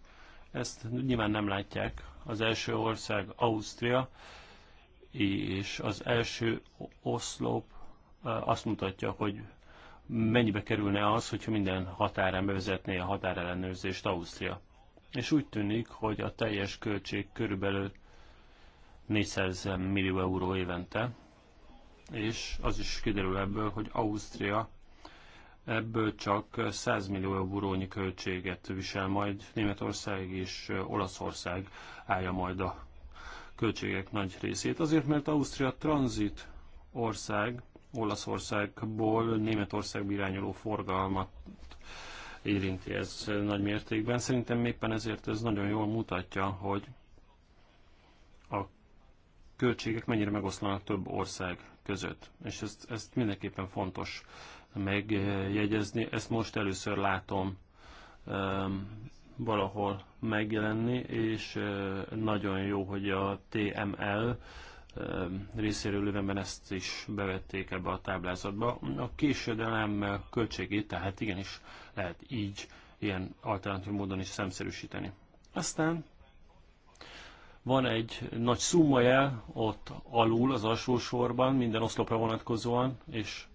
Ezt nyilván nem látják. Az első ország Ausztria, és az első oszlop azt mutatja, hogy mennyibe kerülne az, hogyha minden határen bevezetné a határellenőrzést Ausztria és úgy tűnik, hogy a teljes költség körülbelül 400 millió euró évente, és az is kiderül ebből, hogy Ausztria ebből csak 100 millió eurónyi költséget visel majd, Németország és Olaszország állja majd a költségek nagy részét. Azért, mert Ausztria tranzit ország, Olaszországból Németország irányuló forgalmat érinti ez nagy mértékben. Szerintem éppen ezért ez nagyon jól mutatja, hogy a költségek mennyire megoszlanak több ország között. És ezt, ezt mindenképpen fontos megjegyezni. Ezt most először látom ehm, valahol megjelenni, és eh, nagyon jó, hogy a TML ehm, részéről lövemben ezt is bevették ebbe a táblázatba. A késedelem költségét tehát igenis lehet így ilyen alternatív módon is szemszerűsíteni. Aztán van egy nagy jel ott alul az alsó sorban, minden oszlopra vonatkozóan, és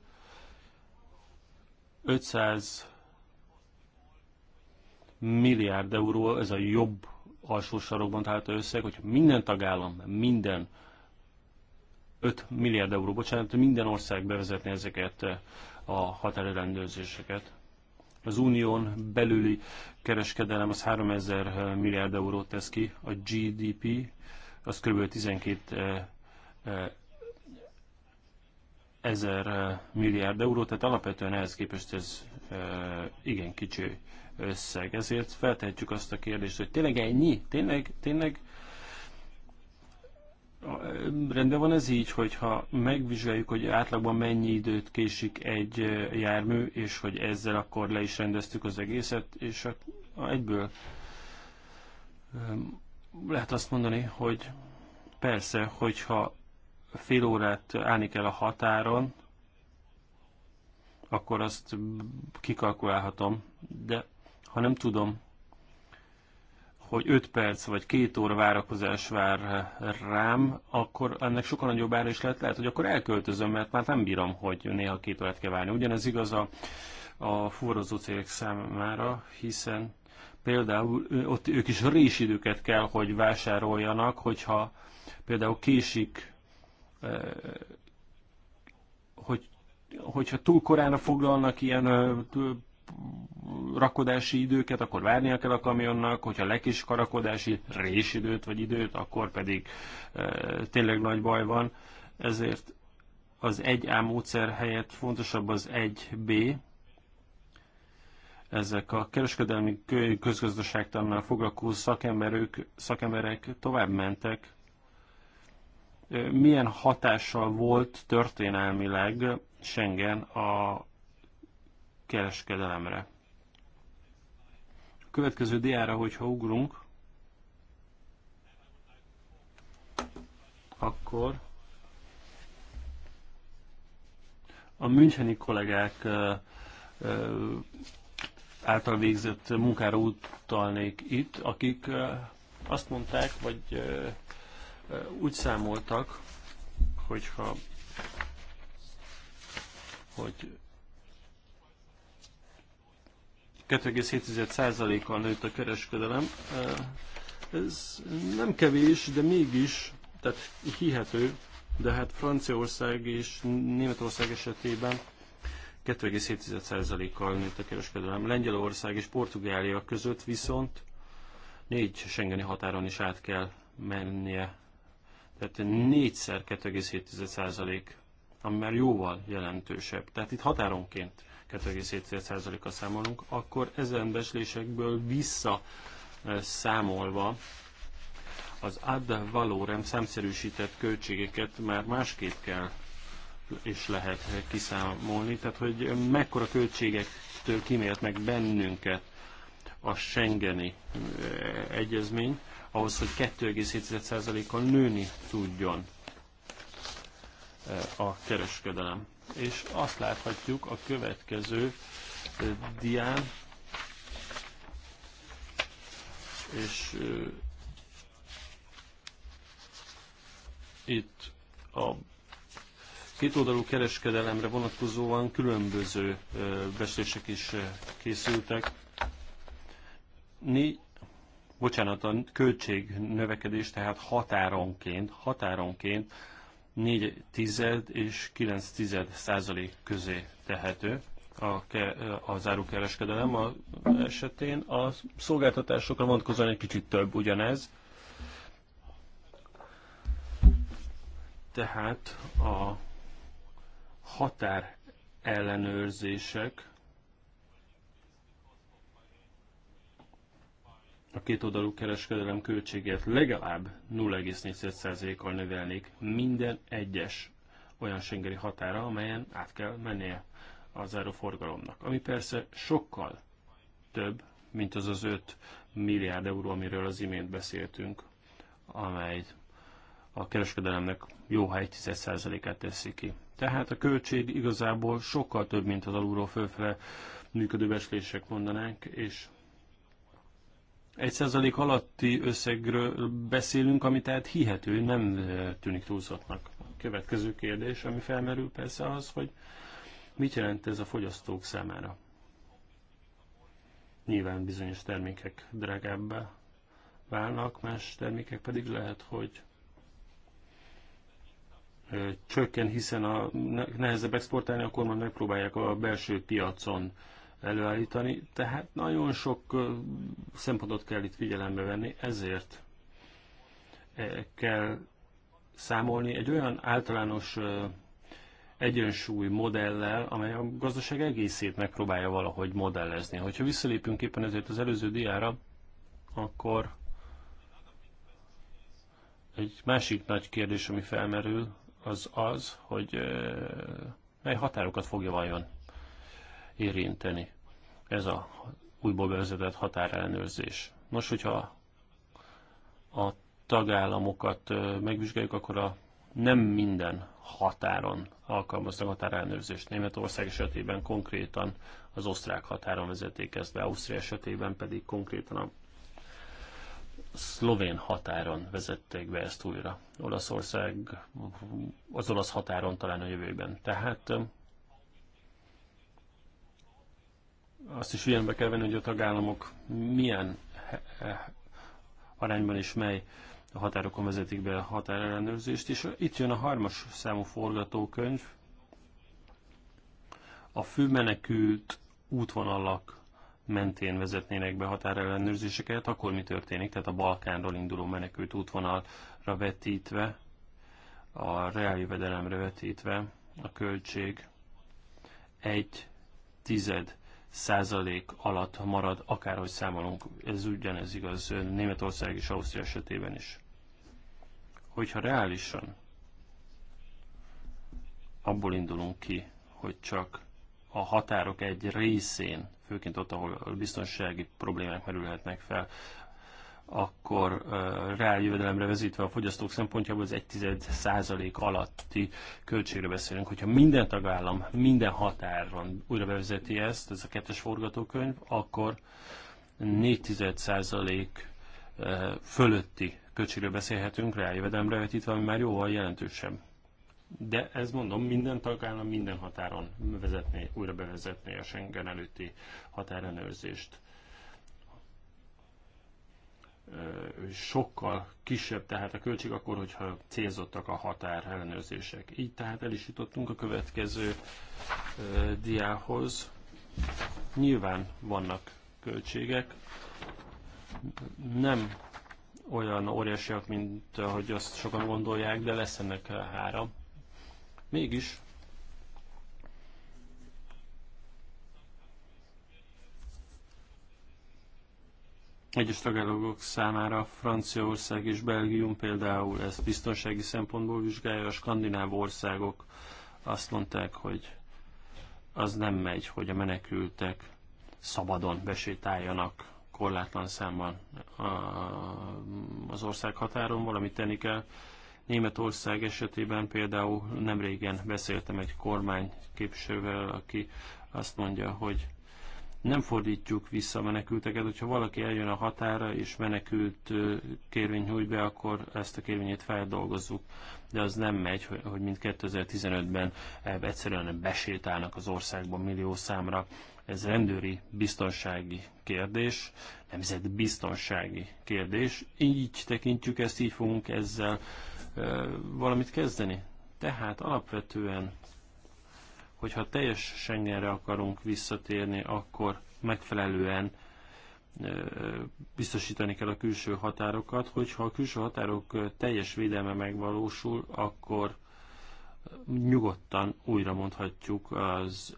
500 milliárd euró, ez a jobb alsó sarokban található összeg, hogy minden tagállam, minden 5 milliárd euró, bocsánat, minden ország bevezetni ezeket a határellenőrzéseket. Az unión belüli kereskedelem az 3000 milliárd eurót tesz ki, a GDP az kb. 12 eh, eh, ezer eh, milliárd euró, tehát alapvetően ehhez képest ez igen kicsi összeg. Ezért feltehetjük azt a kérdést, hogy tényleg ennyi? Tényleg, tényleg Rendben van ez így, hogyha megvizsgáljuk, hogy átlagban mennyi időt késik egy jármű, és hogy ezzel akkor le is rendeztük az egészet, és hát egyből lehet azt mondani, hogy persze, hogyha fél órát állni kell a határon, akkor azt kikalkulálhatom, de ha nem tudom, hogy 5 perc vagy 2 óra várakozás vár rám, akkor ennek sokkal nagyobb ára is lehet, lehet, hogy akkor elköltözöm, mert már nem bírom, hogy néha két órát kell várni. Ugyanez igaz a, a fuvarozó cégek számára, hiszen például ott ők is résidőket kell, hogy vásároljanak, hogyha például késik, hogy hogyha túl korán foglalnak ilyen rakodási időket, akkor várnia kell a kamionnak, hogyha lekis karakodási résidőt vagy időt, akkor pedig e, tényleg nagy baj van. Ezért az 1A módszer helyett fontosabb az 1B. Ezek a kereskedelmi közgazdaságtannal foglalkozó szakemberek, szakemberek tovább mentek. E, milyen hatással volt történelmileg Schengen a kereskedelemre. A következő diára, hogyha ugrunk, akkor a müncheni kollégák által végzett munkára utalnék itt, akik azt mondták, vagy úgy számoltak, hogyha hogy 2,7%-kal nőtt a kereskedelem. Eh, ez nem kevés, de mégis, tehát hihető, de hát Franciaország és Németország esetében 2,7%-kal nőtt a kereskedelem. Lengyelország és Portugália között viszont négy Schengeni határon is át kell mennie. Tehát négyszer 2,7% ami már jóval jelentősebb. Tehát itt határonként 2,7%-kal számolunk, akkor ezen beslésekből vissza eh, számolva az ad valórem számszerűsített költségeket már másképp kell és lehet kiszámolni, tehát hogy mekkora költségektől kimért meg bennünket a Schengeni eh, egyezmény, ahhoz, hogy 2,7%-kal nőni tudjon eh, a kereskedelem és azt láthatjuk a következő dián, és uh, itt a kétoldalú kereskedelemre vonatkozóan különböző uh, beszélések is uh, készültek. Ni, bocsánat, a költség növekedés tehát határonként, határonként 4 tized és 9 tized százalék közé tehető a, ke, a zárókereskedelem a esetén. A szolgáltatásokra vonatkozóan egy kicsit több ugyanez. Tehát a határ ellenőrzések a kétoldalú kereskedelem költségét legalább 0,4%-kal növelnék minden egyes olyan sengeri határa, amelyen át kell mennie az forgalomnak, Ami persze sokkal több, mint az az 5 milliárd euró, amiről az imént beszéltünk, amely a kereskedelemnek jó ha egy át teszi ki. Tehát a költség igazából sokkal több, mint az alulról fölfele működő beszélések mondanánk, és százalék alatti összegről beszélünk, ami tehát hihető, nem tűnik túlzottnak. A következő kérdés, ami felmerül persze az, hogy mit jelent ez a fogyasztók számára. Nyilván bizonyos termékek drágábbá válnak, más termékek pedig lehet, hogy csökken, hiszen a nehezebb exportálni, akkor már megpróbálják a belső piacon előállítani, tehát nagyon sok szempontot kell itt figyelembe venni, ezért e, kell számolni egy olyan általános egyensúly modellel, amely a gazdaság egészét megpróbálja valahogy modellezni. Hogyha visszalépünk éppen ezért az előző diára, akkor egy másik nagy kérdés, ami felmerül, az az, hogy mely határokat fogja vajon érinteni ez a újból bevezetett határellenőrzés. Nos, hogyha a tagállamokat megvizsgáljuk, akkor a nem minden határon alkalmaznak határellenőrzést. Németország esetében konkrétan az osztrák határon vezeték ezt be, Ausztria esetében pedig konkrétan a szlovén határon vezették be ezt újra. Olaszország, az olasz határon talán a jövőben. Tehát azt is figyelembe kell venni, hogy a tagállamok milyen eh, eh, arányban és mely a határokon vezetik be a határellenőrzést, és itt jön a harmas számú forgatókönyv, a fő menekült útvonalak mentén vezetnének be határellenőrzéseket, akkor mi történik? Tehát a Balkánról induló menekült útvonalra vetítve, a reál jövedelemre vetítve a költség egy tized százalék alatt marad, akárhogy számolunk. Ez ugyanez igaz Németország és Ausztria esetében is. Hogyha reálisan abból indulunk ki, hogy csak a határok egy részén, főként ott, ahol biztonsági problémák merülhetnek fel, akkor reál jövedelemre vezítve a fogyasztók szempontjából az százalék alatti költségre beszélünk. Hogyha minden tagállam, minden határon újra bevezeti ezt, ez a kettes forgatókönyv, akkor százalék fölötti költségről beszélhetünk, reál jövedelemre vetítve, ami már jóval jelentősebb. De ez mondom, minden tagállam minden határon vezetné, újra bevezetné a Schengen előtti határenőrzést sokkal kisebb tehát a költség akkor, hogyha célzottak a határ ellenőrzések. Így tehát el is jutottunk a következő diához. Nyilván vannak költségek, nem olyan óriásiak, mint ahogy azt sokan gondolják, de lesz ennek három. Mégis Egyes tagállamok számára Franciaország és Belgium például ezt biztonsági szempontból vizsgálja, a skandináv országok azt mondták, hogy az nem megy, hogy a menekültek szabadon besétáljanak korlátlan számban az ország határon, valamit tenni kell. Németország esetében például nem régen beszéltem egy kormány képviselővel, aki azt mondja, hogy nem fordítjuk vissza a menekülteket, hogyha valaki eljön a határa és menekült kérvény nyújt be, akkor ezt a kérvényét feldolgozzuk. De az nem megy, hogy mint 2015-ben egyszerűen besétálnak az országban millió számra. Ez rendőri biztonsági kérdés, nemzetbiztonsági kérdés. Így tekintjük ezt, így fogunk ezzel valamit kezdeni. Tehát alapvetően hogyha teljes Schengenre akarunk visszatérni, akkor megfelelően biztosítani kell a külső határokat, hogyha a külső határok teljes védelme megvalósul, akkor nyugodtan újra mondhatjuk az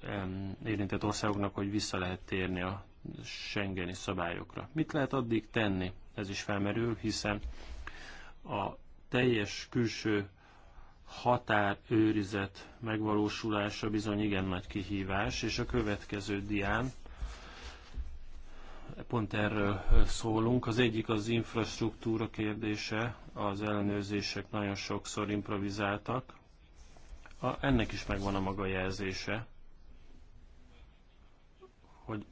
érintett országoknak, hogy vissza lehet térni a Schengeni szabályokra. Mit lehet addig tenni? Ez is felmerül, hiszen a teljes külső határőrizet megvalósulása bizony igen nagy kihívás, és a következő dián pont erről szólunk. Az egyik az infrastruktúra kérdése, az ellenőrzések nagyon sokszor improvizáltak. A, ennek is megvan a maga jelzése, hogy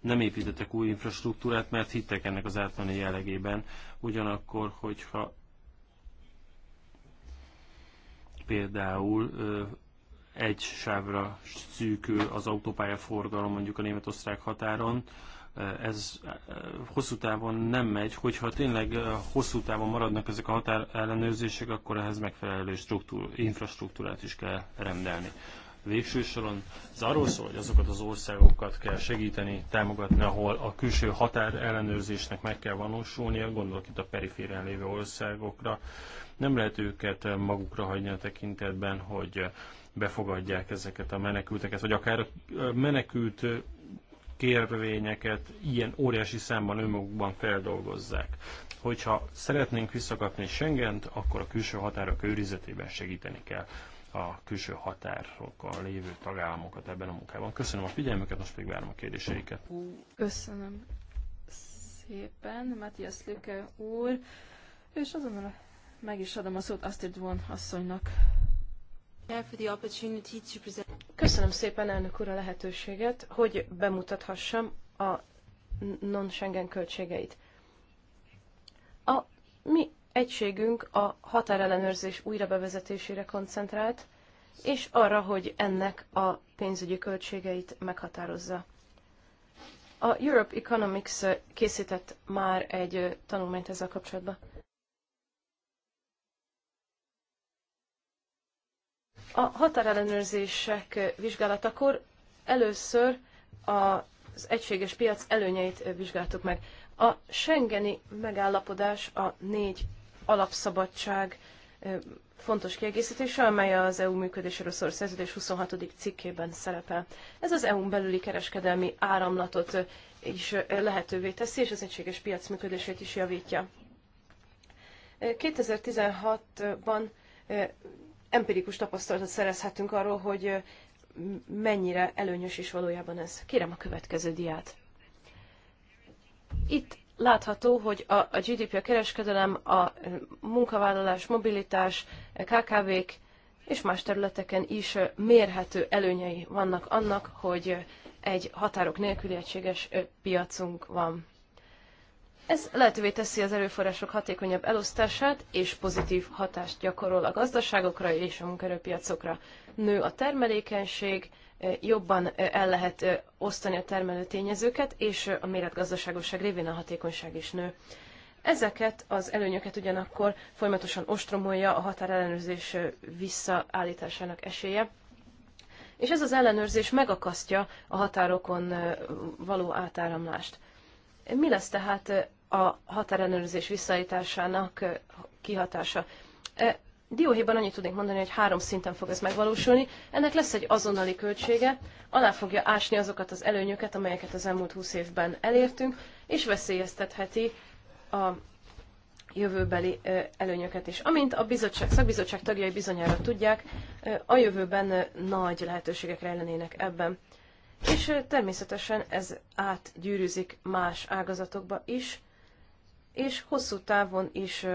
nem építettek új infrastruktúrát, mert hittek ennek az átmeni jellegében. Ugyanakkor, hogyha például egy sávra szűkül az autópálya forgalom mondjuk a német-osztrák határon, ez hosszú távon nem megy, hogyha tényleg hosszú távon maradnak ezek a ellenőrzések, akkor ehhez megfelelő struktúr, infrastruktúrát is kell rendelni. Végső soron ez arról szól, hogy azokat az országokat kell segíteni, támogatni, ahol a külső határ ellenőrzésnek meg kell valósulnia, gondolok itt a periférián lévő országokra, nem lehet őket magukra hagyni a tekintetben, hogy befogadják ezeket a menekülteket, vagy akár menekült kérvényeket ilyen óriási számban önmagukban feldolgozzák. Hogyha szeretnénk visszakapni Schengent, akkor a külső határok őrizetében segíteni kell a külső határokkal lévő tagállamokat ebben a munkában. Köszönöm a figyelmüket, most pedig várom a kérdéseiket. Köszönöm szépen, Matthias Lüke úr, és azonnal a meg is adom a szót Astrid von asszonynak. Köszönöm szépen, elnök úr, a lehetőséget, hogy bemutathassam a non-Schengen költségeit. A mi egységünk a határellenőrzés újrabevezetésére koncentrált, és arra, hogy ennek a pénzügyi költségeit meghatározza. A Europe Economics készített már egy tanulmányt ezzel kapcsolatban. A határellenőrzések vizsgálatakor először az egységes piac előnyeit vizsgáltuk meg. A Schengeni megállapodás a négy alapszabadság fontos kiegészítése, amely az EU működéséről szóló szerződés 26. cikkében szerepel. Ez az EU-n belüli kereskedelmi áramlatot is lehetővé teszi, és az egységes piac működését is javítja. 2016-ban empirikus tapasztalatot szerezhetünk arról, hogy mennyire előnyös is valójában ez. Kérem a következő diát. Itt látható, hogy a, a GDP, a kereskedelem, a munkavállalás, mobilitás, KKV-k és más területeken is mérhető előnyei vannak annak, hogy egy határok nélküli egységes piacunk van. Ez lehetővé teszi az erőforrások hatékonyabb elosztását, és pozitív hatást gyakorol a gazdaságokra és a munkerőpiacokra. Nő a termelékenység, eh, jobban eh, el lehet eh, osztani a termelő tényezőket, és a méretgazdaságosság révén a hatékonyság is nő. Ezeket az előnyöket ugyanakkor folyamatosan ostromolja a határellenőrzés visszaállításának esélye, és ez az ellenőrzés megakasztja a határokon való átáramlást. Mi lesz tehát a határellenőrzés visszaállításának kihatása. Dióhéjban annyit tudnék mondani, hogy három szinten fog ez megvalósulni. Ennek lesz egy azonnali költsége, alá fogja ásni azokat az előnyöket, amelyeket az elmúlt húsz évben elértünk, és veszélyeztetheti a jövőbeli előnyöket is. Amint a bizottság, szakbizottság tagjai bizonyára tudják, a jövőben nagy lehetőségek rejlenének ebben. És természetesen ez átgyűrűzik más ágazatokba is, és hosszú távon is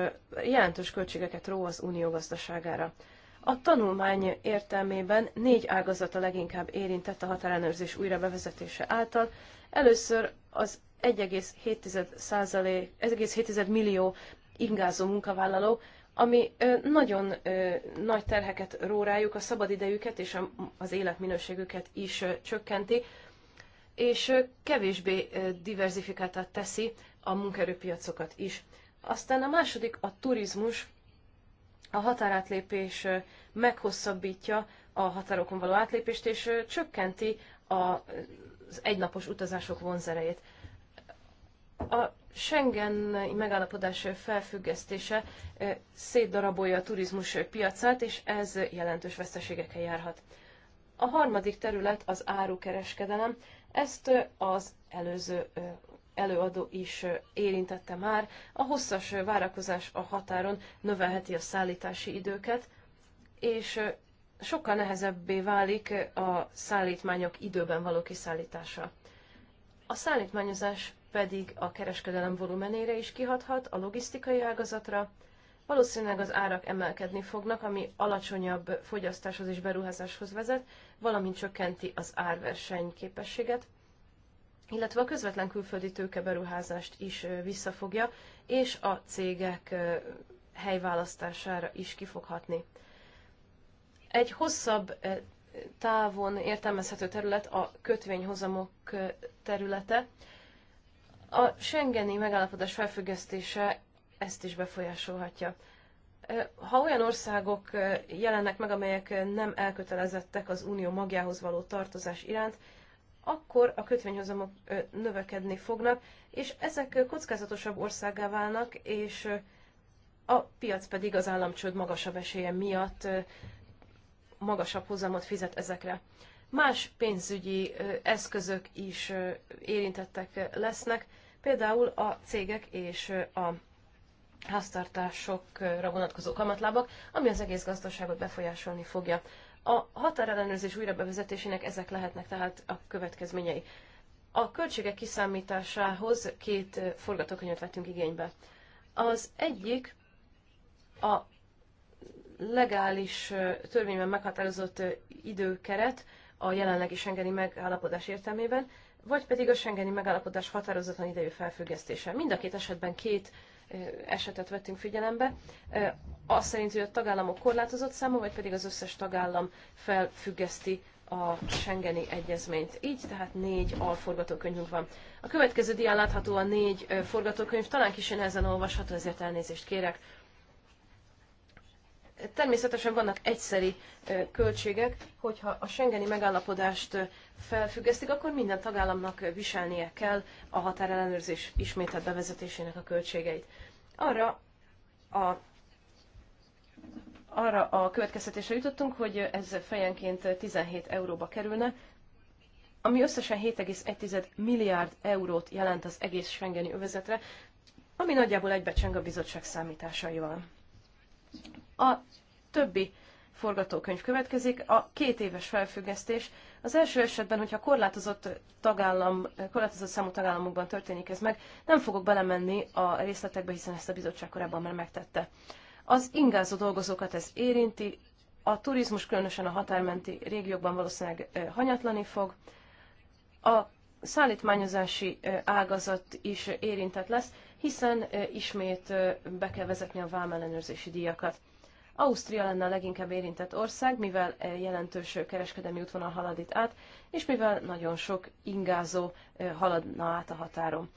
jelentős költségeket ró az unió gazdaságára. A tanulmány értelmében négy ágazata leginkább érintett a határellenőrzés újra bevezetése által. Először az 1,7 millió ingázó munkavállaló, ami nagyon nagy terheket ró rájuk, a szabadidejüket és az életminőségüket is csökkenti, és kevésbé diversifikáltat teszi a munkaerőpiacokat is. Aztán a második a turizmus, a határátlépés meghosszabbítja a határokon való átlépést, és csökkenti az egynapos utazások vonzerejét. A Schengen megállapodás felfüggesztése szétdarabolja a turizmus piacát, és ez jelentős veszteségekkel járhat. A harmadik terület az árukereskedelem. Ezt az előző előadó is érintette már, a hosszas várakozás a határon növelheti a szállítási időket, és sokkal nehezebbé válik a szállítmányok időben való kiszállítása. A szállítmányozás pedig a kereskedelem volumenére is kihathat, a logisztikai ágazatra, valószínűleg az árak emelkedni fognak, ami alacsonyabb fogyasztáshoz és beruházáshoz vezet, valamint csökkenti az árverseny képességet, illetve a közvetlen külföldi tőkeberuházást is visszafogja, és a cégek helyválasztására is kifoghatni. Egy hosszabb távon értelmezhető terület a kötvényhozamok területe. A Schengeni megállapodás felfüggesztése ezt is befolyásolhatja. Ha olyan országok jelennek meg, amelyek nem elkötelezettek az unió magjához való tartozás iránt, akkor a kötvényhozamok növekedni fognak, és ezek kockázatosabb országá válnak, és a piac pedig az államcsőd magasabb esélye miatt magasabb hozamot fizet ezekre. Más pénzügyi eszközök is érintettek lesznek, például a cégek és a háztartásokra vonatkozó kamatlábak, ami az egész gazdaságot befolyásolni fogja. A határellenőrzés újrabevezetésének ezek lehetnek tehát a következményei. A költségek kiszámításához két eh, forgatókönyvet vettünk igénybe. Az egyik a legális eh, törvényben meghatározott eh, időkeret a jelenlegi Schengeni megállapodás értelmében, vagy pedig a Schengeni megállapodás határozatlan idejű felfüggesztése. Mind a két esetben két esetet vettünk figyelembe, azt szerint, hogy a tagállamok korlátozott száma, vagy pedig az összes tagállam felfüggeszti a Schengeni egyezményt. Így tehát négy alforgatókönyvünk van. A következő dián látható a négy forgatókönyv, talán kicsi nehezen olvasható, ezért elnézést kérek. Természetesen vannak egyszeri költségek, hogyha a Schengeni megállapodást felfüggesztik, akkor minden tagállamnak viselnie kell a határellenőrzés ismételt bevezetésének a költségeit. Arra a arra a következtetésre jutottunk, hogy ez fejenként 17 euróba kerülne, ami összesen 7,1 milliárd eurót jelent az egész Schengeni övezetre, ami nagyjából egybecseng a bizottság számításaival. A többi forgatókönyv következik, a két éves felfüggesztés. Az első esetben, hogyha korlátozott, tagállam, korlátozott számú tagállamokban történik ez meg, nem fogok belemenni a részletekbe, hiszen ezt a bizottság korábban már megtette. Az ingázó dolgozókat ez érinti, a turizmus különösen a határmenti régiókban valószínűleg hanyatlani fog, a szállítmányozási ágazat is érintett lesz, hiszen ismét be kell vezetni a vámellenőrzési díjakat. Ausztria lenne a leginkább érintett ország, mivel e, jelentős kereskedelmi útvonal halad itt át, és mivel nagyon sok ingázó e, haladna át a határon.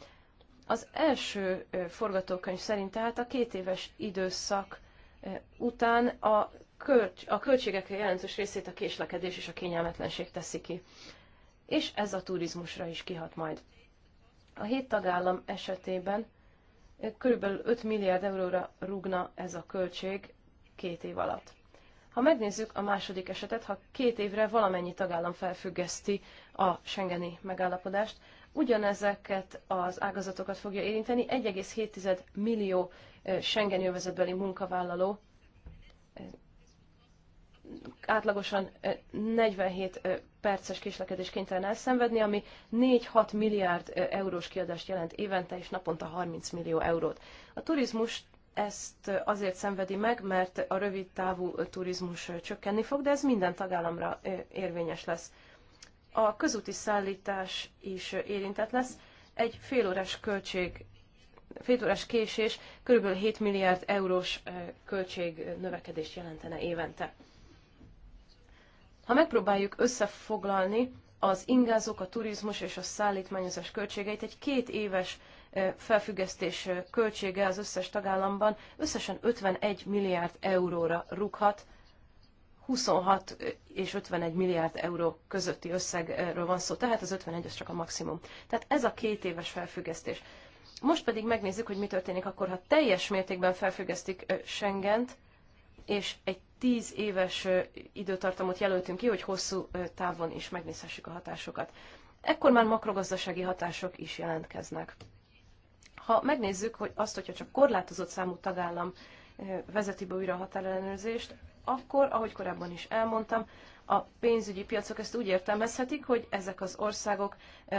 Az első e, forgatókönyv szerint tehát a két éves időszak után a, kölcs a költségek jelentős részét a késlekedés és a kényelmetlenség teszi ki. És ez a turizmusra is kihat majd. A hét tagállam esetében körülbelül 5 milliárd euróra rúgna ez a költség két év alatt. Ha megnézzük a második esetet, ha két évre valamennyi tagállam felfüggeszti a Schengeni megállapodást, ugyanezeket az ágazatokat fogja érinteni 1,7 millió Schengen jövezetbeli munkavállaló átlagosan 47 perces késlekedés kénytelen elszenvedni, ami 4-6 milliárd eurós kiadást jelent évente és naponta 30 millió eurót. A turizmus ezt azért szenvedi meg, mert a rövid távú turizmus csökkenni fog, de ez minden tagállamra érvényes lesz. A közúti szállítás is érintett lesz. Egy félórás költség, félórás késés kb. 7 milliárd eurós költség növekedést jelentene évente. Ha megpróbáljuk összefoglalni az ingázók, a turizmus és a szállítmányozás költségeit egy két éves felfüggesztés költsége az összes tagállamban összesen 51 milliárd euróra rúghat, 26 és 51 milliárd euró közötti összegről van szó, tehát az 51 az csak a maximum. Tehát ez a két éves felfüggesztés. Most pedig megnézzük, hogy mi történik akkor, ha teljes mértékben felfüggesztik Schengent, és egy 10 éves időtartamot jelöltünk ki, hogy hosszú távon is megnézhessük a hatásokat. Ekkor már makrogazdasági hatások is jelentkeznek. Ha megnézzük, hogy azt, hogyha csak korlátozott számú tagállam vezeti be újra a határellenőrzést, akkor, ahogy korábban is elmondtam, a pénzügyi piacok ezt úgy értelmezhetik, hogy ezek az országok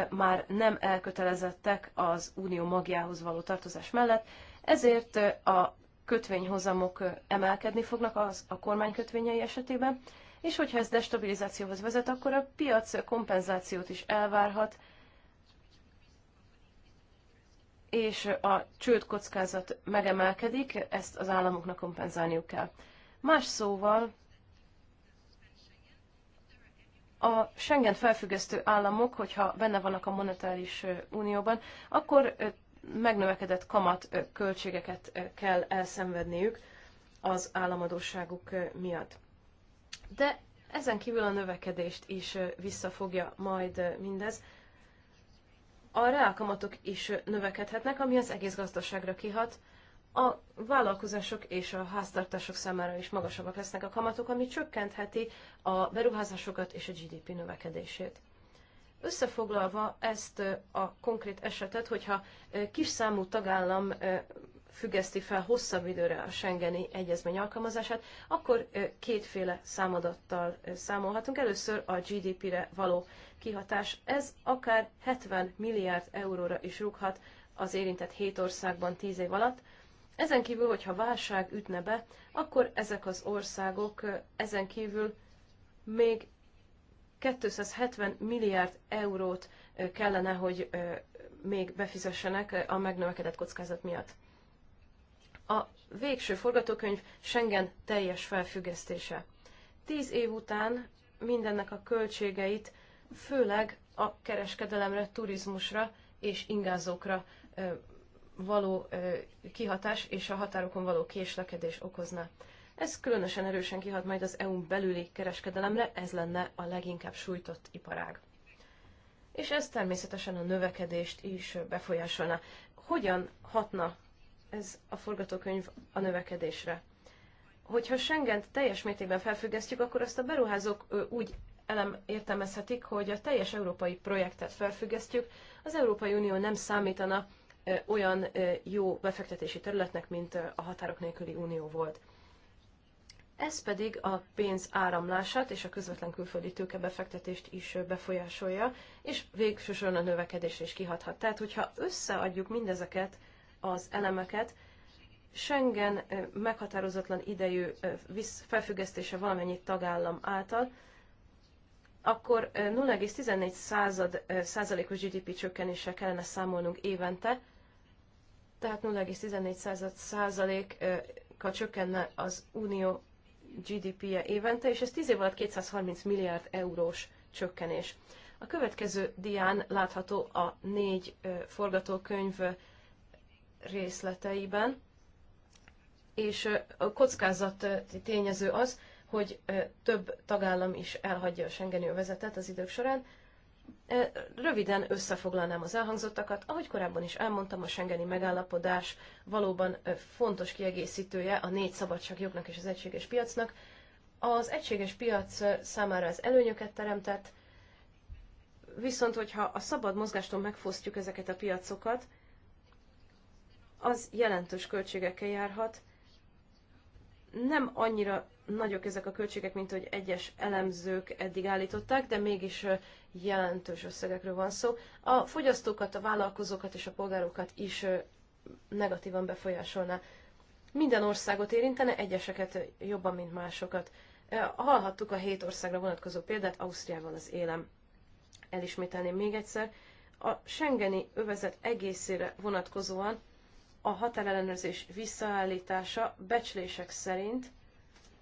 már nem elkötelezettek az unió magjához való tartozás mellett, ezért a kötvényhozamok emelkedni fognak az, a kormány kötvényei esetében, és hogyha ez destabilizációhoz vezet, akkor a piac kompenzációt is elvárhat és a csőd kockázat megemelkedik, ezt az államoknak kompenzálniuk kell. Más szóval, a Schengen felfüggesztő államok, hogyha benne vannak a monetáris unióban, akkor megnövekedett kamat költségeket kell elszenvedniük az államadóságuk miatt. De ezen kívül a növekedést is visszafogja majd mindez, a reálkamatok is növekedhetnek, ami az egész gazdaságra kihat. A vállalkozások és a háztartások számára is magasabbak lesznek a kamatok, ami csökkentheti a beruházásokat és a GDP növekedését. Összefoglalva ezt a konkrét esetet, hogyha kis számú tagállam függeszti fel hosszabb időre a Schengeni egyezmény alkalmazását, akkor kétféle számadattal számolhatunk. Először a GDP-re való kihatás. Ez akár 70 milliárd euróra is rúghat az érintett 7 országban 10 év alatt. Ezen kívül, hogyha válság ütne be, akkor ezek az országok ezen kívül még 270 milliárd eurót kellene, hogy még befizessenek a megnövekedett kockázat miatt a végső forgatókönyv Schengen teljes felfüggesztése. Tíz év után mindennek a költségeit főleg a kereskedelemre, turizmusra és ingázókra való kihatás és a határokon való késlekedés okozna. Ez különösen erősen kihat majd az EU-n belüli kereskedelemre, ez lenne a leginkább sújtott iparág. És ez természetesen a növekedést is befolyásolna. Hogyan hatna ez a forgatókönyv a növekedésre. Hogyha Schengent teljes mértékben felfüggesztjük, akkor azt a beruházók úgy elem értelmezhetik, hogy a teljes európai projektet felfüggesztjük, az Európai Unió nem számítana olyan jó befektetési területnek, mint a határok nélküli unió volt. Ez pedig a pénz áramlását és a közvetlen külföldi tőkebefektetést is befolyásolja, és végsősorban a növekedésre is kihathat. Tehát, hogyha összeadjuk mindezeket, az elemeket. Schengen meghatározatlan idejű felfüggesztése valamennyi tagállam által, akkor 0,14 század, százalékos GDP csökkenéssel kellene számolnunk évente, tehát 0,14 század a csökkenne az unió GDP-je évente, és ez 10 év alatt 230 milliárd eurós csökkenés. A következő dián látható a négy forgatókönyv részleteiben, és a kockázat tényező az, hogy több tagállam is elhagyja a Schengeni övezetet az idők során. Röviden összefoglalnám az elhangzottakat. Ahogy korábban is elmondtam, a Schengeni megállapodás valóban fontos kiegészítője a négy szabadságjognak és az egységes piacnak. Az egységes piac számára ez előnyöket teremtett, viszont hogyha a szabad mozgástól megfosztjuk ezeket a piacokat, az jelentős költségekkel járhat. Nem annyira nagyok ezek a költségek, mint hogy egyes elemzők eddig állították, de mégis jelentős összegekről van szó. A fogyasztókat, a vállalkozókat és a polgárokat is negatívan befolyásolná. Minden országot érintene, egyeseket jobban, mint másokat. Hallhattuk a hét országra vonatkozó példát, Ausztriával az élem. Elismételném még egyszer. A Schengeni övezet egészére vonatkozóan a határellenőrzés visszaállítása becslések szerint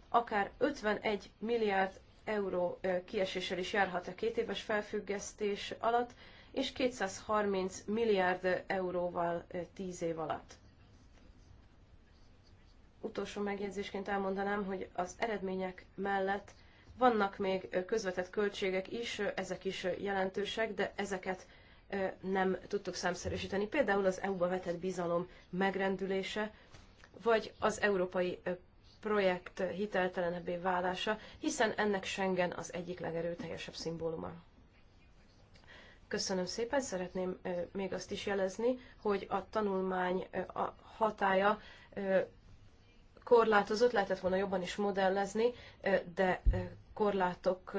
akár 51 milliárd euró kieséssel is járhat a két éves felfüggesztés alatt, és 230 milliárd euróval 10 év alatt. Utolsó megjegyzésként elmondanám, hogy az eredmények mellett vannak még közvetett költségek is, ezek is jelentősek, de ezeket nem tudtuk számszerűsíteni. Például az EU-ba vetett bizalom megrendülése, vagy az európai projekt hiteltelenebbé válása, hiszen ennek Schengen az egyik legerőteljesebb szimbóluma. Köszönöm szépen, szeretném még azt is jelezni, hogy a tanulmány hatája korlátozott, lehetett volna jobban is modellezni, de korlátok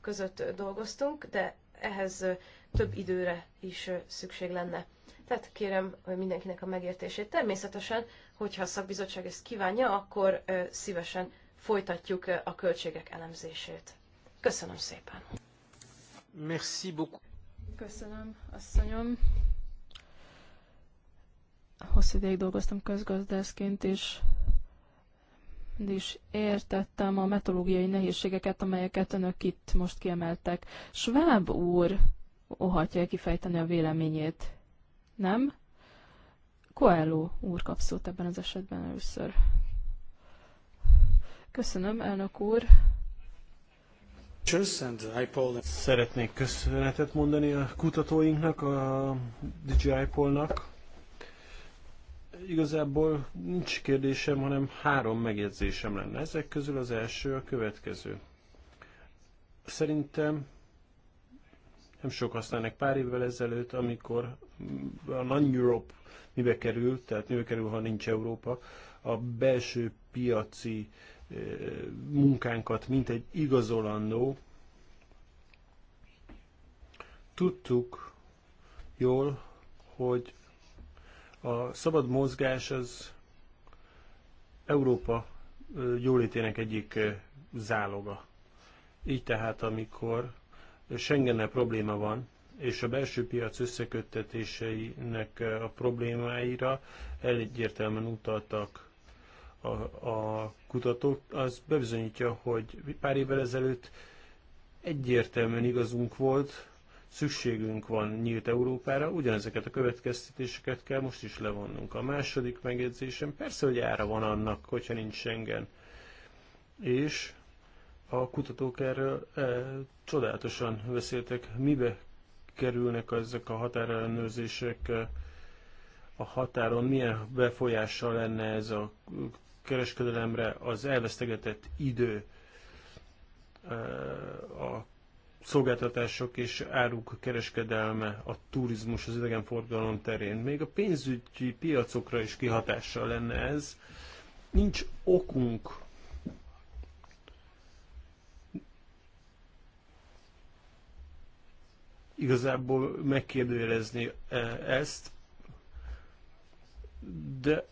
között dolgoztunk, de ehhez több időre is szükség lenne. Tehát kérem mindenkinek a megértését. Természetesen, hogyha a szakbizottság ezt kívánja, akkor szívesen folytatjuk a költségek elemzését. Köszönöm szépen! Merci beaucoup. Köszönöm, asszonyom. Hosszú ideig dolgoztam közgazdászként, és és értettem a metodológiai nehézségeket, amelyeket önök itt most kiemeltek. Schwab úr óhatja kifejteni a véleményét. Nem? Coelho úr kap szót ebben az esetben először. Köszönöm, elnök úr. Szeretnék köszönetet mondani a kutatóinknak, a DJI Polnak. Igazából nincs kérdésem, hanem három megjegyzésem lenne. Ezek közül az első a következő. Szerintem nem sok használnak pár évvel ezelőtt, amikor a non-Europe mibe kerül, tehát mibe kerül, ha nincs Európa, a belső piaci eh, munkánkat, mint egy igazolandó, tudtuk jól, hogy a szabad mozgás az Európa eh, jólétének egyik eh, záloga. Így tehát, amikor Schengennel probléma van, és a belső piac összeköttetéseinek eh, a problémáira egyértelműen utaltak a, a kutatók. Az bebizonyítja, hogy pár évvel ezelőtt egyértelműen igazunk volt, szükségünk van nyílt Európára, ugyanezeket a következtetéseket kell most is levonnunk. A második megjegyzésem persze, hogy ára van annak, hogyha nincs Schengen. És a kutatók erről e, csodálatosan beszéltek, mibe kerülnek ezek a határellenőrzések, e, a határon milyen befolyással lenne ez a kereskedelemre, az elvesztegetett idő, e, a szolgáltatások és áruk kereskedelme, a turizmus, az idegenforgalom terén. Még a pénzügyi piacokra is kihatással lenne ez. Nincs okunk igazából megkérdőjelezni e, ezt, de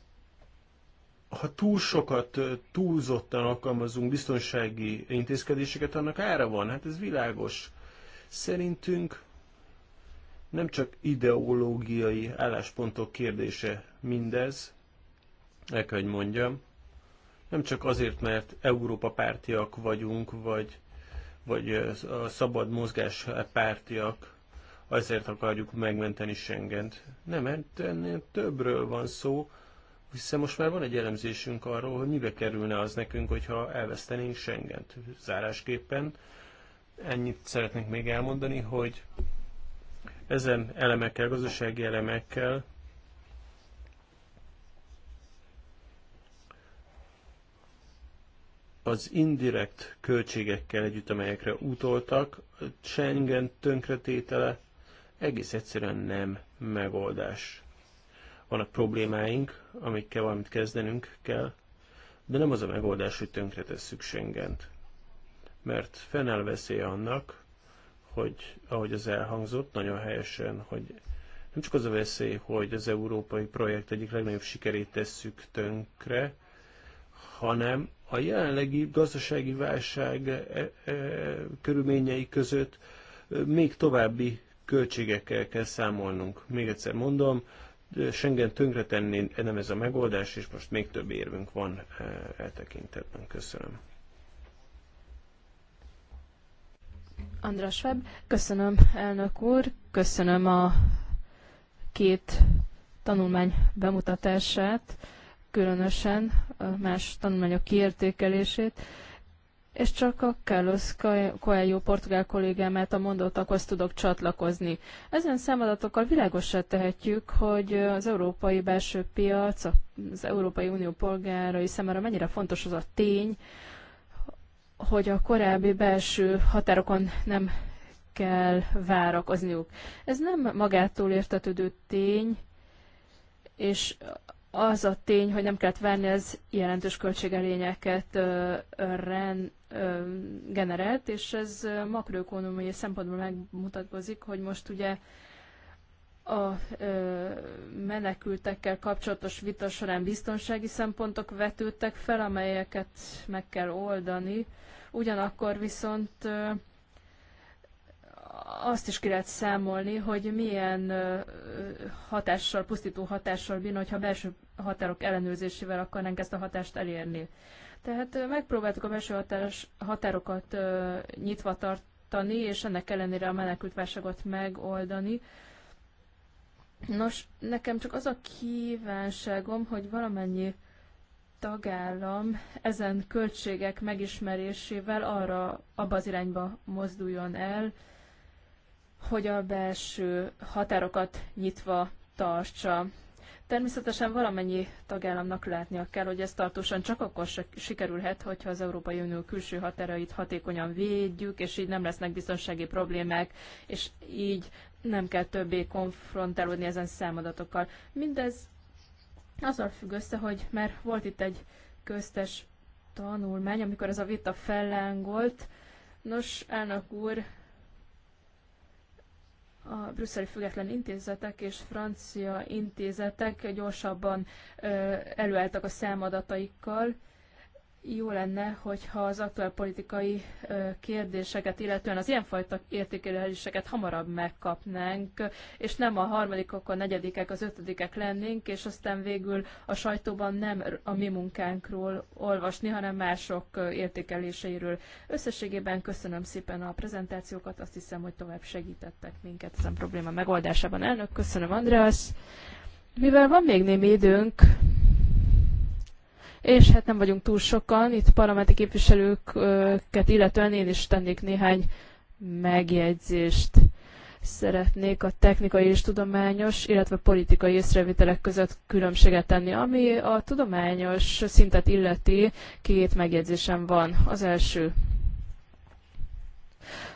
ha túl sokat, e, túlzottan alkalmazunk biztonsági intézkedéseket, annak ára van, hát ez világos. Szerintünk nem csak ideológiai álláspontok kérdése mindez, el kell, hogy mondjam, nem csak azért, mert Európa pártiak vagyunk, vagy, vagy e, a szabad mozgás pártiak, azért akarjuk megmenteni Schengent. Nem, Mert ennél többről van szó, hiszen most már van egy elemzésünk arról, hogy mibe kerülne az nekünk, hogyha elvesztenénk Schengent. Zárásképpen ennyit szeretnék még elmondani, hogy ezen elemekkel, gazdasági elemekkel az indirekt költségekkel együtt, amelyekre utoltak, Schengen tönkretétele egész egyszerűen nem megoldás. Vannak problémáink, amikkel valamit kezdenünk kell, de nem az a megoldás, hogy tönkretesszük Schengent. Mert fennáll veszélye annak, hogy ahogy az elhangzott nagyon helyesen, hogy nem csak az a veszély, hogy az európai projekt egyik legnagyobb sikerét tesszük tönkre, hanem a jelenlegi gazdasági válság e, e, körülményei között e, még további költségekkel kell számolnunk. Még egyszer mondom, Schengen tönkretenni nem ez a megoldás, és most még több érvünk van eltekintetben. Eh, e köszönöm. András Webb, köszönöm elnök úr, köszönöm a két tanulmány bemutatását, különösen más tanulmányok kiértékelését és csak a Carlos Coelho portugál kollégámát a mondottakhoz tudok csatlakozni. Ezen számadatokkal világosra tehetjük, hogy az európai belső piac, az Európai Unió polgárai számára mennyire fontos az a tény, hogy a korábbi belső határokon nem kell várakozniuk. Ez nem magától értetődő tény, és az a tény, hogy nem kellett várni ez jelentős költségelényeket ren generált, és ez makroökonomiai szempontból megmutatkozik, hogy most ugye a menekültekkel kapcsolatos vita során biztonsági szempontok vetődtek fel, amelyeket meg kell oldani. Ugyanakkor viszont azt is ki lehet számolni, hogy milyen hatással, pusztító hatással bírna, hogyha belső határok ellenőrzésével akarnánk ezt a hatást elérni. Tehát megpróbáltuk a belső határos, határokat nyitva tartani, és ennek ellenére a válságot megoldani. Nos, nekem csak az a kívánságom, hogy valamennyi tagállam ezen költségek megismerésével arra, abba az irányba mozduljon el, hogy a belső határokat nyitva tartsa. Természetesen valamennyi tagállamnak látnia kell, hogy ez tartósan csak akkor sikerülhet, hogyha az Európai Unió külső határait hatékonyan védjük, és így nem lesznek biztonsági problémák, és így nem kell többé konfrontálódni ezen számadatokkal. Mindez azzal függ össze, hogy már volt itt egy köztes tanulmány, amikor ez a vita fellángolt. Nos, elnök úr, a brüsszeli független intézetek és francia intézetek gyorsabban előálltak a számadataikkal, jó lenne, hogyha az aktuál politikai kérdéseket, illetően az ilyenfajta értékeléseket hamarabb megkapnánk, és nem a harmadikok, a negyedikek, az ötödikek lennénk, és aztán végül a sajtóban nem a mi munkánkról olvasni, hanem mások értékeléseiről. Összességében köszönöm szépen a prezentációkat, azt hiszem, hogy tovább segítettek minket ezen probléma megoldásában. Elnök, köszönöm András. Mivel van még némi időnk, és hát nem vagyunk túl sokan, itt parlamenti képviselőket illetően én is tennék néhány megjegyzést. Szeretnék a technikai és tudományos, illetve politikai észrevételek között különbséget tenni. Ami a tudományos szintet illeti, két megjegyzésem van. Az első.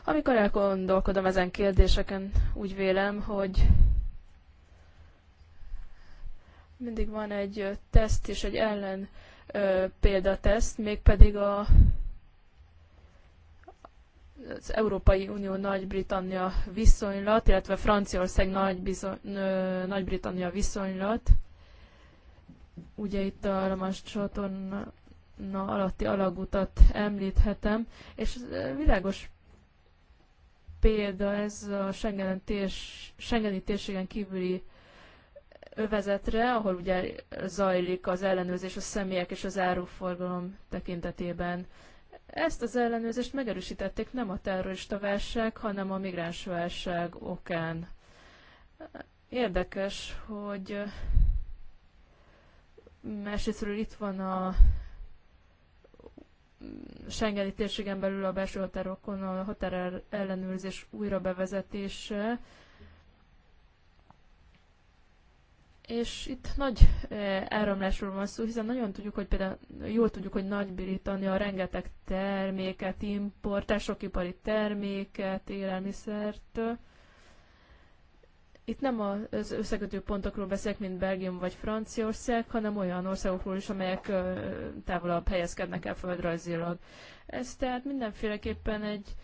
Amikor elgondolkodom ezen kérdéseken, úgy vélem, hogy mindig van egy teszt és egy ellen példateszt, mégpedig a, az Európai Unió Nagy-Britannia viszonylat, illetve Franciaország Nagy-Britannia viszonylat. Ugye itt a Lamas csatorna alatti alagutat említhetem, és világos példa ez a Schengeni, térs, térségen kívüli övezetre, ahol ugye zajlik az ellenőrzés a személyek és az áruforgalom tekintetében. Ezt az ellenőrzést megerősítették nem a terrorista válság, hanem a migráns válság okán. Érdekes, hogy másrésztről mm, itt van a Schengeni térségen belül a belső határokon a határ ellenőrzés újra bevezetése, És itt nagy elromlásról van szó, hiszen nagyon tudjuk, hogy például jól tudjuk, hogy Nagy-Britannia rengeteg terméket importál, sok ipari terméket, élelmiszert. Itt nem az összekötő pontokról beszélek, mint Belgium vagy Franciaország, hanem olyan országokról is, amelyek távolabb helyezkednek el földrajzilag. Ez tehát mindenféleképpen egy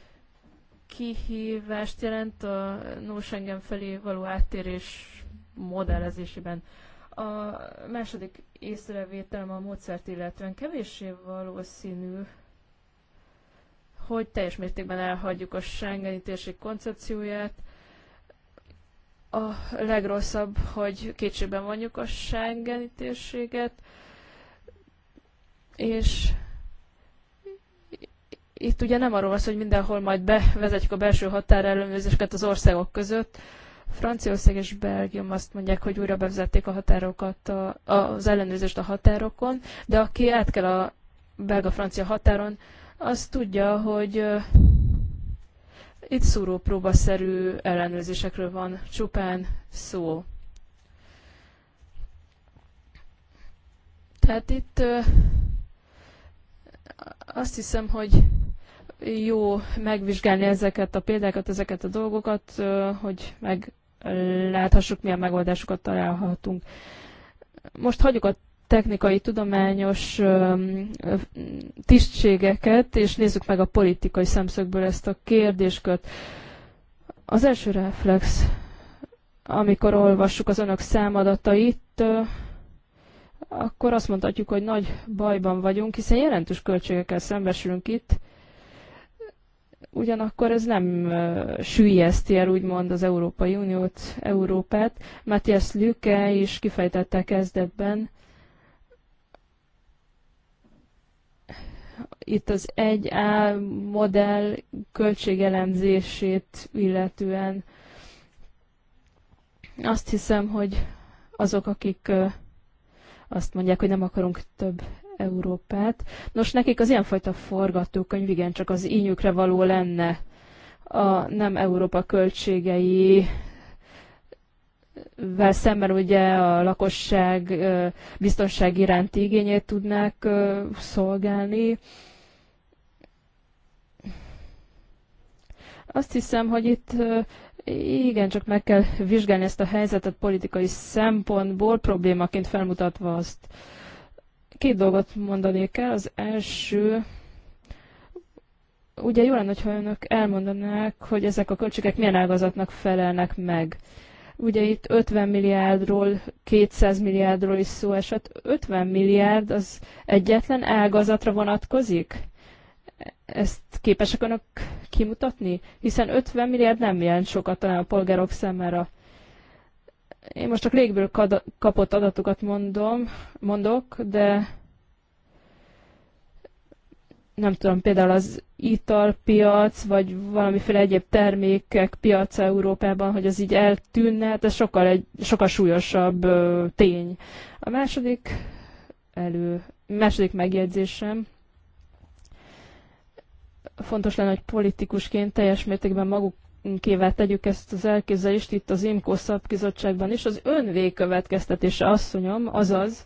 kihívást jelent a no Schengen felé való áttérés modellezésében. A második észrevételem a módszert illetően kevéssé valószínű, hogy teljes mértékben elhagyjuk a Schengeni térség koncepcióját. A legrosszabb, hogy kétségben vonjuk a Schengeni térséget, és itt ugye nem arról van hogy mindenhol majd bevezetjük a belső határellenőrzéseket az országok között, Franciaország és Belgium azt mondják, hogy újra bevezették a határokat, a, az ellenőrzést a határokon, de aki át kell a belga-francia határon, az tudja, hogy itt szúrópróbaszerű ellenőrzésekről van csupán szó. Tehát itt azt hiszem, hogy jó megvizsgálni ezeket a példákat, ezeket a dolgokat, hogy megláthassuk, milyen megoldásokat találhatunk. Most hagyjuk a technikai, tudományos tisztségeket, és nézzük meg a politikai szemszögből ezt a kérdéskört. Az első reflex, amikor olvassuk az önök számadatait, akkor azt mondhatjuk, hogy nagy bajban vagyunk, hiszen jelentős költségekkel szembesülünk itt, ugyanakkor ez nem sűjeszti el úgymond az Európai Uniót, Európát. Matthias Lüke is kifejtette kezdetben, itt az 1A modell költségelemzését illetően azt hiszem, hogy azok, akik azt mondják, hogy nem akarunk több Európát. Nos, nekik az ilyenfajta forgatókönyv csak az ínyükre való lenne a nem Európa költségei vel szemben ugye a lakosság biztonság iránti igényét tudnák szolgálni. Azt hiszem, hogy itt igen, csak meg kell vizsgálni ezt a helyzetet politikai szempontból, problémaként felmutatva azt, Két dolgot mondanék el. Az első, ugye jó lenne, ha önök elmondanák, hogy ezek a költségek milyen ágazatnak felelnek meg. Ugye itt 50 milliárdról, 200 milliárdról is szó esett. 50 milliárd az egyetlen ágazatra vonatkozik? Ezt képesek önök kimutatni? Hiszen 50 milliárd nem jelent sokat talán a polgárok számára. Én most csak légből kapott adatokat mondom, mondok, de nem tudom, például az italpiac, vagy valamiféle egyéb termékek piaca Európában, hogy az így eltűnne, hát ez sokkal, egy, sokkal súlyosabb ö, tény. A második elő, második megjegyzésem, fontos lenne, hogy politikusként teljes mértékben maguk kivel tegyük ezt az elképzelést itt az IMCO szabkizottságban is. Az ön végkövetkeztetése, asszonyom, azaz,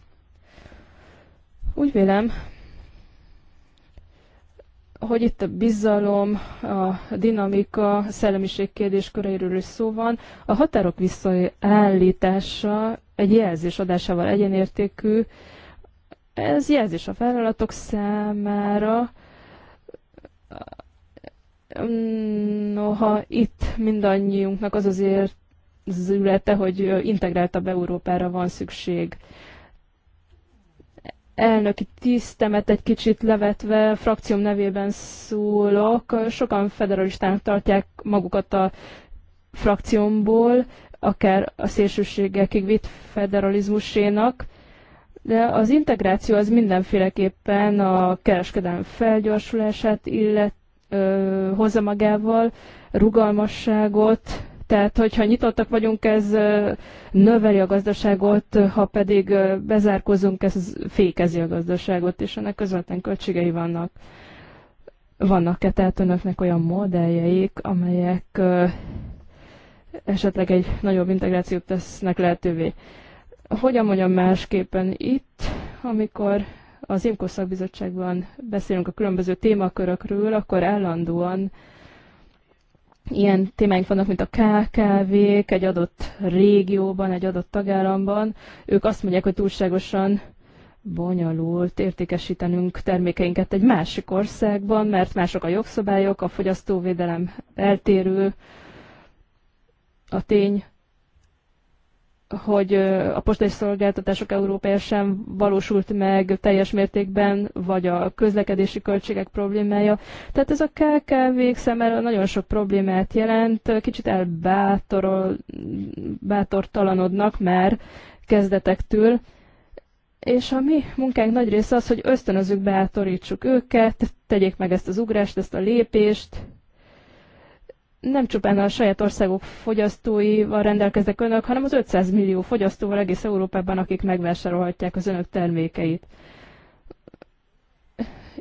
úgy vélem, hogy itt a bizalom, a dinamika, a szellemiség kérdésköréről is szó van. A határok visszaállítása egy jelzés adásával egyenértékű. Ez jelzés a vállalatok számára, Noha itt mindannyiunknak az azért zülete, hogy integráltabb Európára van szükség. Elnöki tisztemet egy kicsit levetve, frakcióm nevében szólok. Sokan federalistának tartják magukat a frakciómból, akár a szélsőségekig vitt federalizmusénak, de az integráció az mindenféleképpen a kereskedelem felgyorsulását illet, ö, hozza magával, rugalmasságot, tehát, hogyha nyitottak vagyunk, ez növeli a gazdaságot, ha pedig bezárkozunk, ez fékezi a gazdaságot, és ennek közvetlen költségei vannak. Vannak-e tehát önöknek olyan modelljeik, amelyek esetleg egy nagyobb integrációt tesznek lehetővé? Hogyan mondjam másképpen itt, amikor az IMKO szakbizottságban beszélünk a különböző témakörökről, akkor állandóan ilyen témáink vannak, mint a KKV-k egy adott régióban, egy adott tagállamban. Ők azt mondják, hogy túlságosan bonyolult értékesítenünk termékeinket egy másik országban, mert mások a jogszabályok, a fogyasztóvédelem eltérő, a tény, hogy a postai szolgáltatások Európája sem valósult meg teljes mértékben, vagy a közlekedési költségek problémája. Tehát ez a KKV számára nagyon sok problémát jelent, kicsit elbátortalanodnak már kezdetektől, és a mi munkánk nagy része az, hogy ösztönözzük, bátorítsuk őket, tegyék meg ezt az ugrást, ezt a lépést, nem csupán a saját országok fogyasztóival rendelkeznek önök, hanem az 500 millió fogyasztóval egész Európában, akik megvásárolhatják az önök termékeit.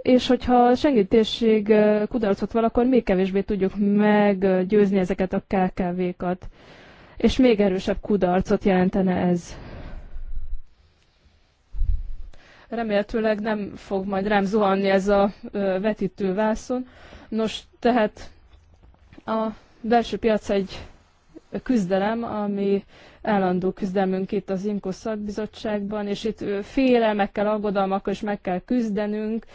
És hogyha a segítésség kudarcot van, akkor még kevésbé tudjuk meggyőzni ezeket a KKV-kat. És még erősebb kudarcot jelentene ez. Remélhetőleg nem fog majd rám zuhanni ez a vászon. Nos, tehát a belső piac egy küzdelem, ami állandó küzdelmünk itt az IMKO szakbizottságban, és itt félelmekkel, aggodalmakkal is meg kell küzdenünk.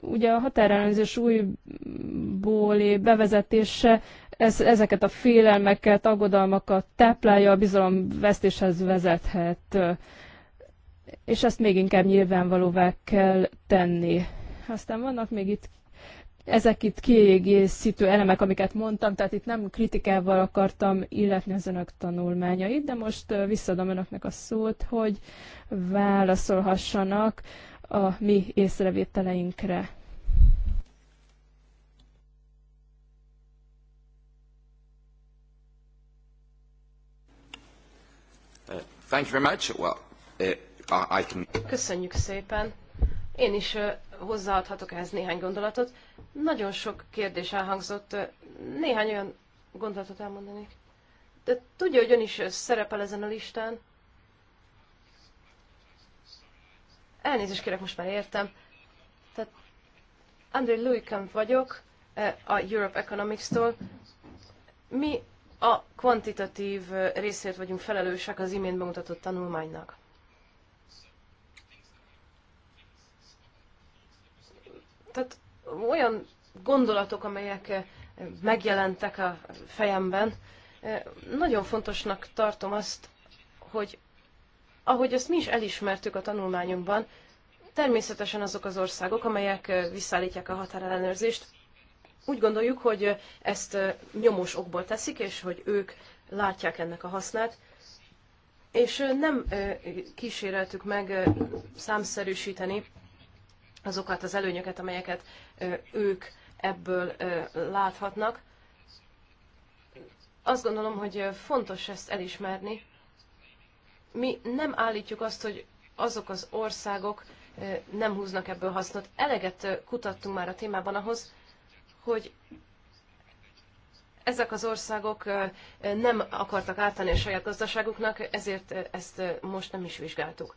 Ugye a határellenőrzés újból bevezetése ez, ezeket a félelmeket, aggodalmakat táplálja, a bizalomvesztéshez vezethet, és ezt még inkább nyilvánvalóvá kell tenni. Aztán vannak még itt ezek itt kiegészítő elemek, amiket mondtam, tehát itt nem kritikával akartam illetni az önök tanulmányait, de most visszadom önöknek a szót, hogy válaszolhassanak a mi észrevételeinkre. Köszönjük szépen. Én is hozzáadhatok ehhez néhány gondolatot. Nagyon sok kérdés elhangzott, néhány olyan gondolatot elmondanék. De tudja, hogy ön is szerepel ezen a listán? Elnézést kérek, most már értem. Tehát André Louikamp vagyok, a Europe Economics-tól. Mi a kvantitatív részért vagyunk felelősek az imént bemutatott tanulmánynak. tehát olyan gondolatok, amelyek eh, megjelentek a fejemben, eh, nagyon fontosnak tartom azt, hogy ahogy ezt mi is elismertük a tanulmányunkban, természetesen azok az országok, amelyek eh, visszaállítják a határellenőrzést, úgy gondoljuk, hogy ezt nyomós okból teszik, és hogy ők látják ennek a hasznát, és nem kíséreltük meg számszerűsíteni azokat az előnyöket, amelyeket ők ebből láthatnak. Azt gondolom, hogy fontos ezt elismerni. Mi nem állítjuk azt, hogy azok az országok nem húznak ebből hasznot. Eleget kutattunk már a témában ahhoz, hogy ezek az országok nem akartak ártani a saját gazdaságuknak, ezért ezt most nem is vizsgáltuk.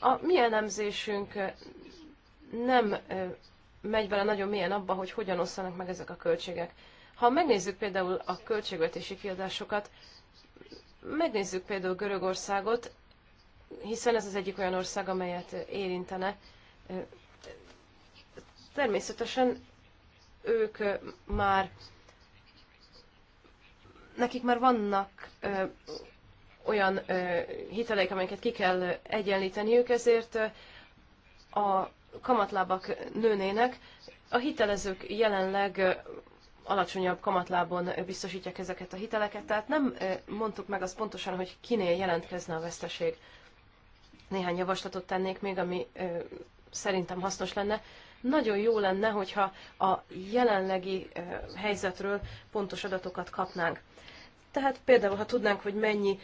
A mi elemzésünk nem megy bele nagyon mélyen abba, hogy hogyan osztanak meg ezek a költségek. Ha megnézzük például a költségvetési kiadásokat, megnézzük például Görögországot, hiszen ez az egyik olyan ország, amelyet érintene. Természetesen ők már, nekik már vannak olyan hiteleik, amelyeket ki kell egyenlíteniük, ezért a kamatlábak nőnének. A hitelezők jelenleg alacsonyabb kamatlábon biztosítják ezeket a hiteleket, tehát nem mondtuk meg azt pontosan, hogy kinél jelentkezne a veszteség. Néhány javaslatot tennék még, ami szerintem hasznos lenne. Nagyon jó lenne, hogyha a jelenlegi helyzetről pontos adatokat kapnánk. Tehát például, ha tudnánk, hogy mennyi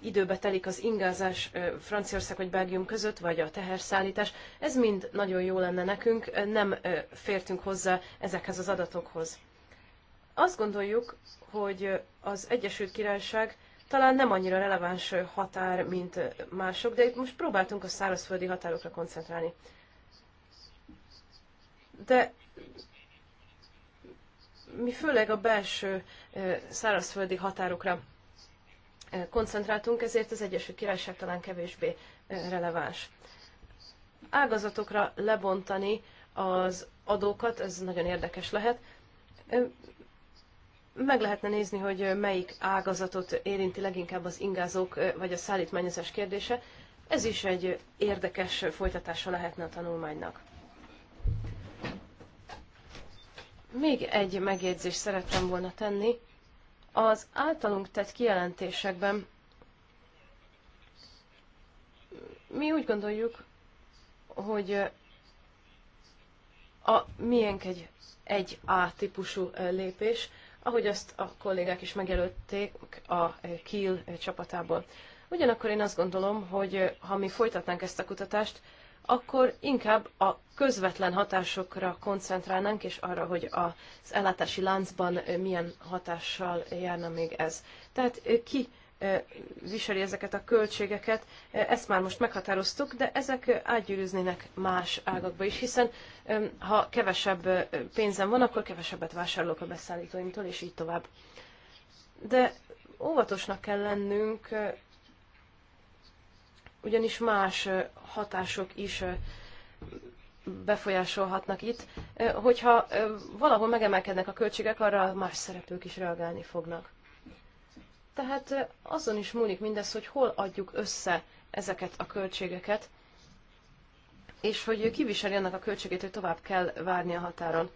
időbe telik az ingázás Franciaország vagy Belgium között, vagy a teherszállítás, ez mind nagyon jó lenne nekünk, nem fértünk hozzá ezekhez az adatokhoz. Azt gondoljuk, hogy az Egyesült Királyság talán nem annyira releváns határ, mint mások, de itt most próbáltunk a szárazföldi határokra koncentrálni. De mi főleg a belső szárazföldi határokra koncentráltunk, ezért az Egyesült Királyság talán kevésbé releváns. Ágazatokra lebontani az adókat, ez nagyon érdekes lehet. Meg lehetne nézni, hogy melyik ágazatot érinti leginkább az ingázók vagy a szállítmányozás kérdése. Ez is egy érdekes folytatása lehetne a tanulmánynak. Még egy megjegyzést szerettem volna tenni. Az általunk tett kijelentésekben mi úgy gondoljuk, hogy a miénk egy, egy A-típusú lépés, ahogy azt a kollégák is megjelölték a Kiel csapatából. Ugyanakkor én azt gondolom, hogy ha mi folytatnánk ezt a kutatást, akkor inkább a közvetlen hatásokra koncentrálnánk, és arra, hogy az ellátási láncban milyen hatással járna még ez. Tehát eh, ki eh, viseli ezeket a költségeket, eh, ezt már most meghatároztuk, de ezek átgyűrűznének más ágakba is, hiszen ha kevesebb pénzem van, akkor kevesebbet vásárolok a beszállítóimtól, és így tovább. De óvatosnak kell lennünk ugyanis más hatások is befolyásolhatnak itt. Hogyha valahol megemelkednek a költségek, arra más szereplők is reagálni fognak. Tehát azon is múlik mindez, hogy hol adjuk össze ezeket a költségeket, és hogy kiviseli annak a költségét, hogy tovább kell várni a határon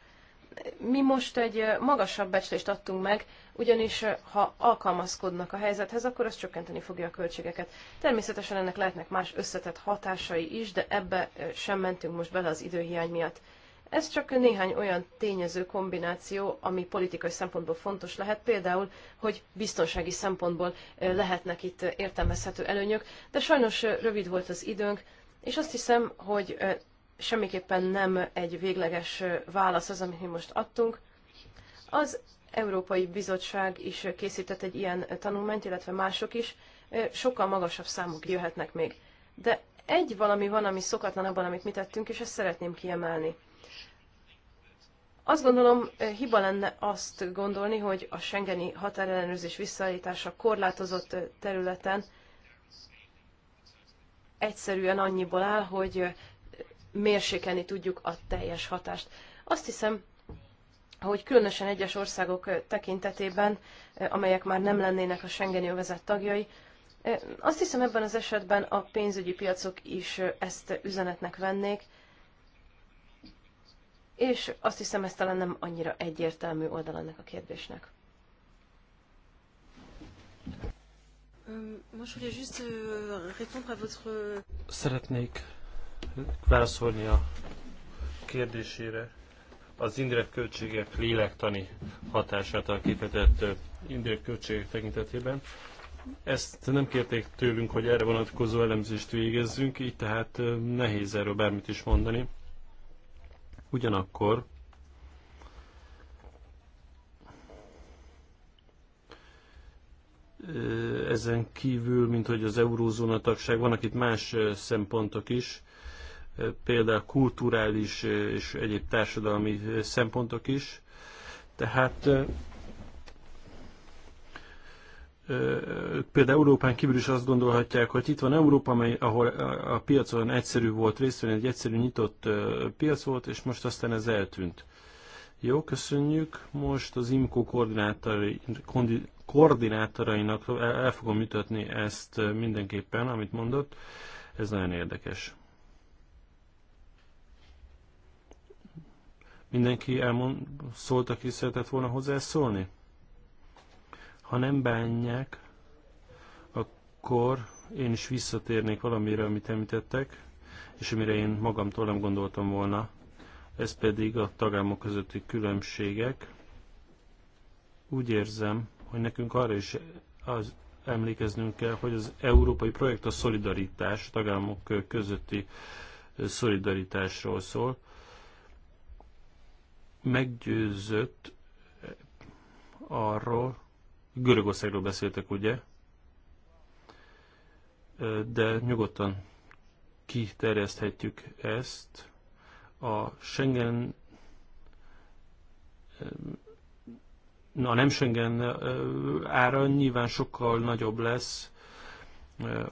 mi most egy magasabb becslést adtunk meg, ugyanis ha alkalmazkodnak a helyzethez, akkor az csökkenteni fogja a költségeket. Természetesen ennek lehetnek más összetett hatásai is, de ebbe sem mentünk most bele az időhiány miatt. Ez csak néhány olyan tényező kombináció, ami politikai szempontból fontos lehet, például, hogy biztonsági szempontból lehetnek itt értelmezhető előnyök, de sajnos rövid volt az időnk, és azt hiszem, hogy semmiképpen nem egy végleges válasz az, amit mi most adtunk. Az Európai Bizottság is készített egy ilyen tanulmányt, illetve mások is. Sokkal magasabb számok jöhetnek még. De egy valami van, ami szokatlan abban, amit mi tettünk, és ezt szeretném kiemelni. Azt gondolom, hiba lenne azt gondolni, hogy a Schengeni határellenőrzés visszaállítása korlátozott területen egyszerűen annyiból áll, hogy mérsékelni tudjuk a teljes hatást. Azt hiszem, hogy különösen egyes országok tekintetében, amelyek már nem lennének a Schengeni övezet tagjai, azt hiszem ebben az esetben a pénzügyi piacok is ezt üzenetnek vennék, és azt hiszem ez talán nem annyira egyértelmű oldal ennek a kérdésnek. Euh, euh, Szeretnék válaszolni a kérdésére az indirekt költségek lélektani hatását a kifejtett indirekt költségek tekintetében. Ezt nem kérték tőlünk, hogy erre vonatkozó elemzést végezzünk, így tehát nehéz erről bármit is mondani. Ugyanakkor ezen kívül, mint hogy az eurózóna tagság, vannak itt más szempontok is, például kulturális és egyéb társadalmi szempontok is. Tehát például Európán kívül is azt gondolhatják, hogy itt van Európa, amely, ahol a piacon egyszerű volt részt venni, egy egyszerű nyitott piac volt, és most aztán ez eltűnt. Jó, köszönjük. Most az IMCO koordinátorainak el, el fogom jutatni ezt mindenképpen, amit mondott. Ez nagyon érdekes. Mindenki elmond, szólt, aki szeretett volna hozzászólni? Ha nem bánják, akkor én is visszatérnék valamire, amit említettek, és amire én magamtól nem gondoltam volna. Ez pedig a tagállamok közötti különbségek. Úgy érzem, hogy nekünk arra is az emlékeznünk kell, hogy az európai projekt a szolidaritás, a tagállamok közötti szolidaritásról szól meggyőzött arról, Görögországról beszéltek, ugye? De nyugodtan kiterjeszthetjük ezt. A Schengen a nem Schengen ára nyilván sokkal nagyobb lesz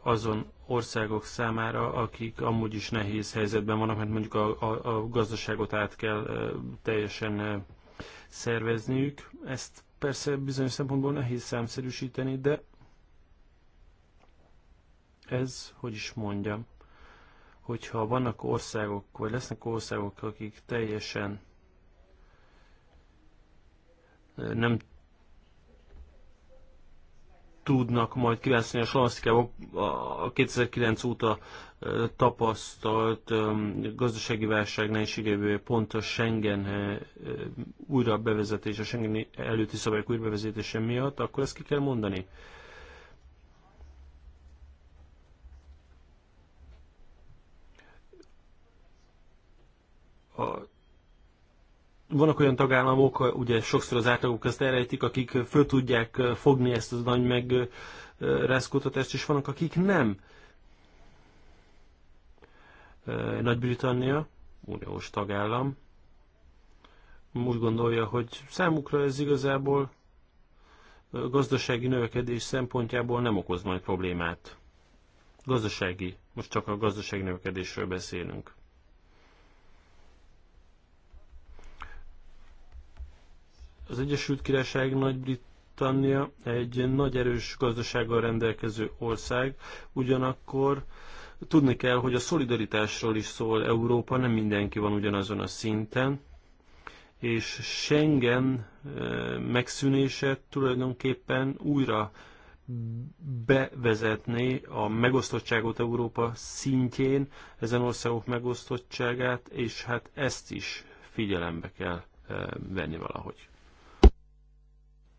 azon országok számára, akik amúgy is nehéz helyzetben vannak, mert mondjuk a, a, a gazdaságot át kell teljesen szervezniük. Ezt persze bizonyos szempontból nehéz számszerűsíteni, de ez, hogy is mondjam, hogyha vannak országok, vagy lesznek országok, akik teljesen nem tudnak majd kivászni a slansztikában a 2009 óta tapasztalt gazdasági válság is pont a Schengen újra bevezetése, Schengen előtti szabályok újra bevezetése miatt, akkor ezt ki kell mondani. A vannak olyan tagállamok, ugye sokszor az átlagok ezt elrejtik, akik föl tudják fogni ezt az nagy megrázkódtatást, és vannak, akik nem. Nagy-Britannia, uniós tagállam, úgy gondolja, hogy számukra ez igazából gazdasági növekedés szempontjából nem okoz majd problémát. Gazdasági, most csak a gazdasági növekedésről beszélünk. Az Egyesült Királyság Nagy-Britannia egy nagy erős gazdasággal rendelkező ország, ugyanakkor tudni kell, hogy a szolidaritásról is szól Európa, nem mindenki van ugyanazon a szinten, és Schengen eh, megszűnése tulajdonképpen újra bevezetné a megosztottságot Európa szintjén, ezen országok megosztottságát, és hát ezt is figyelembe kell eh, venni valahogy.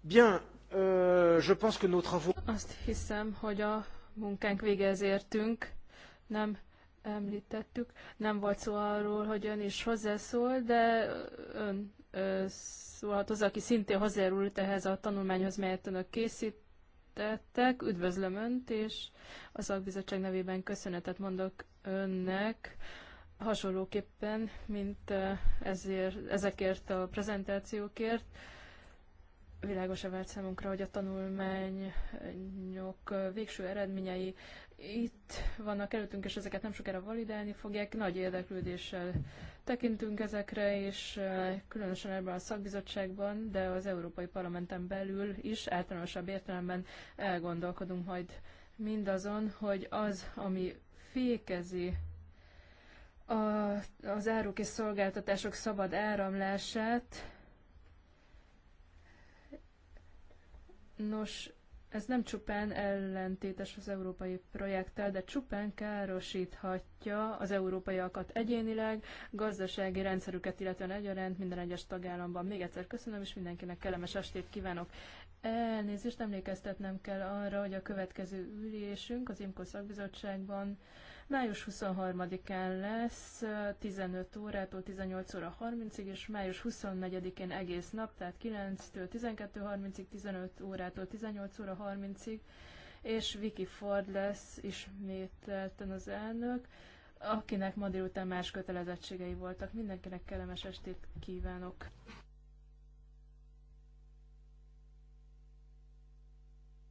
Bien, euh, je pense que nos travaux... Azt hiszem, hogy a munkánk végez értünk. Nem említettük. Nem volt szó arról, hogy ön is hozzászól, de ön ö, szólhat hozzá, aki szintén hozzájárult ehhez a tanulmányhoz, melyet önök készítettek. Üdvözlöm önt, és a szakbizottság nevében köszönetet mondok önnek hasonlóképpen, mint ezért, ezekért a prezentációkért világos vált számunkra, hogy a tanulmányok végső eredményei itt vannak előttünk, és ezeket nem sokára validálni fogják. Nagy érdeklődéssel tekintünk ezekre, és különösen ebben a szakbizottságban, de az Európai Parlamenten belül is általánosabb értelemben elgondolkodunk majd mindazon, hogy az, ami fékezi a, az áruk és szolgáltatások szabad áramlását, Nos, ez nem csupán ellentétes az európai projekttel, de csupán károsíthatja az európaiakat egyénileg, gazdasági rendszerüket, illetően egyaránt minden egyes tagállamban. Még egyszer köszönöm, és mindenkinek kellemes estét kívánok. Elnézést emlékeztetnem kell arra, hogy a következő ülésünk az IMCO szakbizottságban Május 23-án lesz 15 órától 18 óra 30-ig, és május 24-én egész nap, tehát 9-től 12.30-ig, 15 órától 18 óra 30-ig, és Vicky Ford lesz ismételten az elnök, akinek ma délután más kötelezettségei voltak. Mindenkinek kellemes estét kívánok!